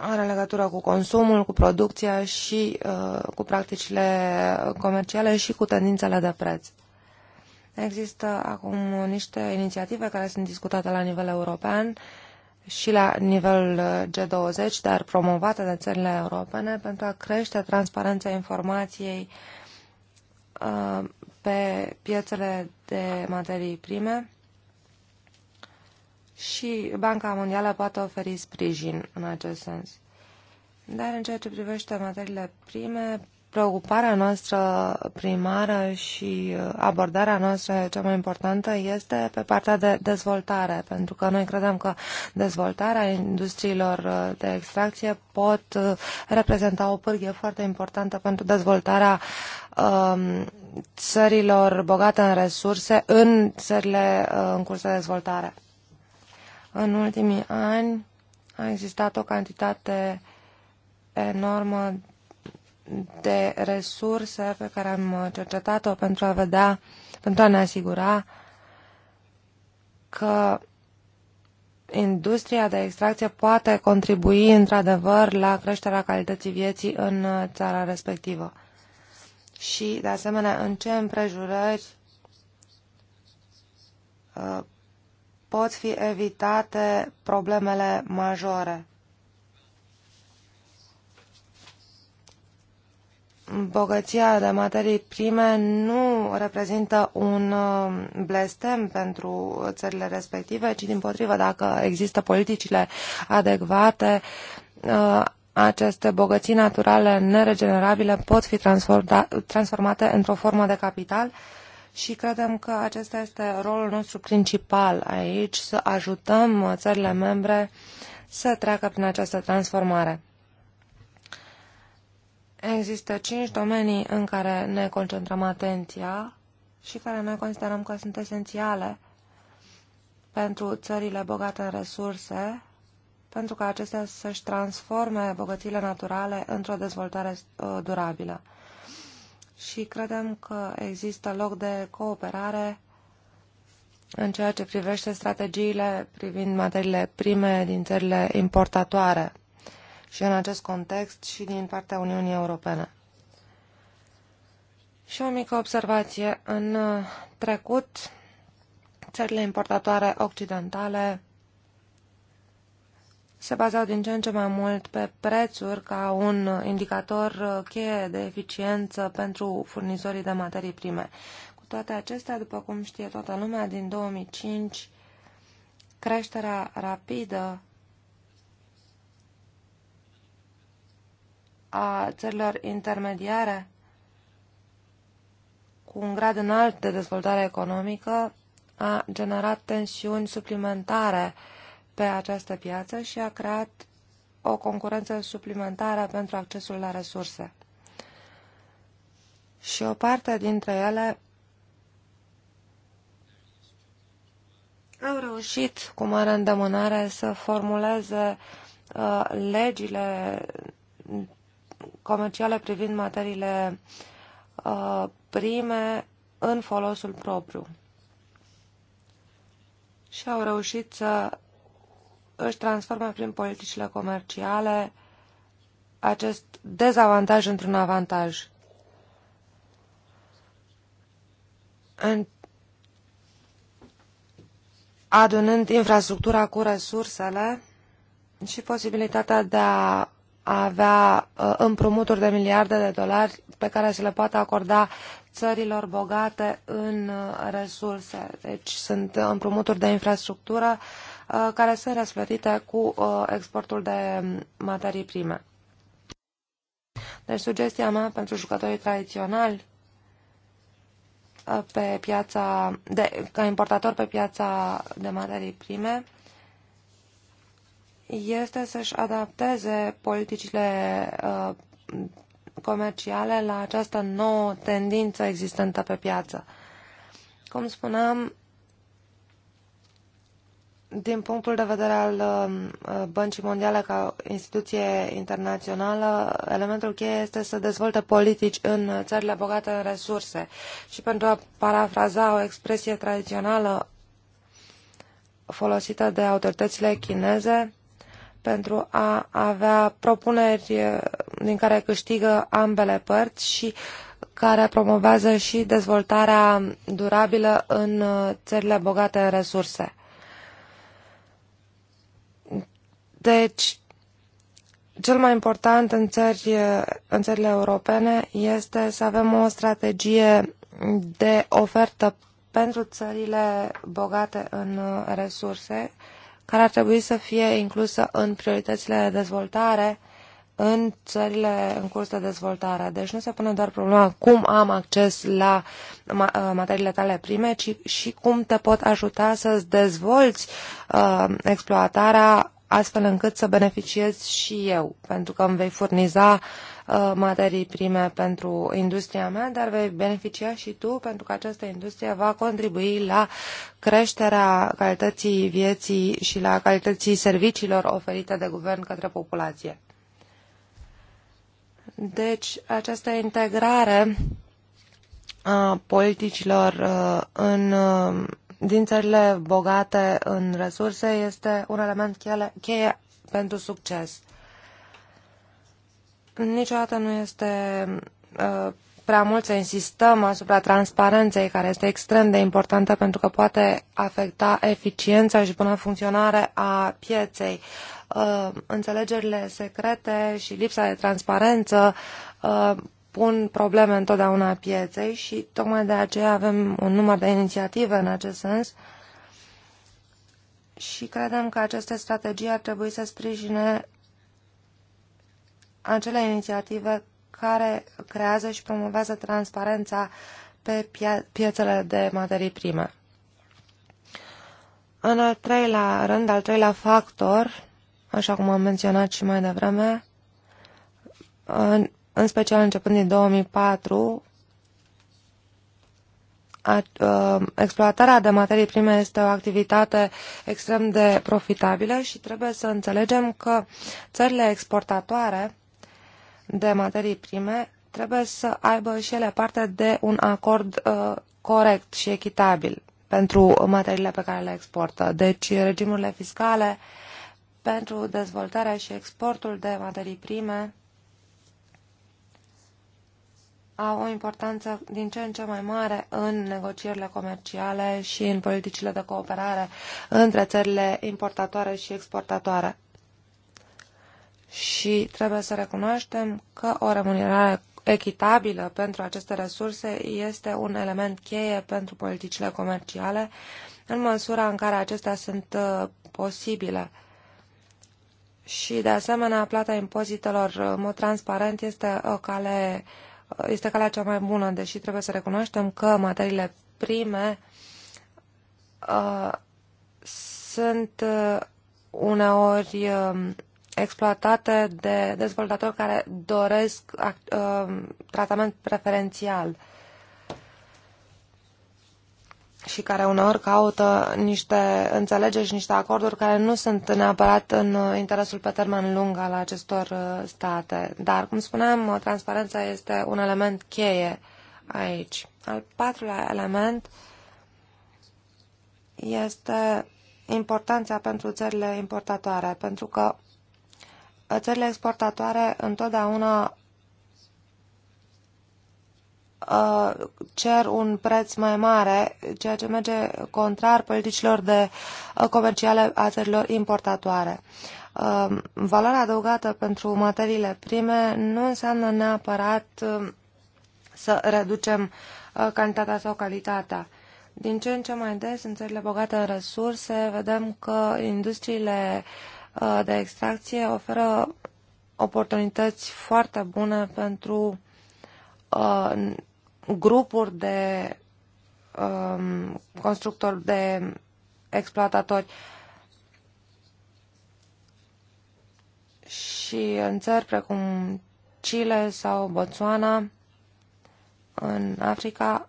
are legătură cu consumul, cu producția și uh, cu practicile comerciale și cu tendințele de preț. Există acum niște inițiative care sunt discutate la nivel european și la nivel uh, G20, dar promovate de țările europene pentru a crește transparența informației uh, pe piețele de materii prime și Banca Mondială poate oferi sprijin în acest sens. Dar în ceea ce privește materiile prime, preocuparea noastră primară și uh, abordarea noastră cea mai importantă este pe partea de dezvoltare, pentru că noi credem că dezvoltarea industriilor uh, de extracție pot uh, reprezenta o pârghie foarte importantă pentru dezvoltarea um, țărilor bogate în resurse în țările în curs de dezvoltare. În ultimii ani a existat o cantitate enormă de resurse pe care am cercetat-o pentru a vedea, pentru a ne asigura că industria de extracție poate contribui într-adevăr la creșterea calității vieții în țara respectivă. Și, de asemenea, în ce împrejurări uh, pot fi evitate problemele majore. Bogăția de materii prime nu reprezintă un uh, blestem pentru țările respective, ci din potrivă, dacă există politicile adecvate, uh, aceste bogății naturale neregenerabile pot fi transformate într-o formă de capital și credem că acesta este rolul nostru principal aici, să ajutăm uh, țările membre să treacă prin această transformare. Există cinci domenii în care ne concentrăm atenția și care noi considerăm că sunt esențiale pentru țările bogate în resurse, pentru ca acestea să-și transforme bogățiile naturale într-o dezvoltare uh, durabilă și credem că există loc de cooperare în ceea ce privește strategiile privind materiile prime din țările importatoare și în acest context și din partea Uniunii Europene. Și o mică observație. În trecut, țările importatoare occidentale se bazau din ce în ce mai mult pe prețuri ca un indicator uh, cheie de eficiență pentru furnizorii de materii prime. Cu toate acestea, după cum știe toată lumea, din 2005 creșterea rapidă a țărilor intermediare cu un grad înalt de dezvoltare economică a generat tensiuni suplimentare uh, pe această piață și a creat o concurență suplimentară pentru accesul la resurse. Și o parte dintre ele au reușit cu mare îndemânare să formuleze uh, legile comerciale privind materiile uh, prime în folosul propriu. Și au reușit să își transformă prin politicile comerciale acest dezavantaj într-un avantaj. În adunând infrastructura cu resursele și posibilitatea de a avea ă, împrumuturi de miliarde de dolari pe care se le poate acorda țărilor bogate în ă, resurse. Deci sunt împrumuturi de infrastructură uh, Uh, care sunt răsplătite cu uh, exportul de materii prime. Deci sugestia mea pentru jucătorii tradiționali uh, pe piața, de, ca importator pe piața de materii prime este să-și adapteze politicile comerciale la această nouă tendință existentă pe piață. Cum spuneam, din punctul de vedere al um, uh, Băncii Mondiale ca instituție internațională, elementul cheie este să dezvolte politici în țările bogate în resurse. Și pentru a parafraza o expresie tradițională folosită de autoritățile chineze, pentru a avea propuneri uh, din care câștigă ambele părți și care promovează și dezvoltarea durabilă în uh, țările bogate în resurse. Deci, cel mai important în, țări, în țările europene este să avem o strategie de ofertă pentru țările bogate în uh, resurse, care ar trebui să fie inclusă în prioritățile de dezvoltare în țările în curs de dezvoltare. Deci nu se pune doar problema cum am acces la uh, materiile tale prime, ci și cum te pot ajuta să-ți dezvolți uh, exploatarea astfel încât să beneficiez și eu, pentru că îmi vei furniza uh, materii prime pentru industria mea, dar vei beneficia și tu, pentru că această industrie va contribui la creșterea calității vieții și la calității serviciilor oferite de guvern către populație. Deci, această integrare a politicilor uh, în uh, din țările bogate în resurse este un element cheie pentru succes. Niciodată nu este uh, prea mult să insistăm asupra transparenței, care este extrem de importantă pentru că poate afecta eficiența și bună funcționare a pieței. Uh, înțelegerile secrete și lipsa de transparență uh, pun probleme întotdeauna pieței și tocmai de aceea avem un număr de inițiative în acest sens și credem că aceste strategii ar trebui să sprijine acele inițiative care creează și promovează transparența pe piețele de materii prime. În al treilea rând, al treilea factor, așa cum am menționat și mai devreme, în special începând din 2004, a, uh, exploatarea de materii prime este o activitate extrem de profitabilă și trebuie să înțelegem că țările exportatoare de materii prime trebuie să aibă și ele parte de un acord uh, corect și echitabil pentru materiile pe care le exportă. Deci regimurile fiscale pentru dezvoltarea și exportul de materii prime au o importanță din ce în ce mai mare în negocierile comerciale și în politicile de cooperare între țările importatoare și exportatoare. Și trebuie să recunoaștem că o remunerare echitabilă pentru aceste resurse este un element cheie pentru politicile comerciale, în măsura în care acestea sunt uh, posibile. Și, de asemenea, plata impozitelor uh, în mod transparent este o cale uh, este calea cea mai bună, deși trebuie să recunoaștem că materiile prime uh, sunt uh, uneori uh, exploatate de dezvoltatori care doresc uh, tratament preferențial și care uneori caută niște înțelegeri și niște acorduri care nu sunt neapărat în uh, interesul pe termen lung al acestor uh, state. Dar, cum spuneam, uh, transparența este un element cheie aici. Al patrulea element este importanța pentru țările importatoare, pentru că țările exportatoare întotdeauna Uh, cer un preț mai mare, ceea ce merge contrar politicilor de uh, comerciale a țărilor importatoare. Uh, valoarea adăugată pentru materiile prime nu înseamnă neapărat să reducem cantitatea sau calitatea. Din ce în ce mai des, în țările bogate în resurse, vedem că industriile de extracție oferă oportunități foarte bune pentru grupuri de um, constructori, de exploatatori și în țări precum Chile sau Botswana, în Africa,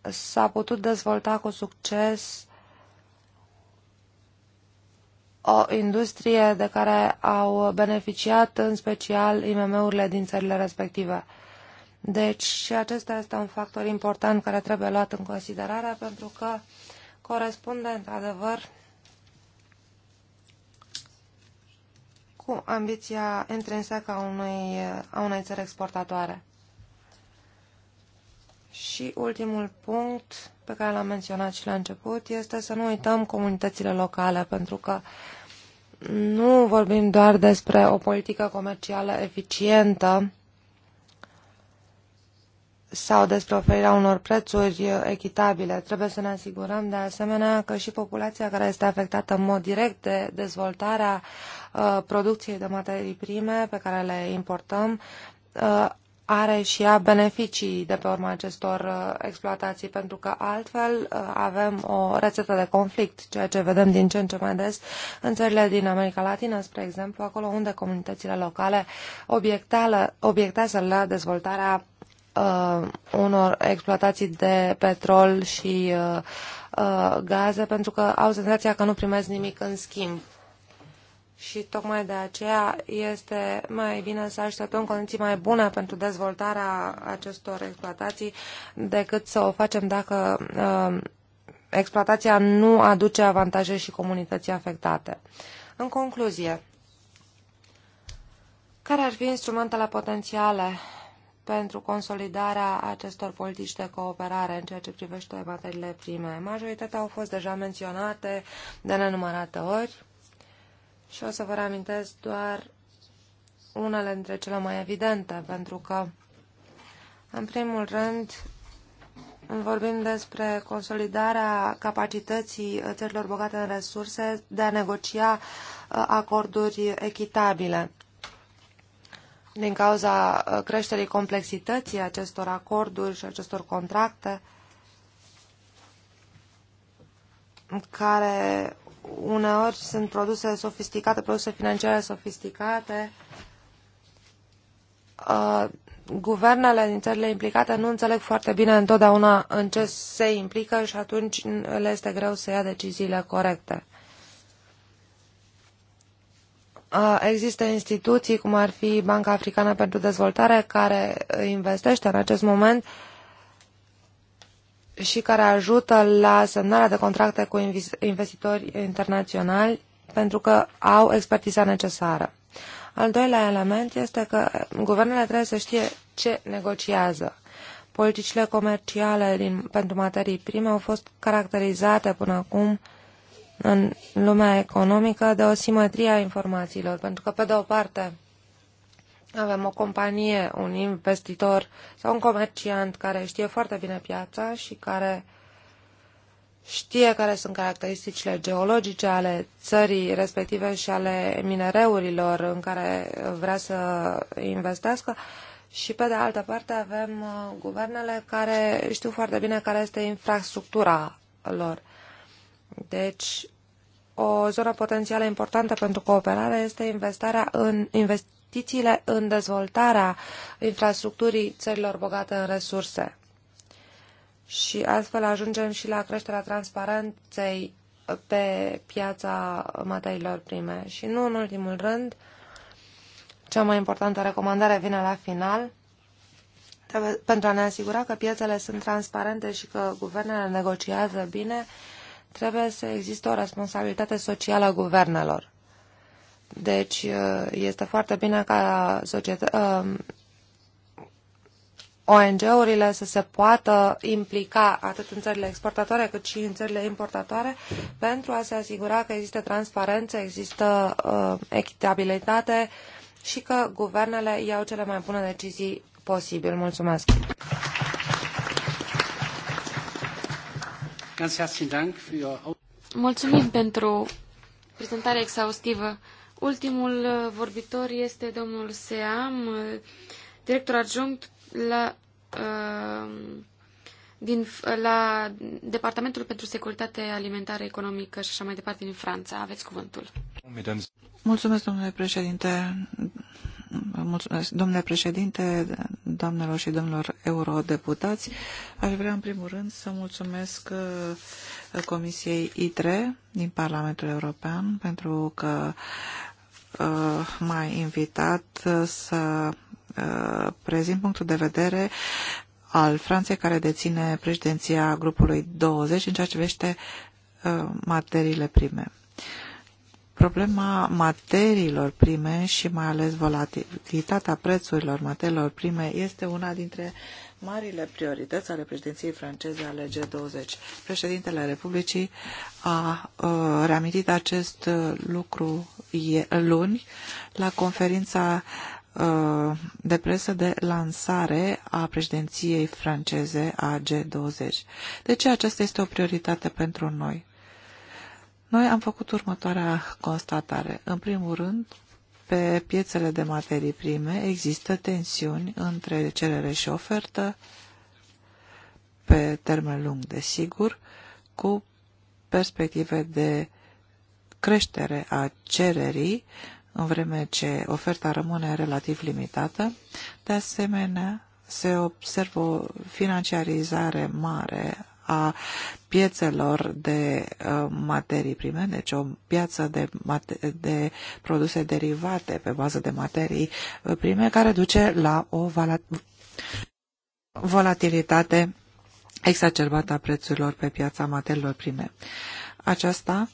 s-a putut dezvolta cu succes o industrie de care au beneficiat în special IMM-urile din țările respective. Deci și acesta este un factor important care trebuie luat în considerare pentru că corespunde într-adevăr cu ambiția intrinsecă a unei, a unei țări exportatoare. Și ultimul punct pe care l-am menționat și la început este să nu uităm comunitățile locale, pentru că nu vorbim doar despre o politică comercială eficientă, sau despre oferirea unor prețuri echitabile. Trebuie să ne asigurăm de asemenea că și populația care este afectată în mod direct de dezvoltarea uh, producției de materii prime pe care le importăm uh, are și ea beneficii de pe urma acestor uh, exploatații, pentru că altfel uh, avem o rețetă de conflict, ceea ce vedem din ce în ce mai des în țările din America Latină, spre exemplu, acolo unde comunitățile locale obiectează la dezvoltarea uh, unor exploatații de petrol și uh, uh, gaze pentru că au senzația că nu primesc nimic în schimb. Și tocmai de aceea este mai bine să așteptăm condiții mai bune pentru dezvoltarea acestor exploatații decât să o facem dacă uh, exploatația nu aduce avantaje și comunității afectate. În concluzie, care ar fi instrumentele potențiale pentru consolidarea acestor politici de cooperare în ceea ce privește materiile prime. Majoritatea au fost deja menționate de nenumărate ori și o să vă reamintesc doar unele dintre cele mai evidente, pentru că, în primul rând, vorbim despre consolidarea capacității țărilor bogate în resurse de a negocia uh, acorduri echitabile din cauza uh, creșterii complexității acestor acorduri și acestor contracte, care uneori sunt produse sofisticate, produse financiare sofisticate, uh, guvernele din țările implicate nu înțeleg foarte bine întotdeauna în ce se implică și atunci le este greu să ia deciziile corecte. Există instituții, cum ar fi Banca Africană pentru Dezvoltare, care investește în acest moment și care ajută la semnarea de contracte cu investitori internaționali pentru că au expertiza necesară. Al doilea element este că guvernele trebuie să știe ce negociază. Politicile comerciale din, pentru materii prime au fost caracterizate până acum uh, în lumea economică de o simetrie a informațiilor, pentru că, pe de o parte, avem o companie, un investitor sau un comerciant care știe foarte bine piața și care știe care sunt caracteristicile geologice ale țării respective și ale minereurilor în care vrea să investească. Și pe de altă parte avem uh, guvernele care știu foarte bine care este infrastructura lor. Deci, o zonă potențială importantă pentru cooperare este investarea în investițiile în dezvoltarea infrastructurii țărilor bogate în resurse. Și astfel ajungem și la creșterea transparenței pe piața materiilor prime. Și nu în ultimul rând, cea mai importantă recomandare vine la final, pentru a ne asigura că piețele sunt transparente și că guvernele negociază bine, trebuie să existe o responsabilitate socială a guvernelor. Deci uh, este foarte bine ca ONG-urile uh, să se poată implica atât în țările exportatoare cât și în țările importatoare pentru a se asigura că există transparență, există uh, echitabilitate și că guvernele iau cele mai bune decizii posibil. Mulțumesc! Mulțumim pentru prezentarea exhaustivă. Ultimul uh, vorbitor este domnul Seam, uh, director adjunct la, uh, din, la Departamentul pentru Securitate Alimentară Economică și așa mai departe din Franța. Aveți cuvântul. Mulțumesc, domnule președinte, Mulțumesc, domnule președinte, doamnelor și domnilor eurodeputați. Aș vrea, în primul rând, să mulțumesc uh, Comisiei ITRE din Parlamentul European pentru că uh, m-a invitat uh, să prezint punctul de vedere al Franței care deține președinția grupului 20 în ceea ce privește materiile prime. Problema materiilor prime și mai ales volatilitatea prețurilor materiilor prime este una dintre marile priorități ale președinției franceze ale G20. Președintele Republicii a, a reamintit acest lucru luni la conferința de presă de lansare a președinției franceze a G20. De ce aceasta este o prioritate pentru noi? Noi am făcut următoarea constatare. În primul rând, pe piețele de materii prime există tensiuni între cerere și ofertă, pe termen lung, desigur, cu perspective de creștere a cererii, în vreme ce oferta rămâne relativ limitată. De asemenea, se observă o financiarizare mare a piețelor de uh, materii prime, deci o piață de, de produse derivate pe bază de materii uh, prime care duce la o volatilitate exacerbată a prețurilor pe piața materiilor prime. Aceasta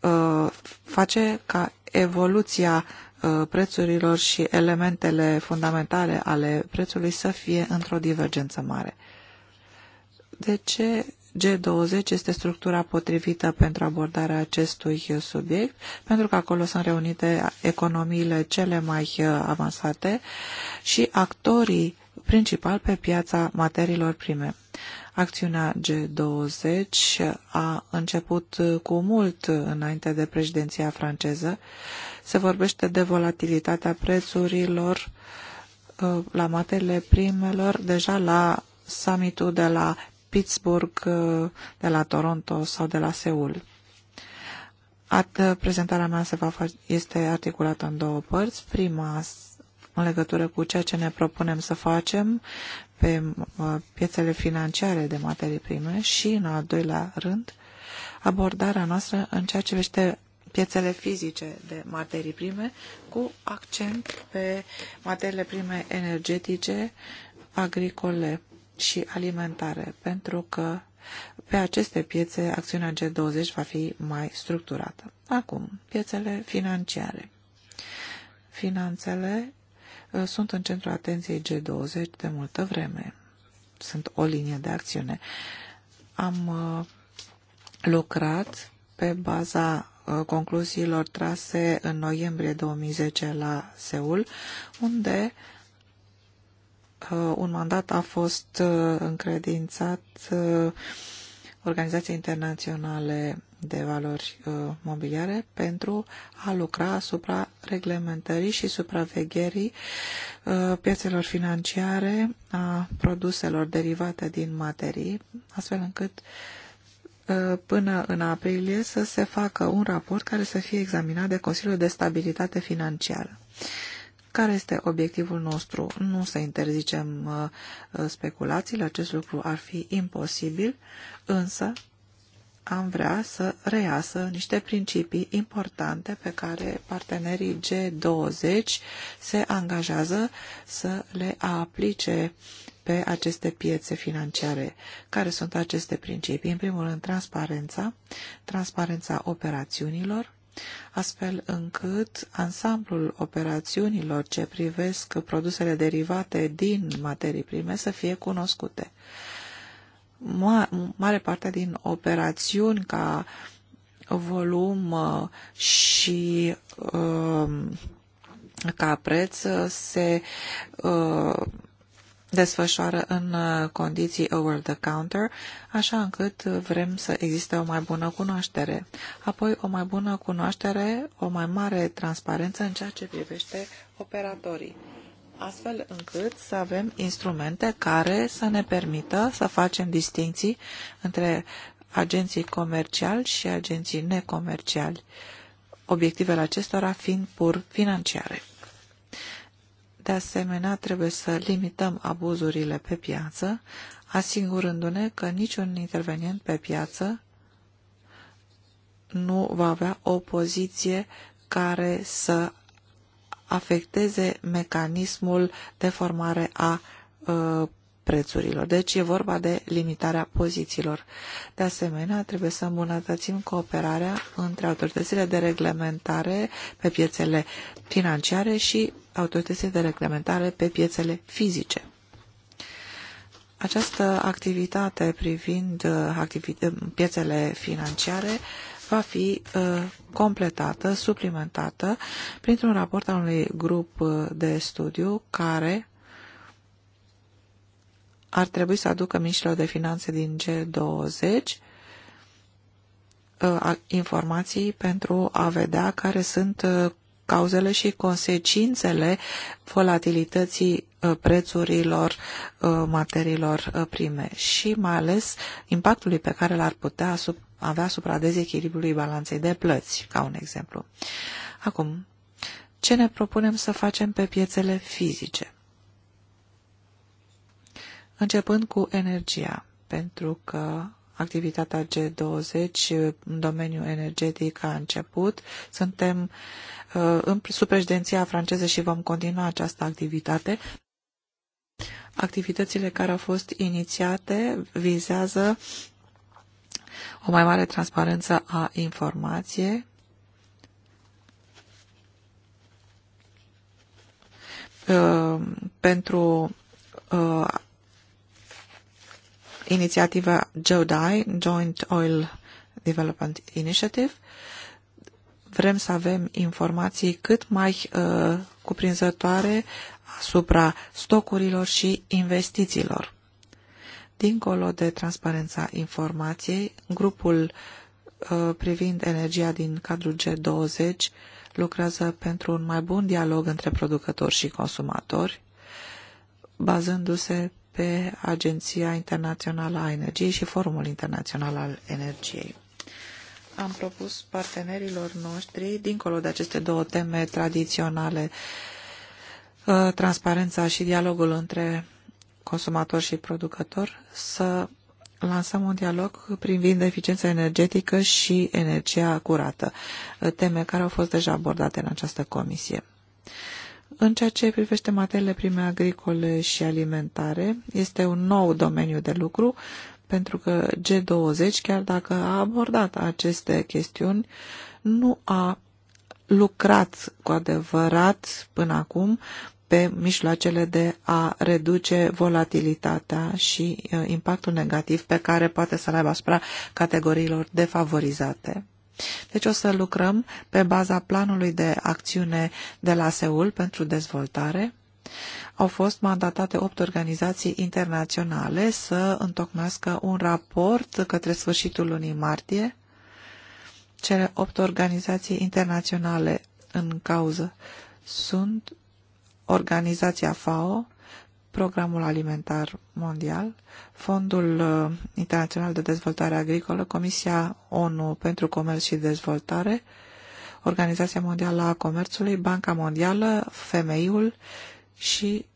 uh, face ca evoluția uh, prețurilor și elementele fundamentale ale prețului să fie într-o divergență mare de ce G20 este structura potrivită pentru abordarea acestui subiect, pentru că acolo sunt reunite economiile cele mai uh, avansate și actorii principali pe piața materiilor prime. Acțiunea G20 a început uh, cu mult înainte de președinția franceză. Se vorbește de volatilitatea prețurilor uh, la materiile primelor deja la summitul de la Pittsburgh, de la Toronto sau de la Seul. At, prezentarea mea se va face, este articulată în două părți. Prima în legătură cu ceea ce ne propunem să facem pe uh, piețele financiare de materii prime și, în al doilea rând, abordarea noastră în ceea ce vește piețele fizice de materii prime cu accent pe materiile prime energetice, agricole și alimentare, pentru că pe aceste piețe acțiunea G20 va fi mai structurată. Acum, piețele financiare. Finanțele uh, sunt în centrul atenției G20 de multă vreme. Sunt o linie de acțiune. Am uh, lucrat pe baza uh, concluziilor trase în noiembrie 2010 la Seul, unde un mandat a fost uh, încredințat uh, Organizației Internaționale de Valori uh, Mobiliare pentru a lucra asupra reglementării și supravegherii piețelor financiare a produselor derivate din materii, astfel încât până în aprilie să se facă un raport care să fie examinat de Consiliul de Stabilitate Financiară. Care este obiectivul nostru? Nu să interzicem uh, uh, speculațiile, acest lucru ar fi imposibil, însă am vrea să reiasă niște principii importante pe care partenerii G20 se angajează să le aplice pe aceste piețe financiare. Care sunt aceste principii? În primul rând, transparența, transparența operațiunilor, astfel încât ansamblul operațiunilor ce privesc produsele derivate din materii prime să fie cunoscute. Ma mare parte din operațiuni ca volum uh, și uh, ca preț uh, se uh, desfășoară în uh, condiții over the counter, așa încât vrem să existe o mai bună cunoaștere. Apoi o mai bună cunoaștere, o mai mare transparență în ceea ce privește operatorii astfel încât să avem instrumente care să ne permită să facem distinții între agenții comerciali și agenții necomerciali, obiectivele acestora fiind pur financiare. De asemenea, trebuie să limităm abuzurile pe piață, asigurându-ne că niciun intervenient pe piață nu va avea o poziție care să afecteze mecanismul de formare a uh, prețurilor. Deci e vorba de limitarea pozițiilor. De asemenea, trebuie să îmbunătățim cooperarea între autoritățile de reglementare pe piețele financiare și autoritățile de reglementare pe piețele fizice. Această activitate privind uh, uh, piețele financiare va fi uh, completată, suplimentată printr-un raport al unui grup de studiu care ar trebui să aducă mișilor de finanțe din G20 uh, informații pentru a vedea care sunt uh, cauzele și consecințele volatilității uh, prețurilor materiilor prime și mai ales impactului pe care l-ar putea avea asupra dezechilibrului balanței de plăți, ca un exemplu. Acum, ce ne propunem să facem pe piețele fizice? începând cu energia, pentru că activitatea G20 în domeniul energetic a început. Suntem uh, în sub președinția franceză și vom continua această activitate. Activitățile care au fost inițiate vizează o mai mare transparență a informației, uh, pentru uh, inițiativa JODI, Joint Oil Development Initiative. Vrem să avem informații cât mai uh, cuprinzătoare asupra stocurilor și investițiilor. Dincolo de transparența informației, grupul uh, privind energia din cadrul G20 lucrează pentru un mai bun dialog între producători și consumatori, bazându-se pe Agenția Internațională a Energiei și Forumul Internațional al Energiei. Am propus partenerilor noștri, dincolo de aceste două teme tradiționale, uh, transparența și dialogul între consumator și producător, să lansăm un dialog privind eficiența energetică și energia curată, uh, teme care au fost deja abordate în această comisie. În ceea ce privește materiile prime agricole și alimentare, este un nou domeniu de lucru, pentru că G20, chiar dacă a abordat aceste chestiuni, nu a lucrat cu adevărat până acum pe mijloacele de a reduce volatilitatea și uh, impactul negativ pe care poate să-l aibă asupra categoriilor defavorizate. Deci o să lucrăm pe baza planului de acțiune de la Seul pentru dezvoltare. Au fost mandatate opt organizații internaționale să întocmească un raport către sfârșitul lunii martie. Cele opt organizații internaționale în cauză sunt organizația FAO, Programul Alimentar Mondial, Fondul uh, Internațional de Dezvoltare Agricolă, Comisia ONU pentru Comerț și Dezvoltare, Organizația Mondială a Comerțului, Banca Mondială, Femeiul și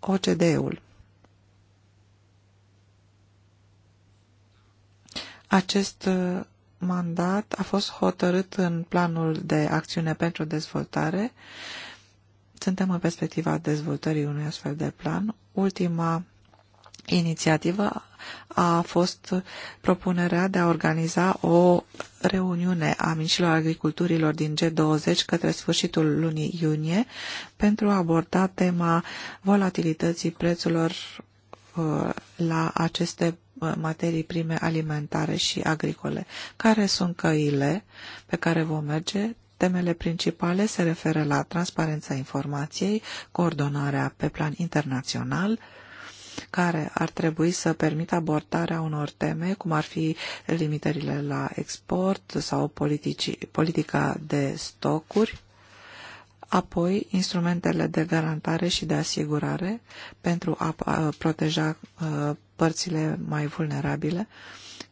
OCDE-ul. Acest uh, mandat a fost hotărât în planul de acțiune pentru dezvoltare suntem în perspectiva dezvoltării unui astfel de plan. Ultima inițiativă a fost propunerea de a organiza o reuniune a mincilor agriculturilor din G20 către sfârșitul lunii iunie pentru a aborda tema volatilității prețurilor uh, la aceste uh, materii prime alimentare și agricole. Care sunt căile pe care vom merge? Temele principale se referă la transparența informației, coordonarea pe plan internațional, care ar trebui să permită abordarea unor teme, cum ar fi limitările la export sau politici, politica de stocuri, apoi instrumentele de garantare și de asigurare pentru a proteja uh, părțile mai vulnerabile,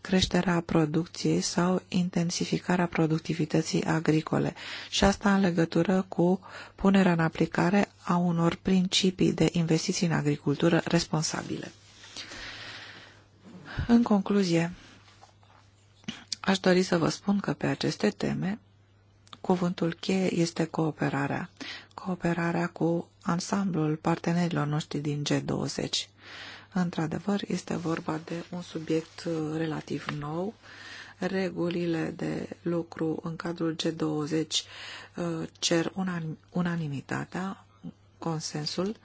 creșterea producției sau intensificarea productivității agricole și asta în legătură cu punerea în aplicare a unor principii de investiții în agricultură responsabile. În concluzie, aș dori să vă spun că pe aceste teme cuvântul cheie este cooperarea, cooperarea cu ansamblul partenerilor noștri din G20. Într-adevăr, este vorba de un subiect uh, relativ nou. Regulile de lucru în cadrul G20 uh, cer unanimitatea, consensul,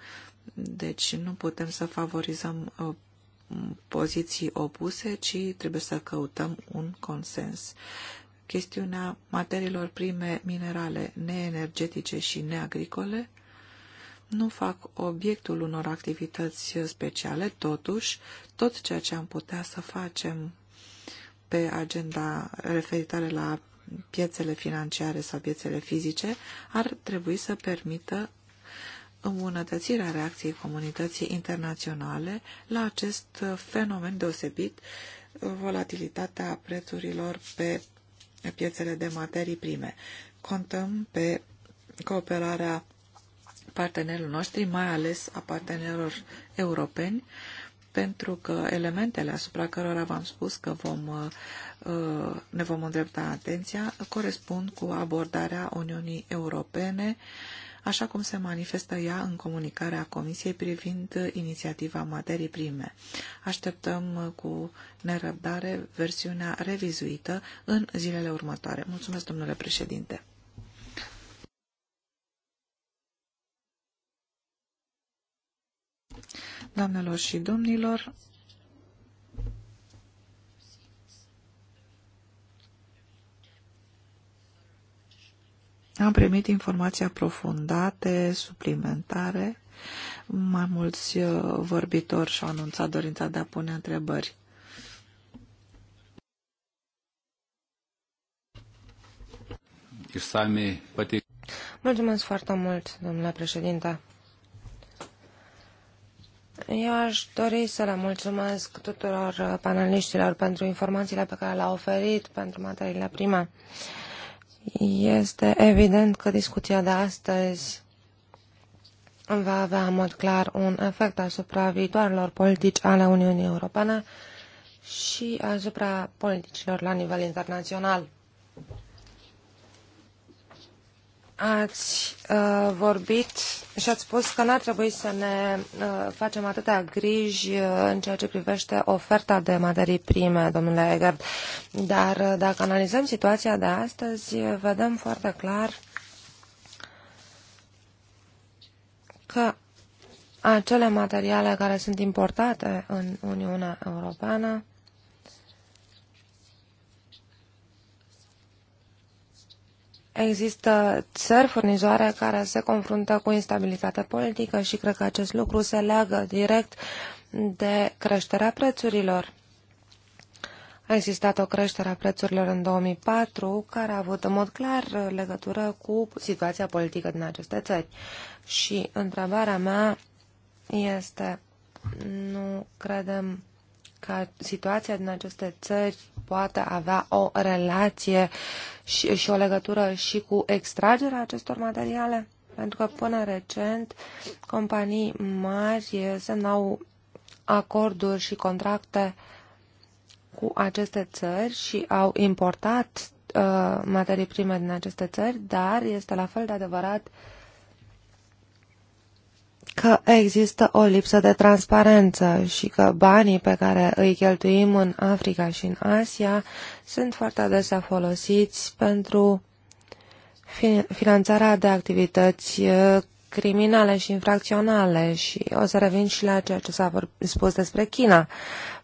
deci nu putem să favorizăm uh, poziții opuse, ci trebuie să căutăm un consens. Chestiunea materiilor prime minerale neenergetice și neagricole nu fac obiectul unor activități speciale, totuși, tot ceea ce am putea să facem pe agenda referitoare la piețele financiare sau piețele fizice ar trebui să permită îmbunătățirea reacției comunității internaționale la acest fenomen deosebit, volatilitatea prețurilor pe piețele de materii prime. Contăm pe cooperarea partenerilor noștri, mai ales a partenerilor europeni, pentru că elementele asupra cărora v-am spus că vom, uh, ne vom îndrepta atenția corespund cu abordarea Uniunii Europene, așa cum se manifestă ea în comunicarea Comisiei privind inițiativa materii prime. Așteptăm cu nerăbdare versiunea revizuită în zilele următoare. Mulțumesc, domnule președinte! Doamnelor și domnilor, am primit informații aprofundate, suplimentare. Mai mulți uh, vorbitori și-au anunțat dorința de a pune întrebări. Mulțumesc foarte mult, domnule președinte. Eu aș dori să le mulțumesc tuturor uh, paneliștilor pentru informațiile pe care le-au oferit, pentru materiile prime. Este evident că discuția de astăzi va avea în mod clar un efect asupra viitoarelor politici ale Uniunii Europene și asupra politicilor la nivel internațional ați uh, vorbit și ați spus că n-ar trebui să ne uh, facem atâtea griji uh, în ceea ce privește oferta de materii prime, domnule Egert. Dar uh, dacă analizăm situația de astăzi, vedem foarte clar că acele materiale care sunt importate în Uniunea Europeană Există țări furnizoare care se confruntă cu instabilitate politică și cred că acest lucru se leagă direct de creșterea prețurilor. A existat o creștere a prețurilor în 2004, care a avut în mod clar legătură cu situația politică din aceste țări. Și întrebarea mea este, nu credem că situația din aceste țări poate avea o relație uh, și, și o legătură și cu extragerea acestor materiale? Pentru că până recent companii mari eh, semnau acorduri și contracte cu aceste țări și au importat uh, materii prime din aceste țări, dar este la fel de adevărat uh, că există o lipsă de transparență și că banii pe care îi cheltuim în Africa și în Asia sunt foarte adesea folosiți pentru finanțarea de activități uh, criminale și infracționale și o să revin și la ceea ce s-a spus despre China,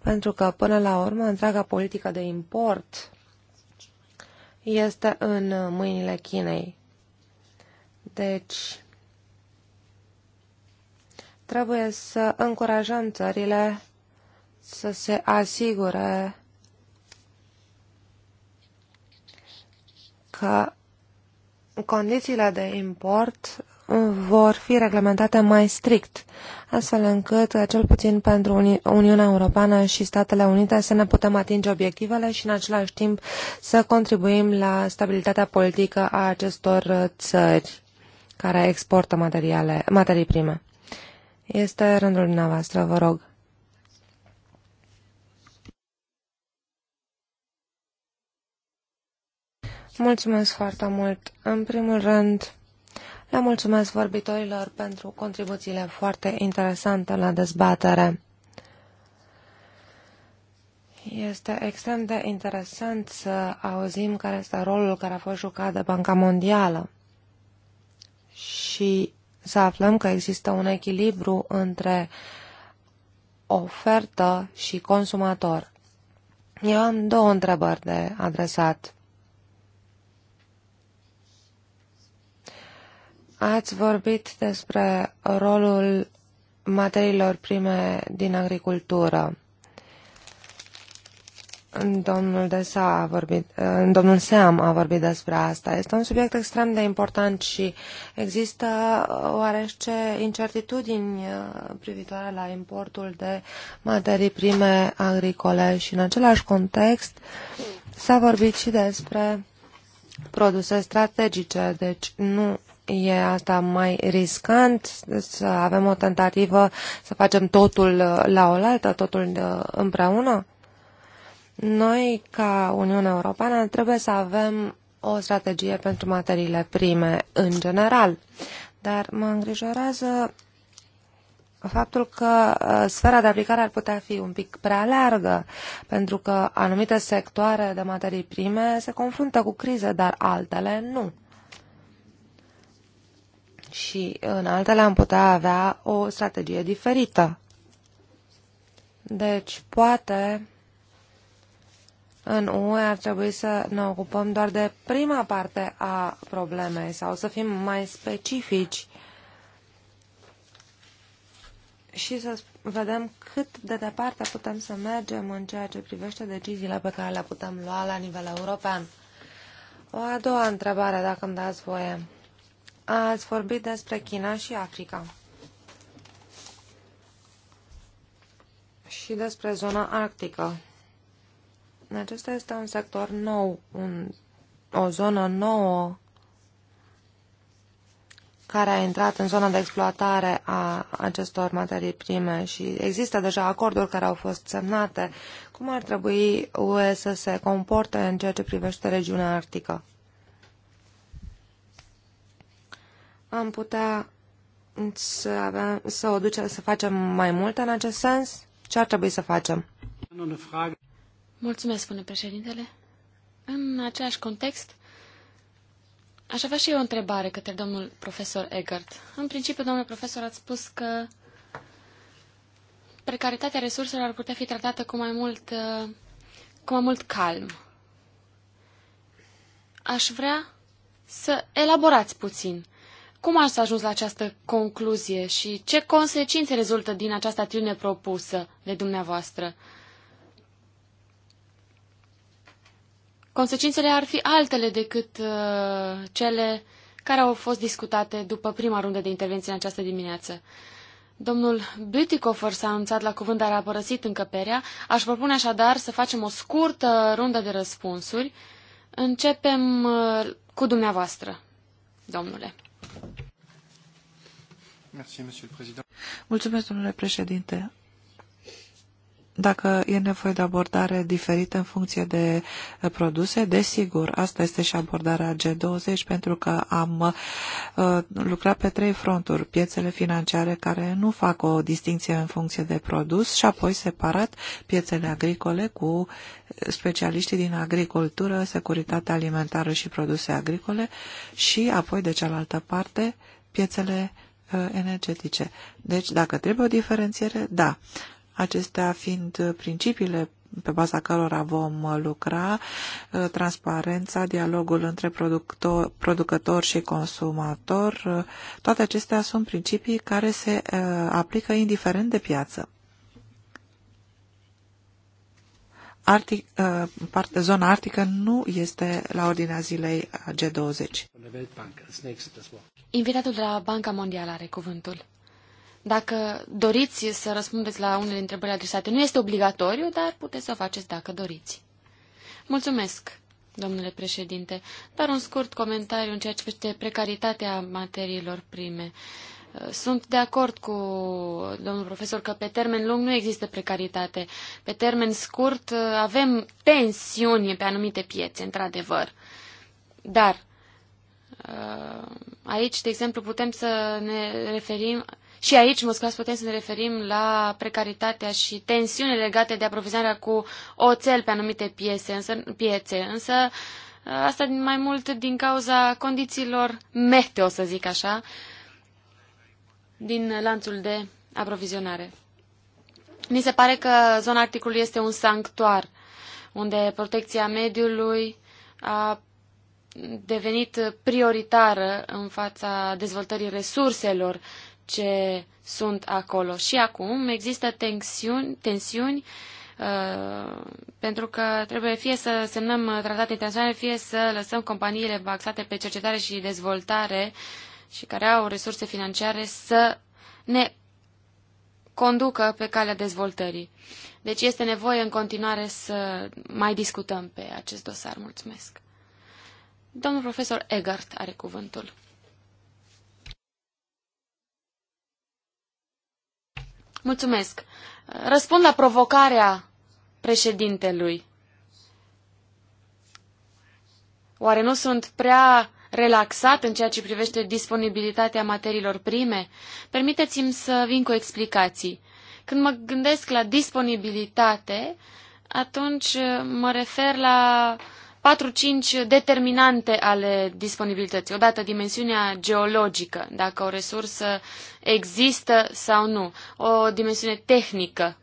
pentru că până la urmă întreaga politică de import este în mâinile Chinei. Deci, trebuie să încurajăm țările să se asigure că condițiile de import vor fi reglementate mai strict, astfel încât, cel puțin pentru Uni Uniunea Europeană și Statele Unite, să ne putem atinge obiectivele și, în același timp, să contribuim la stabilitatea politică a acestor țări care exportă materiale, materii prime. Este rândul dumneavoastră, vă rog. Mulțumesc foarte mult. În primul rând, le mulțumesc vorbitorilor pentru contribuțiile foarte interesante la dezbatere. Este extrem de interesant să auzim care este rolul care a fost jucat de Banca Mondială și să aflăm că există un echilibru între ofertă și consumator. Eu am două întrebări de adresat. Ați vorbit despre rolul materiilor prime din agricultură. Domnul Desa a vorbit, domnul Seam a vorbit despre asta. Este un subiect extrem de important și există uh, oarește incertitudini uh, privitoare la importul de materii prime agricole și în același context s-a vorbit și despre produse strategice, deci nu e asta mai riscant să avem o tentativă să facem totul uh, la oaltă, totul împreună? Noi, ca Uniunea Europeană, trebuie să avem o strategie pentru materiile prime în general, dar mă îngrijorează faptul că uh, sfera de aplicare ar putea fi un pic prea largă, pentru că anumite sectoare de materii prime se confruntă cu crize, dar altele nu. Și în altele am putea avea o strategie diferită. Deci, poate în UE ar trebui să ne ocupăm doar de prima parte a problemei sau să fim mai specifici și să vedem cât de departe putem să mergem în ceea ce privește deciziile pe care le putem lua la nivel european. O a doua întrebare, dacă îmi dați voie. Ați vorbit despre China și Africa. Și despre zona arctică. Acesta este un sector nou, un, o zonă nouă care a intrat în zona de exploatare a acestor materii prime și există deja acorduri care au fost semnate. Cum ar trebui UE să se comporte în ceea ce privește regiunea arctică? Am putea să, avem, să o duce, să facem mai multe în acest sens? Ce ar trebui să facem? Mulțumesc, spune președintele. În același context, aș avea și eu o întrebare către domnul profesor Egert. În principiu, domnul profesor, ați spus că precaritatea resurselor ar putea fi tratată cu mai mult, uh, cu mai mult calm. Aș vrea să elaborați puțin. Cum ați ajuns la această concluzie și ce consecințe rezultă din această atitudine propusă de dumneavoastră? consecințele ar fi altele decât uh, cele care au fost discutate după prima rundă de intervenții în această dimineață. Domnul Bütikofer s-a anunțat la cuvânt, dar a părăsit încăperea. Aș propune așadar să facem o scurtă rundă de răspunsuri. Începem uh, cu dumneavoastră, domnule. Mulțumesc, domnule președinte dacă e nevoie de abordare diferită în funcție de eh, produse, desigur, asta este și abordarea G20, pentru că am eh, lucrat pe trei fronturi, piețele financiare care nu fac o distinție în funcție de produs și apoi separat piețele agricole cu specialiștii din agricultură, securitate alimentară și produse agricole și apoi de cealaltă parte piețele eh, energetice. Deci, dacă trebuie o diferențiere, da acestea fiind principiile pe baza cărora vom lucra, uh, transparența, dialogul între productor, producător și consumator, uh, toate acestea sunt principii care se uh, aplică indiferent de piață. Artic, parte, zona arctică nu este la ordinea zilei G20. Invitatul de la Banca Mondială are cuvântul. Dacă doriți să răspundeți la unele întrebări adresate, nu este obligatoriu, dar puteți să o faceți dacă doriți. Mulțumesc, domnule președinte. Dar un scurt comentariu în ceea ce privește precaritatea materiilor prime. Sunt de acord cu domnul profesor că pe termen lung nu există precaritate. Pe termen scurt avem tensiuni pe anumite piețe, într-adevăr. Dar uh, Aici, de exemplu, putem să ne referim și aici, mă putem să ne referim la precaritatea și tensiunile legate de aprovizionarea cu oțel pe anumite piese, însă, piețe, însă asta mai mult din cauza condițiilor meteo, să zic așa, din lanțul de aprovizionare. Mi se pare că zona Arcticului este un sanctuar unde protecția mediului a devenit prioritară în fața dezvoltării resurselor ce sunt acolo. Și acum există tensiuni, tensiuni uh, pentru că trebuie fie să semnăm tratate internaționale, fie să lăsăm companiile baxate pe cercetare și dezvoltare și care au resurse financiare să ne conducă pe calea dezvoltării. Deci este nevoie în continuare să mai discutăm pe acest dosar. Mulțumesc. Domnul profesor Egart are cuvântul. Mulțumesc. Răspund la provocarea președintelui. Oare nu sunt prea relaxat în ceea ce privește disponibilitatea materiilor prime? Permiteți-mi să vin cu explicații. Când mă gândesc la disponibilitate, atunci mă refer la uh, 4-5 determinante ale disponibilității. Odată, dimensiunea geologică, dacă o resursă există sau nu. O dimensiune tehnică.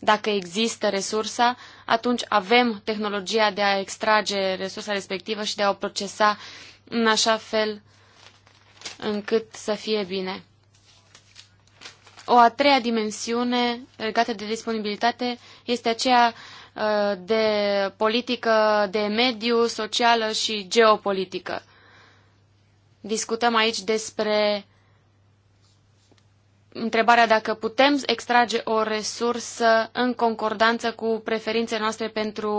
Dacă există resursa, atunci avem tehnologia de a extrage resursa respectivă și de a o procesa în așa fel încât să fie bine. O a treia dimensiune legată de disponibilitate este aceea de politică de mediu, socială și geopolitică. Discutăm aici despre întrebarea dacă putem extrage o resursă în concordanță cu preferințele noastre pentru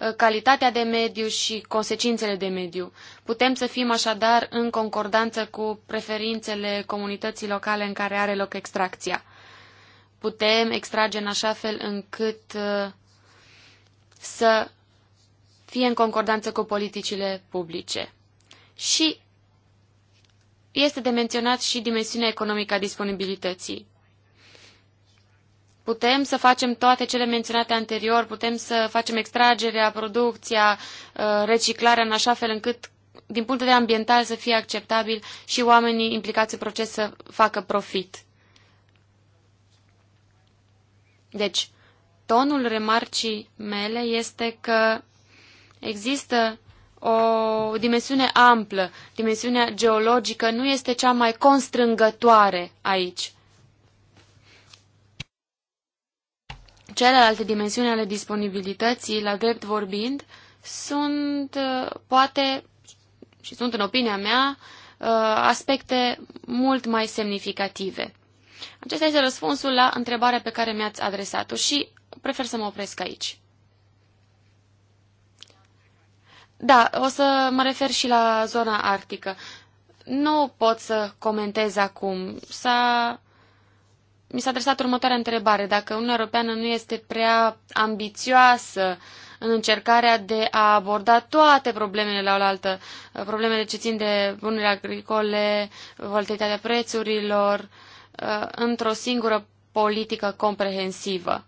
uh, calitatea de mediu și consecințele de mediu. Putem să fim așadar în concordanță cu preferințele comunității locale în care are loc extracția. Putem extrage în așa fel încât uh, să fie în concordanță cu politicile publice. Și este de menționat și dimensiunea economică a disponibilității. Putem să facem toate cele menționate anterior, putem să facem extragerea, producția, uh, reciclarea în așa fel încât din punct de vedere ambiental să fie acceptabil și oamenii implicați în proces să facă profit. Deci, tonul remarcii mele este că există o dimensiune amplă. Dimensiunea geologică nu este cea mai constrângătoare aici. Celelalte dimensiuni ale disponibilității, la drept vorbind, sunt uh, poate, și sunt în opinia mea, uh, aspecte mult mai semnificative. Acesta este răspunsul la întrebarea pe care mi-ați adresat-o și prefer să mă opresc aici. Da, o să mă refer și la zona arctică. Nu pot să comentez acum. S-a... Mi s-a adresat următoarea întrebare. Dacă Uniunea Europeană nu este prea ambițioasă în încercarea de a aborda toate problemele la oaltă, problemele ce țin de bunurile agricole, volatilitatea prețurilor, uh, într-o singură politică comprehensivă.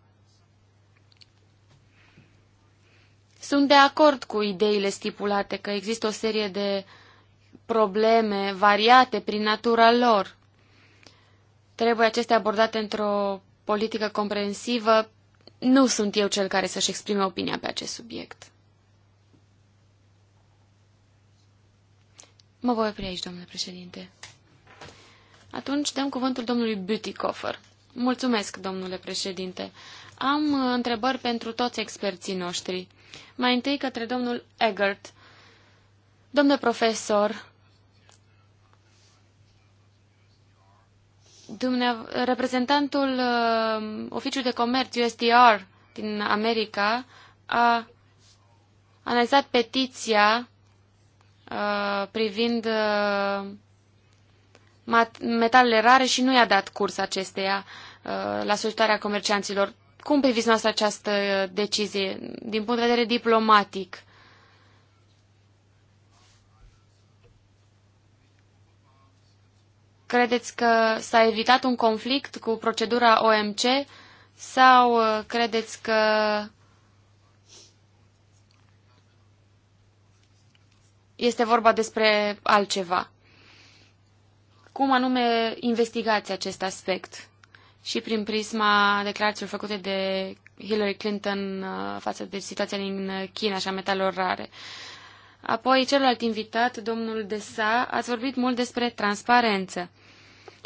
Sunt de acord cu ideile stipulate că există o serie de probleme variate prin natura lor. Trebuie acestea abordate într-o politică comprensivă. Nu sunt eu cel care să-și exprime opinia pe acest subiect. Mă voi opri aici, domnule președinte. Atunci dăm cuvântul domnului Butikofer. Mulțumesc, domnule președinte. Am uh, întrebări pentru toți experții noștri. Mai întâi către domnul Eggert. Domnule profesor, reprezentantul uh, Oficiului de Comerț USDR din America a analizat petiția uh, privind uh, metalele rare și nu i-a dat curs acesteia uh, la solicitarea comercianților. Cum priviți noastră această decizie din punct de vedere diplomatic? Credeți că s-a evitat un conflict cu procedura OMC sau uh, credeți că este vorba despre altceva? Cum anume investigați acest aspect? și prin prisma declarațiilor făcute de Hillary Clinton uh, față de situația din uh, China și a metalor rare. Apoi, celălalt invitat, domnul Desa, ați vorbit mult despre transparență.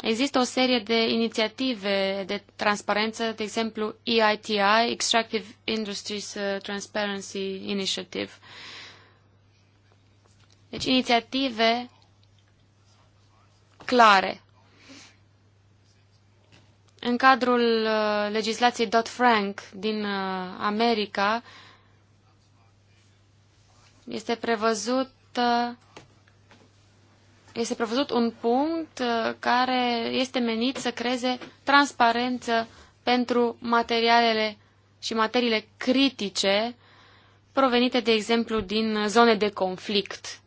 Există o serie de inițiative de transparență, de exemplu EITI, Extractive Industries uh, Transparency Initiative. Deci inițiative clare. În cadrul uh, legislației Dodd-Frank din uh, America este prevăzut uh, este prevăzut un punct care este menit să creeze transparență pentru materialele și materiile critice provenite, de exemplu, din zone de conflict.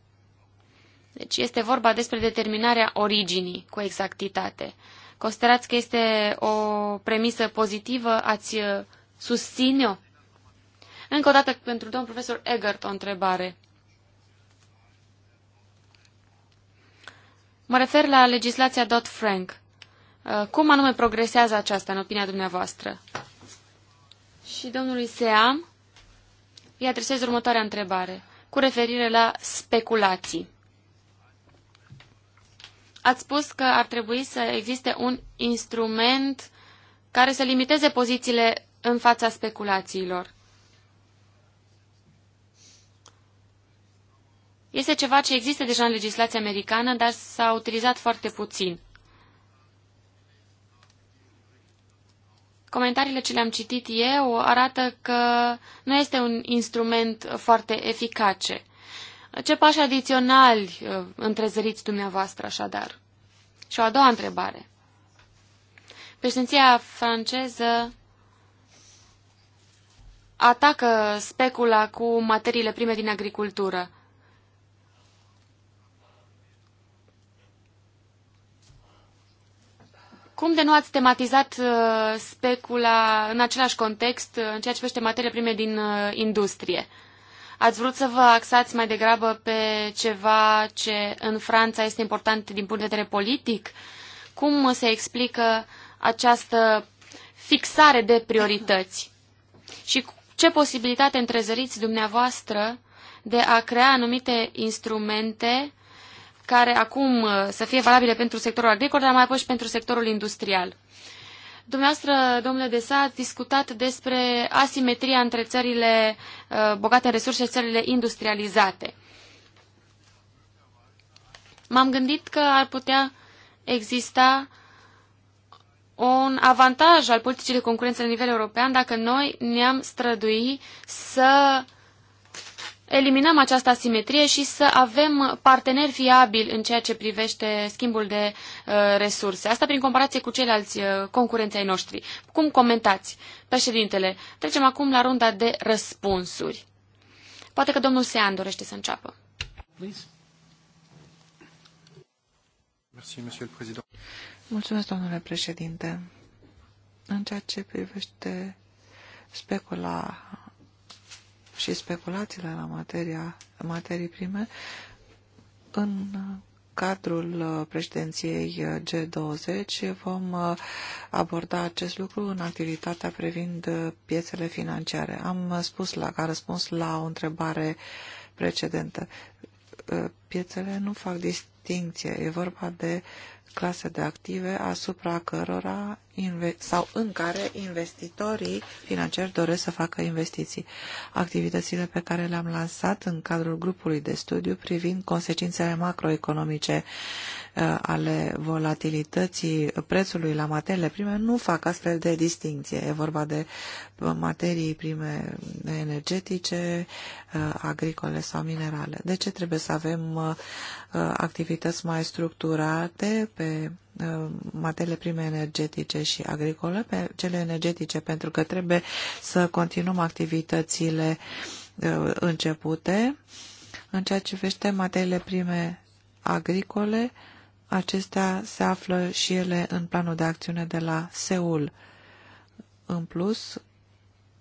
Deci este vorba despre determinarea originii cu exactitate. Considerați că este o premisă pozitivă? Ați uh, susține-o? Încă o dată pentru domnul profesor Egert o întrebare. Mă refer la legislația Dodd-Frank. Uh, cum anume progresează aceasta, în opinia dumneavoastră? Și domnului Seam, îi adresez următoarea întrebare, cu referire la speculații. Ați spus că ar trebui să existe un instrument care să limiteze pozițiile în fața speculațiilor. Este ceva ce există deja în legislația americană, dar s-a utilizat foarte puțin. Comentariile ce le-am citit eu arată că nu este un instrument foarte eficace. Ce pași adiționali uh, întrezăriți dumneavoastră așadar? Și o a doua întrebare. Președinția franceză atacă specula cu materiile prime din agricultură. Cum de nu ați tematizat uh, specula în același context uh, în ceea ce privește materiile prime din industrie? Ați vrut să vă axați mai degrabă pe ceva ce în Franța este important din punct de vedere politic? Cum se explică această fixare de priorități? Și ce posibilitate întrezăriți dumneavoastră de a crea anumite instrumente care acum să fie valabile pentru sectorul agricol, dar mai apoi și pentru sectorul industrial? Dumneavoastră, domnule Desa, ați discutat despre asimetria între țările uh, bogate în resurse și țările industrializate. M-am gândit că ar putea exista un avantaj al politicii de concurență la nivel european dacă noi ne-am strădui să eliminăm această asimetrie și să avem parteneri fiabili în ceea ce privește schimbul de uh, resurse. Asta prin comparație cu ceilalți uh, concurenții ai noștri. Cum comentați, președintele? Trecem acum la runda de răspunsuri. Poate că domnul Sean dorește să înceapă. Mulțumesc, domnule președinte. În ceea ce privește specula și speculațiile la materia, materii prime în cadrul uh, președinției uh, G20 vom uh, aborda acest lucru în activitatea privind piețele financiare. Am spus la, ca răspuns la o întrebare precedentă Piețele nu fac distinție, e vorba de clase de active asupra cărora sau în care investitorii financiari doresc să facă investiții. Activitățile pe care le-am lansat în cadrul grupului de studiu privind consecințele macroeconomice uh, ale volatilității prețului la materiile prime nu fac astfel de distinție. E vorba de materii prime energetice, uh, agricole sau minerale. De ce trebuie să avem Uh, activități mai structurate pe uh, materiile prime energetice și agricole, pe cele energetice, pentru că trebuie să continuăm activitățile uh, începute. În ceea ce privește materiile prime agricole, acestea se află și ele în planul de acțiune de la Seul. În plus,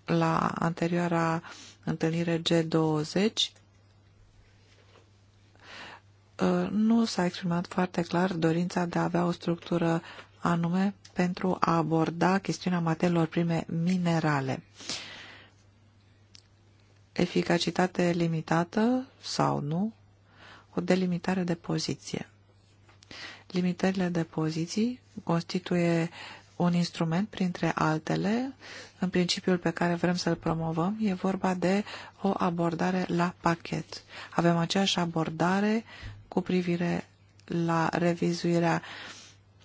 la anterioara întâlnire G20, nu s-a exprimat foarte clar dorința de a avea o structură anume pentru a aborda chestiunea materiilor prime minerale. Eficacitate limitată sau nu? O delimitare de poziție. Limitările de poziții constituie un instrument, printre altele, în principiul pe care vrem să-l promovăm, e vorba de o abordare la pachet. Avem aceeași abordare cu privire la revizuirea,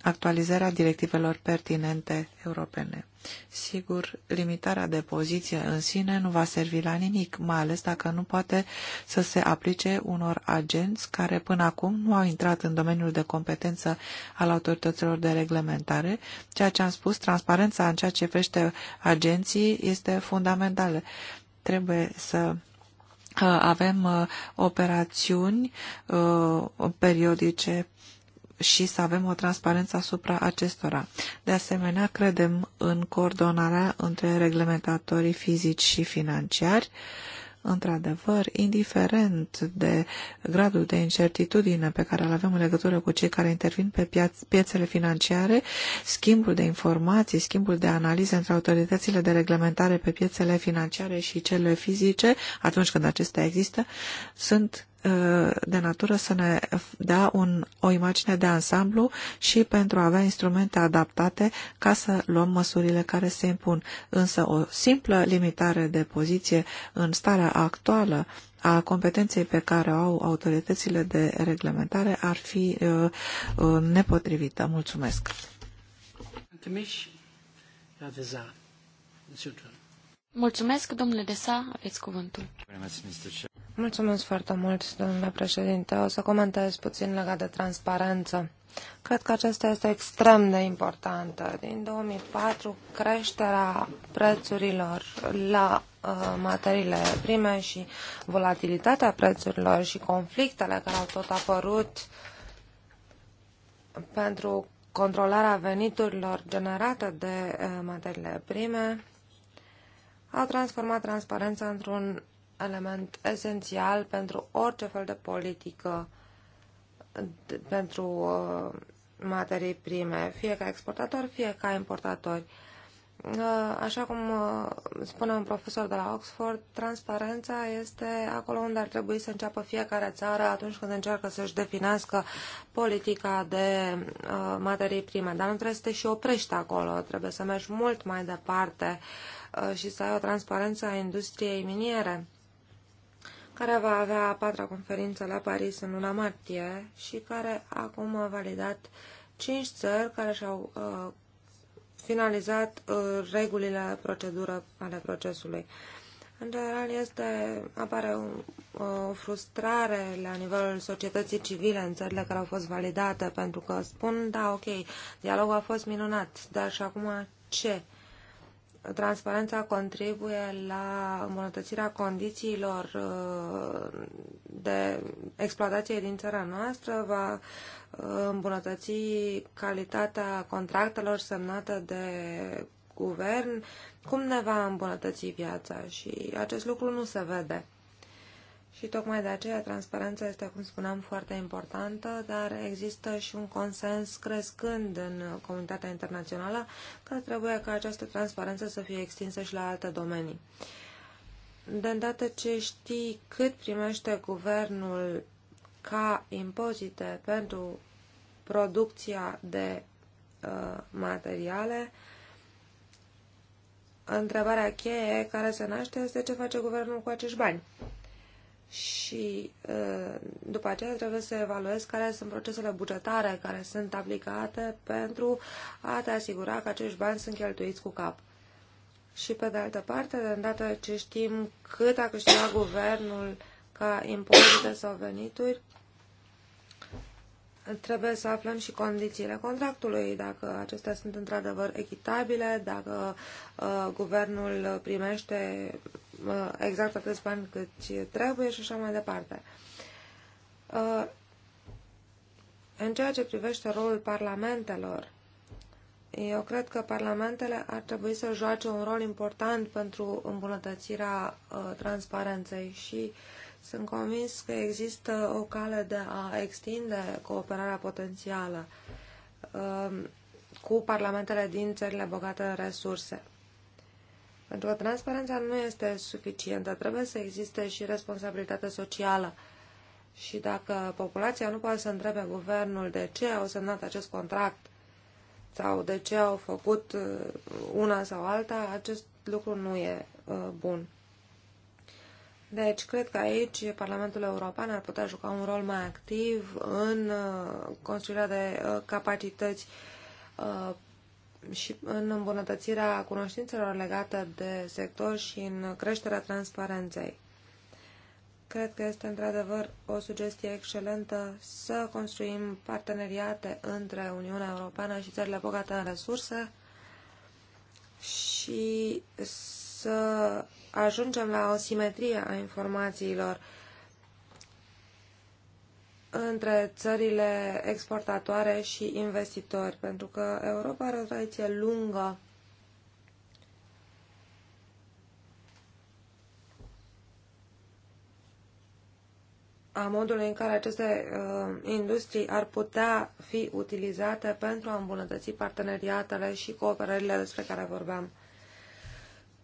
actualizarea directivelor pertinente europene. Sigur, limitarea de poziție în sine nu va servi la nimic, mai ales dacă nu poate să se aplice unor agenți care până acum nu au intrat în domeniul de competență al autorităților de reglementare. Ceea ce am spus, transparența în ceea ce privește agenții este fundamentală. Trebuie să avem uh, operațiuni uh, periodice și să avem o transparență asupra acestora. De asemenea, credem în coordonarea între reglementatorii fizici și financiari uh, într-adevăr, indiferent de gradul de incertitudine pe care îl avem în legătură cu cei care intervin pe piețele financiare, schimbul de informații, schimbul de analize între autoritățile de reglementare pe piețele financiare și cele fizice, atunci când acestea există, sunt de natură să ne dea un, o imagine de ansamblu și pentru a avea instrumente adaptate ca să luăm măsurile care se impun. Însă o simplă limitare de poziție în starea actuală a competenței pe care o au autoritățile de reglementare ar fi uh, uh nepotrivită. Mulțumesc! Mulțumesc, domnule Desa, aveți cuvântul. Mulțumesc foarte mult, domnule președinte. O să comentez puțin legat de transparență. Cred că aceasta este extrem de importantă. Din 2004, creșterea prețurilor la uh, materiile prime și volatilitatea prețurilor și conflictele care au tot apărut pentru controlarea veniturilor generate de uh, materiile prime au transformat transparența într-un element esențial pentru orice fel de politică pentru uh, materii prime, fie ca exportator, fie ca importatori. Uh, așa cum uh, spune un profesor de la Oxford, transparența este acolo unde ar trebui să înceapă fiecare țară atunci când încearcă să-și definească politica de materii prime. Dar nu trebuie să te și oprești acolo, trebuie să mergi mult mai departe și să ai o transparență a industriei miniere care va avea a patra conferință la Paris în luna martie și care acum a validat cinci țări care și-au uh, finalizat uh, regulile procedură ale procesului. În general, este, apare o, uh, o frustrare la nivelul societății civile în țările care au fost validate, pentru că spun, da, ok, dialogul a fost minunat, dar și acum ce? Uh, transparența contribuie la îmbunătățirea condițiilor uh, de exploatație din țara noastră, va uh, îmbunătăți calitatea contractelor semnate de guvern, cum ne va îmbunătăți viața și acest lucru nu se vede. Și tocmai de aceea transparența este, cum spuneam, foarte importantă, dar există și un consens crescând în comunitatea internațională că trebuie ca această transparență să fie extinsă și la alte domenii. De îndată ce știi cât primește guvernul ca impozite pentru producția de uh, materiale, întrebarea cheie care se naște este ce face guvernul cu acești bani și după aceea trebuie să evaluez care sunt procesele bugetare care sunt aplicate pentru a te asigura că acești bani sunt cheltuiți cu cap. Și pe de altă parte, de îndată ce știm cât a câștigat guvernul ca impozite sau venituri, trebuie să aflăm și condițiile contractului, dacă acestea sunt într-adevăr echitabile, dacă uh, guvernul primește exact atâți bani cât trebuie și așa mai departe. Uh, în ceea ce privește rolul parlamentelor, eu cred că parlamentele ar trebui să joace un rol important pentru îmbunătățirea uh, transparenței și sunt convins că există o cale de a extinde cooperarea potențială uh, cu parlamentele din țările bogate în resurse. Pentru că transparența nu este suficientă, trebuie să existe și responsabilitate socială. Și dacă populația nu poate să întrebe guvernul de ce au semnat acest contract sau de ce au făcut uh, una sau alta, acest lucru nu e uh, bun. Deci, cred că aici Parlamentul European ar putea juca un rol mai activ în uh, construirea de capacități și în îmbunătățirea cunoștințelor legate de sector și în creșterea transparenței. Cred că este într-adevăr o sugestie excelentă să construim parteneriate între Uniunea Europeană și țările bogate în resurse și să ajungem la o simetrie a informațiilor între țările exportatoare și investitori, pentru că Europa are o tradiție lungă a modului în care aceste uh, industrii ar putea fi utilizate pentru a îmbunătăți parteneriatele și cooperările despre care vorbeam.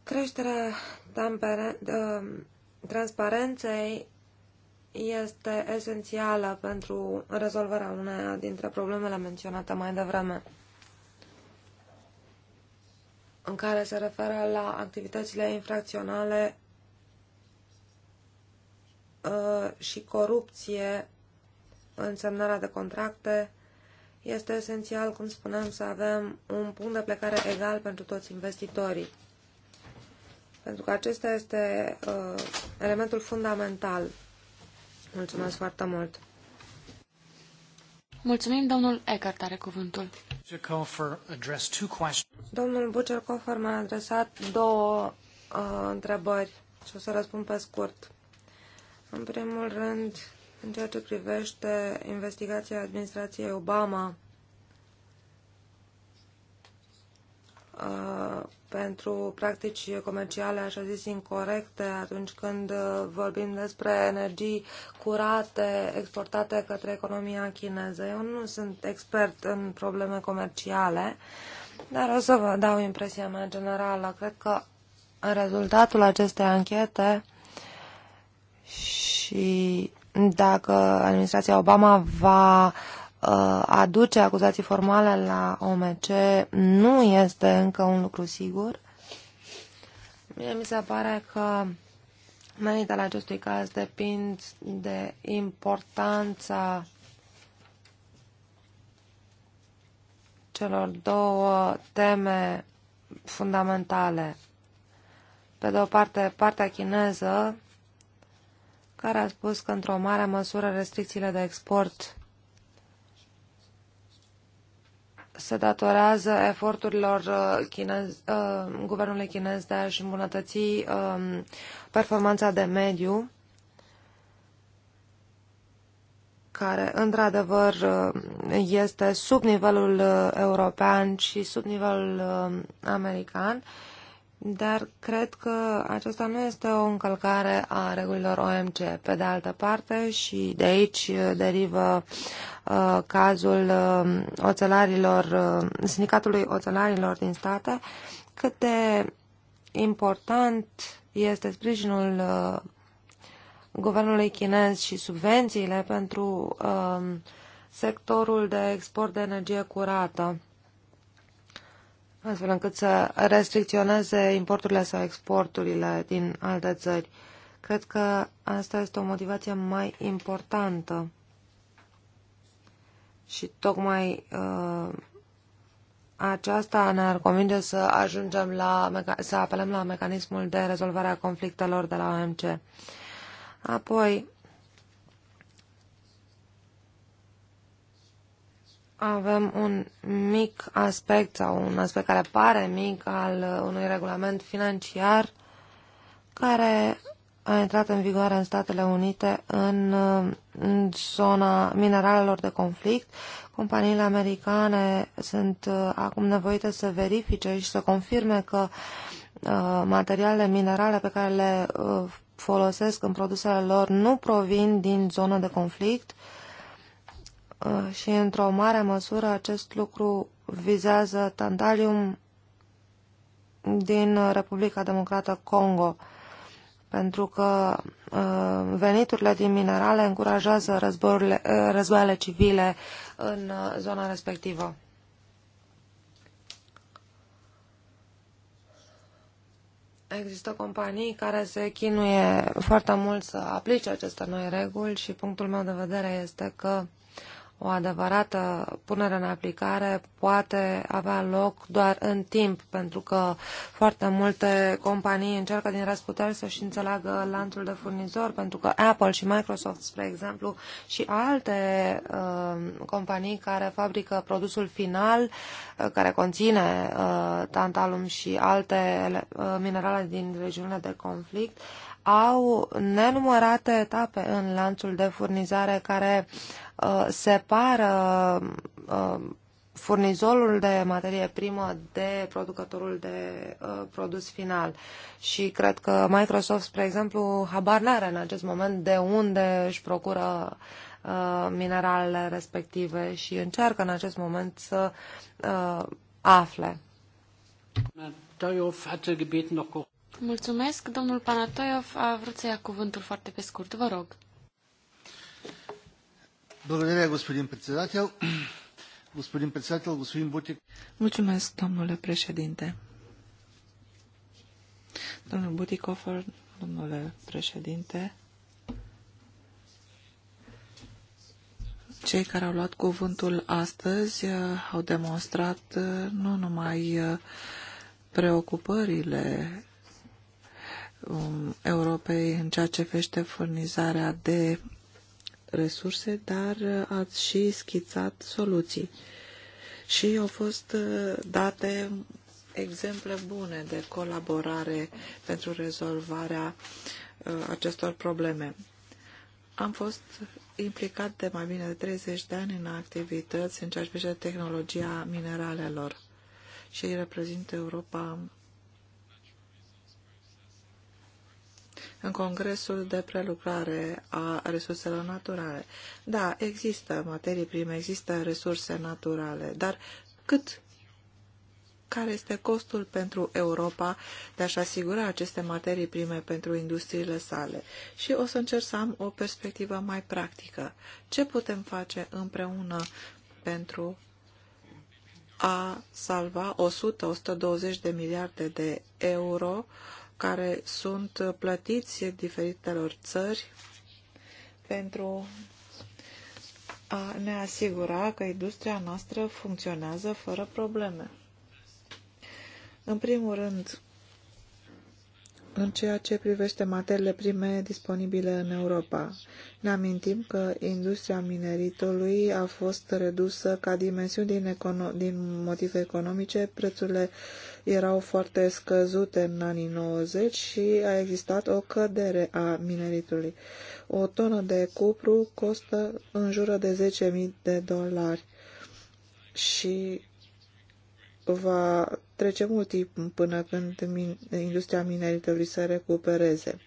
Creșterea tampere, uh, transparenței este esențială pentru rezolvarea uneia dintre problemele menționate mai devreme, în care se referă la activitățile infracționale uh, și corupție în semnarea de contracte, este esențial, cum spuneam, să avem un punct de plecare egal pentru toți investitorii. Pentru că acesta este uh, elementul fundamental Mulțumesc foarte mult. Mulțumim, domnul Eckert are cuvântul. Domnul Bucercofer m a adresat două uh, întrebări și o să răspund pe scurt. În primul rând, în ceea ce privește investigația administrației Obama, uh, pentru practici comerciale, așa zis, incorrecte atunci când uh, vorbim despre energii curate exportate către economia chineză. Eu nu sunt expert în probleme comerciale, dar o să vă dau impresia mea generală. Cred că în rezultatul acestei anchete și dacă administrația Obama va uh, Uh, aduce acuzații formale la OMC nu este încă un lucru sigur. Mie mi se pare că meritele acestui caz depind de importanța celor două teme fundamentale. Pe de o parte, partea chineză, care a spus că într-o mare măsură restricțiile de export se datorează eforturilor uh, chinez, uh, guvernului chinez de a-și îmbunătăți um, performanța de mediu, care într-adevăr uh, este sub nivelul european și sub nivelul american dar cred că aceasta nu este o încălcare a regulilor OMC. Pe de altă parte, și de aici uh, derivă uh, cazul uh, oțelarilor, uh, sindicatului oțelarilor din state, cât de important este sprijinul uh, guvernului chinez și subvențiile pentru uh, sectorul de export de energie curată astfel încât să restricționeze importurile sau exporturile din alte țări. Cred că asta este o motivație mai importantă și tocmai uh, aceasta ne-ar convinge să ajungem la, să apelăm la mecanismul de rezolvare a conflictelor de la OMC. Apoi, avem un mic aspect sau un aspect care pare mic al uh, unui regulament financiar care a intrat în vigoare în Statele Unite în, uh, în zona mineralelor de conflict. Companiile americane sunt uh, acum nevoite să verifice și să confirme că materialele minerale pe care le folosesc în produsele lor nu provin din zona de conflict uh, Uh, și într-o mare măsură acest lucru vizează Tantalium din Republica Democrată Congo, pentru că uh, veniturile din minerale încurajează uh, războaiele civile în zona respectivă. Există companii care se chinuie foarte mult să aplice aceste noi reguli și punctul meu de vedere este că o adevărată punere în aplicare poate avea loc doar în timp, pentru că foarte multe companii încearcă din răsputeri să-și înțeleagă lanțul de furnizor, pentru că Apple și Microsoft, spre exemplu, și alte uh, companii care fabrică produsul final, uh, care conține uh, tantalum și alte uh, minerale din regiunea de conflict, uh, au nenumărate etape în lanțul de furnizare care uh, separă uh, furnizorul de materie primă de producătorul de uh, produs final. Și cred că Microsoft, spre exemplu, habar n-are în acest moment de unde își procură uh, mineralele respective și încearcă în acest moment să uh, afle. Dojof gebeten, noch Mulțumesc. Domnul Panatoiov a vrut să ia cuvântul foarte pe scurt. Vă rog. Благодаря, господин председател. Господин председател, господин Бутик. Mulțumesc, domnule președinte. Domnul Butikofer, domnule președinte, cei care au luat cuvântul astăzi uh, au demonstrat uh, nu numai uh, preocupările Um, Europei în ceea ce fește furnizarea de resurse, dar uh, ați și schițat soluții. Și au fost uh, date exemple bune de colaborare pentru rezolvarea uh, acestor probleme. Am fost implicat de mai bine de 30 de ani în activități în ceea ce privește tehnologia mineralelor și ei reprezintă Europa în Congresul de Prelucrare a Resurselor Naturale. Da, există materii prime, există resurse naturale, dar cât care este costul pentru Europa de a-și asigura aceste materii prime pentru industriile sale. Și o să încerc să am o perspectivă mai practică. Ce putem face împreună pentru a salva 100-120 de miliarde de euro uh, care sunt plătiți diferitelor țări pentru a ne asigura că industria noastră funcționează fără probleme. În primul rând, în ceea ce privește materiile prime disponibile în Europa. Ne amintim că industria mineritului a fost redusă ca dimensiuni din, econo- din motive economice, prețurile erau foarte scăzute în anii 90 și a existat o cădere a mineritului. O tonă de cupru costă în jură de 10.000 de dolari și va trece mult timp până când min industria trebuie să recupereze.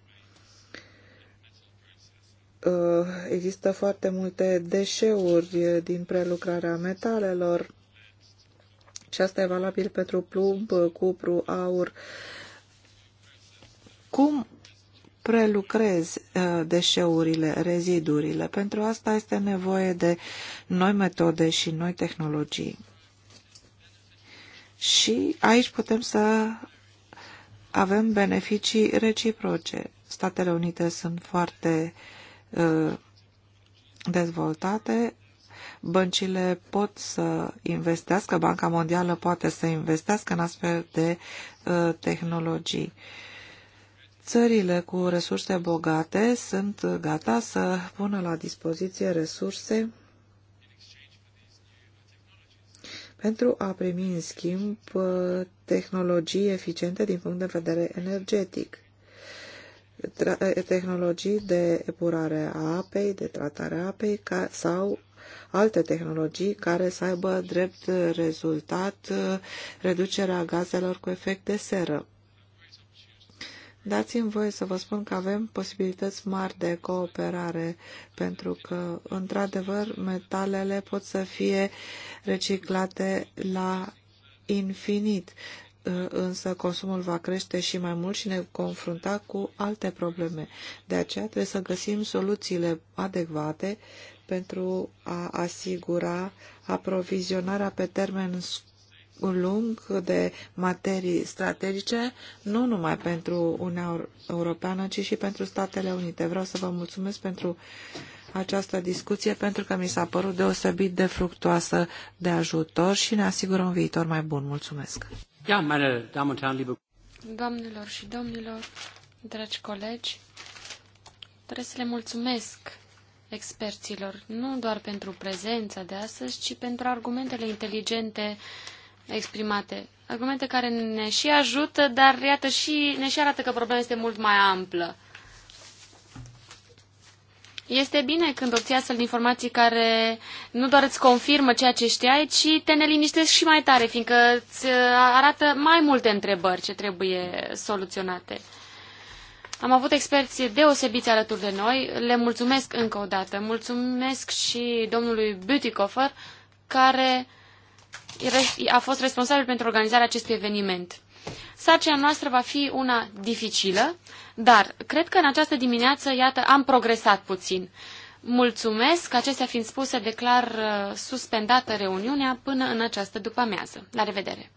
Uh, există foarte multe deșeuri din prelucrarea metalelor și asta e valabil pentru plumb, cupru, aur. Cum prelucrez uh, deșeurile, rezidurile? Pentru asta este nevoie de noi metode și noi tehnologii și aici putem să avem beneficii reciproce. Statele Unite sunt foarte uh, dezvoltate, băncile pot să investească, Banca Mondială poate să investească în astfel de uh, tehnologii. Țările cu resurse bogate sunt gata să pună la dispoziție resurse pentru a primi în schimb tehnologii eficiente din punct de vedere energetic. Tehnologii de epurare a apei, de tratare a apei ca, sau alte tehnologii care să aibă drept rezultat uh, reducerea gazelor cu efect de seră. Dați-mi voie să vă spun că avem posibilități mari de cooperare, pentru că, într-adevăr, metalele pot să fie reciclate la infinit, ă, însă consumul va crește și mai mult și ne confrunta cu alte probleme. De aceea trebuie să găsim soluțiile adecvate pentru a asigura aprovizionarea pe termen scurt lung de materii strategice, nu numai pentru Uniunea Europeană, ci și pentru Statele Unite. Vreau să vă mulțumesc pentru această discuție, pentru că mi s-a părut deosebit de fructoasă de ajutor și ne asigură un viitor mai bun. Mulțumesc! Doamnelor și domnilor, dragi colegi, trebuie să le mulțumesc experților, nu doar pentru prezența de astăzi, ci pentru argumentele inteligente exprimate. Argumente care ne și ajută, dar iată și, ne și arată că problema este mult mai amplă. Este bine când obții astfel de informații care nu doar îți confirmă ceea ce știai, ci te neliniștesc și mai tare, fiindcă îți uh, arată mai multe întrebări ce trebuie soluționate. Am avut experți deosebiți alături de noi, le mulțumesc încă o dată. Mulțumesc și domnului Butikofer, care a fost responsabil pentru organizarea acestui eveniment. Sarcina noastră va fi una dificilă, dar cred că în această dimineață, iată, am progresat puțin. Mulțumesc, acestea fiind spuse, declar uh, suspendată reuniunea până în această după-amiază. La revedere!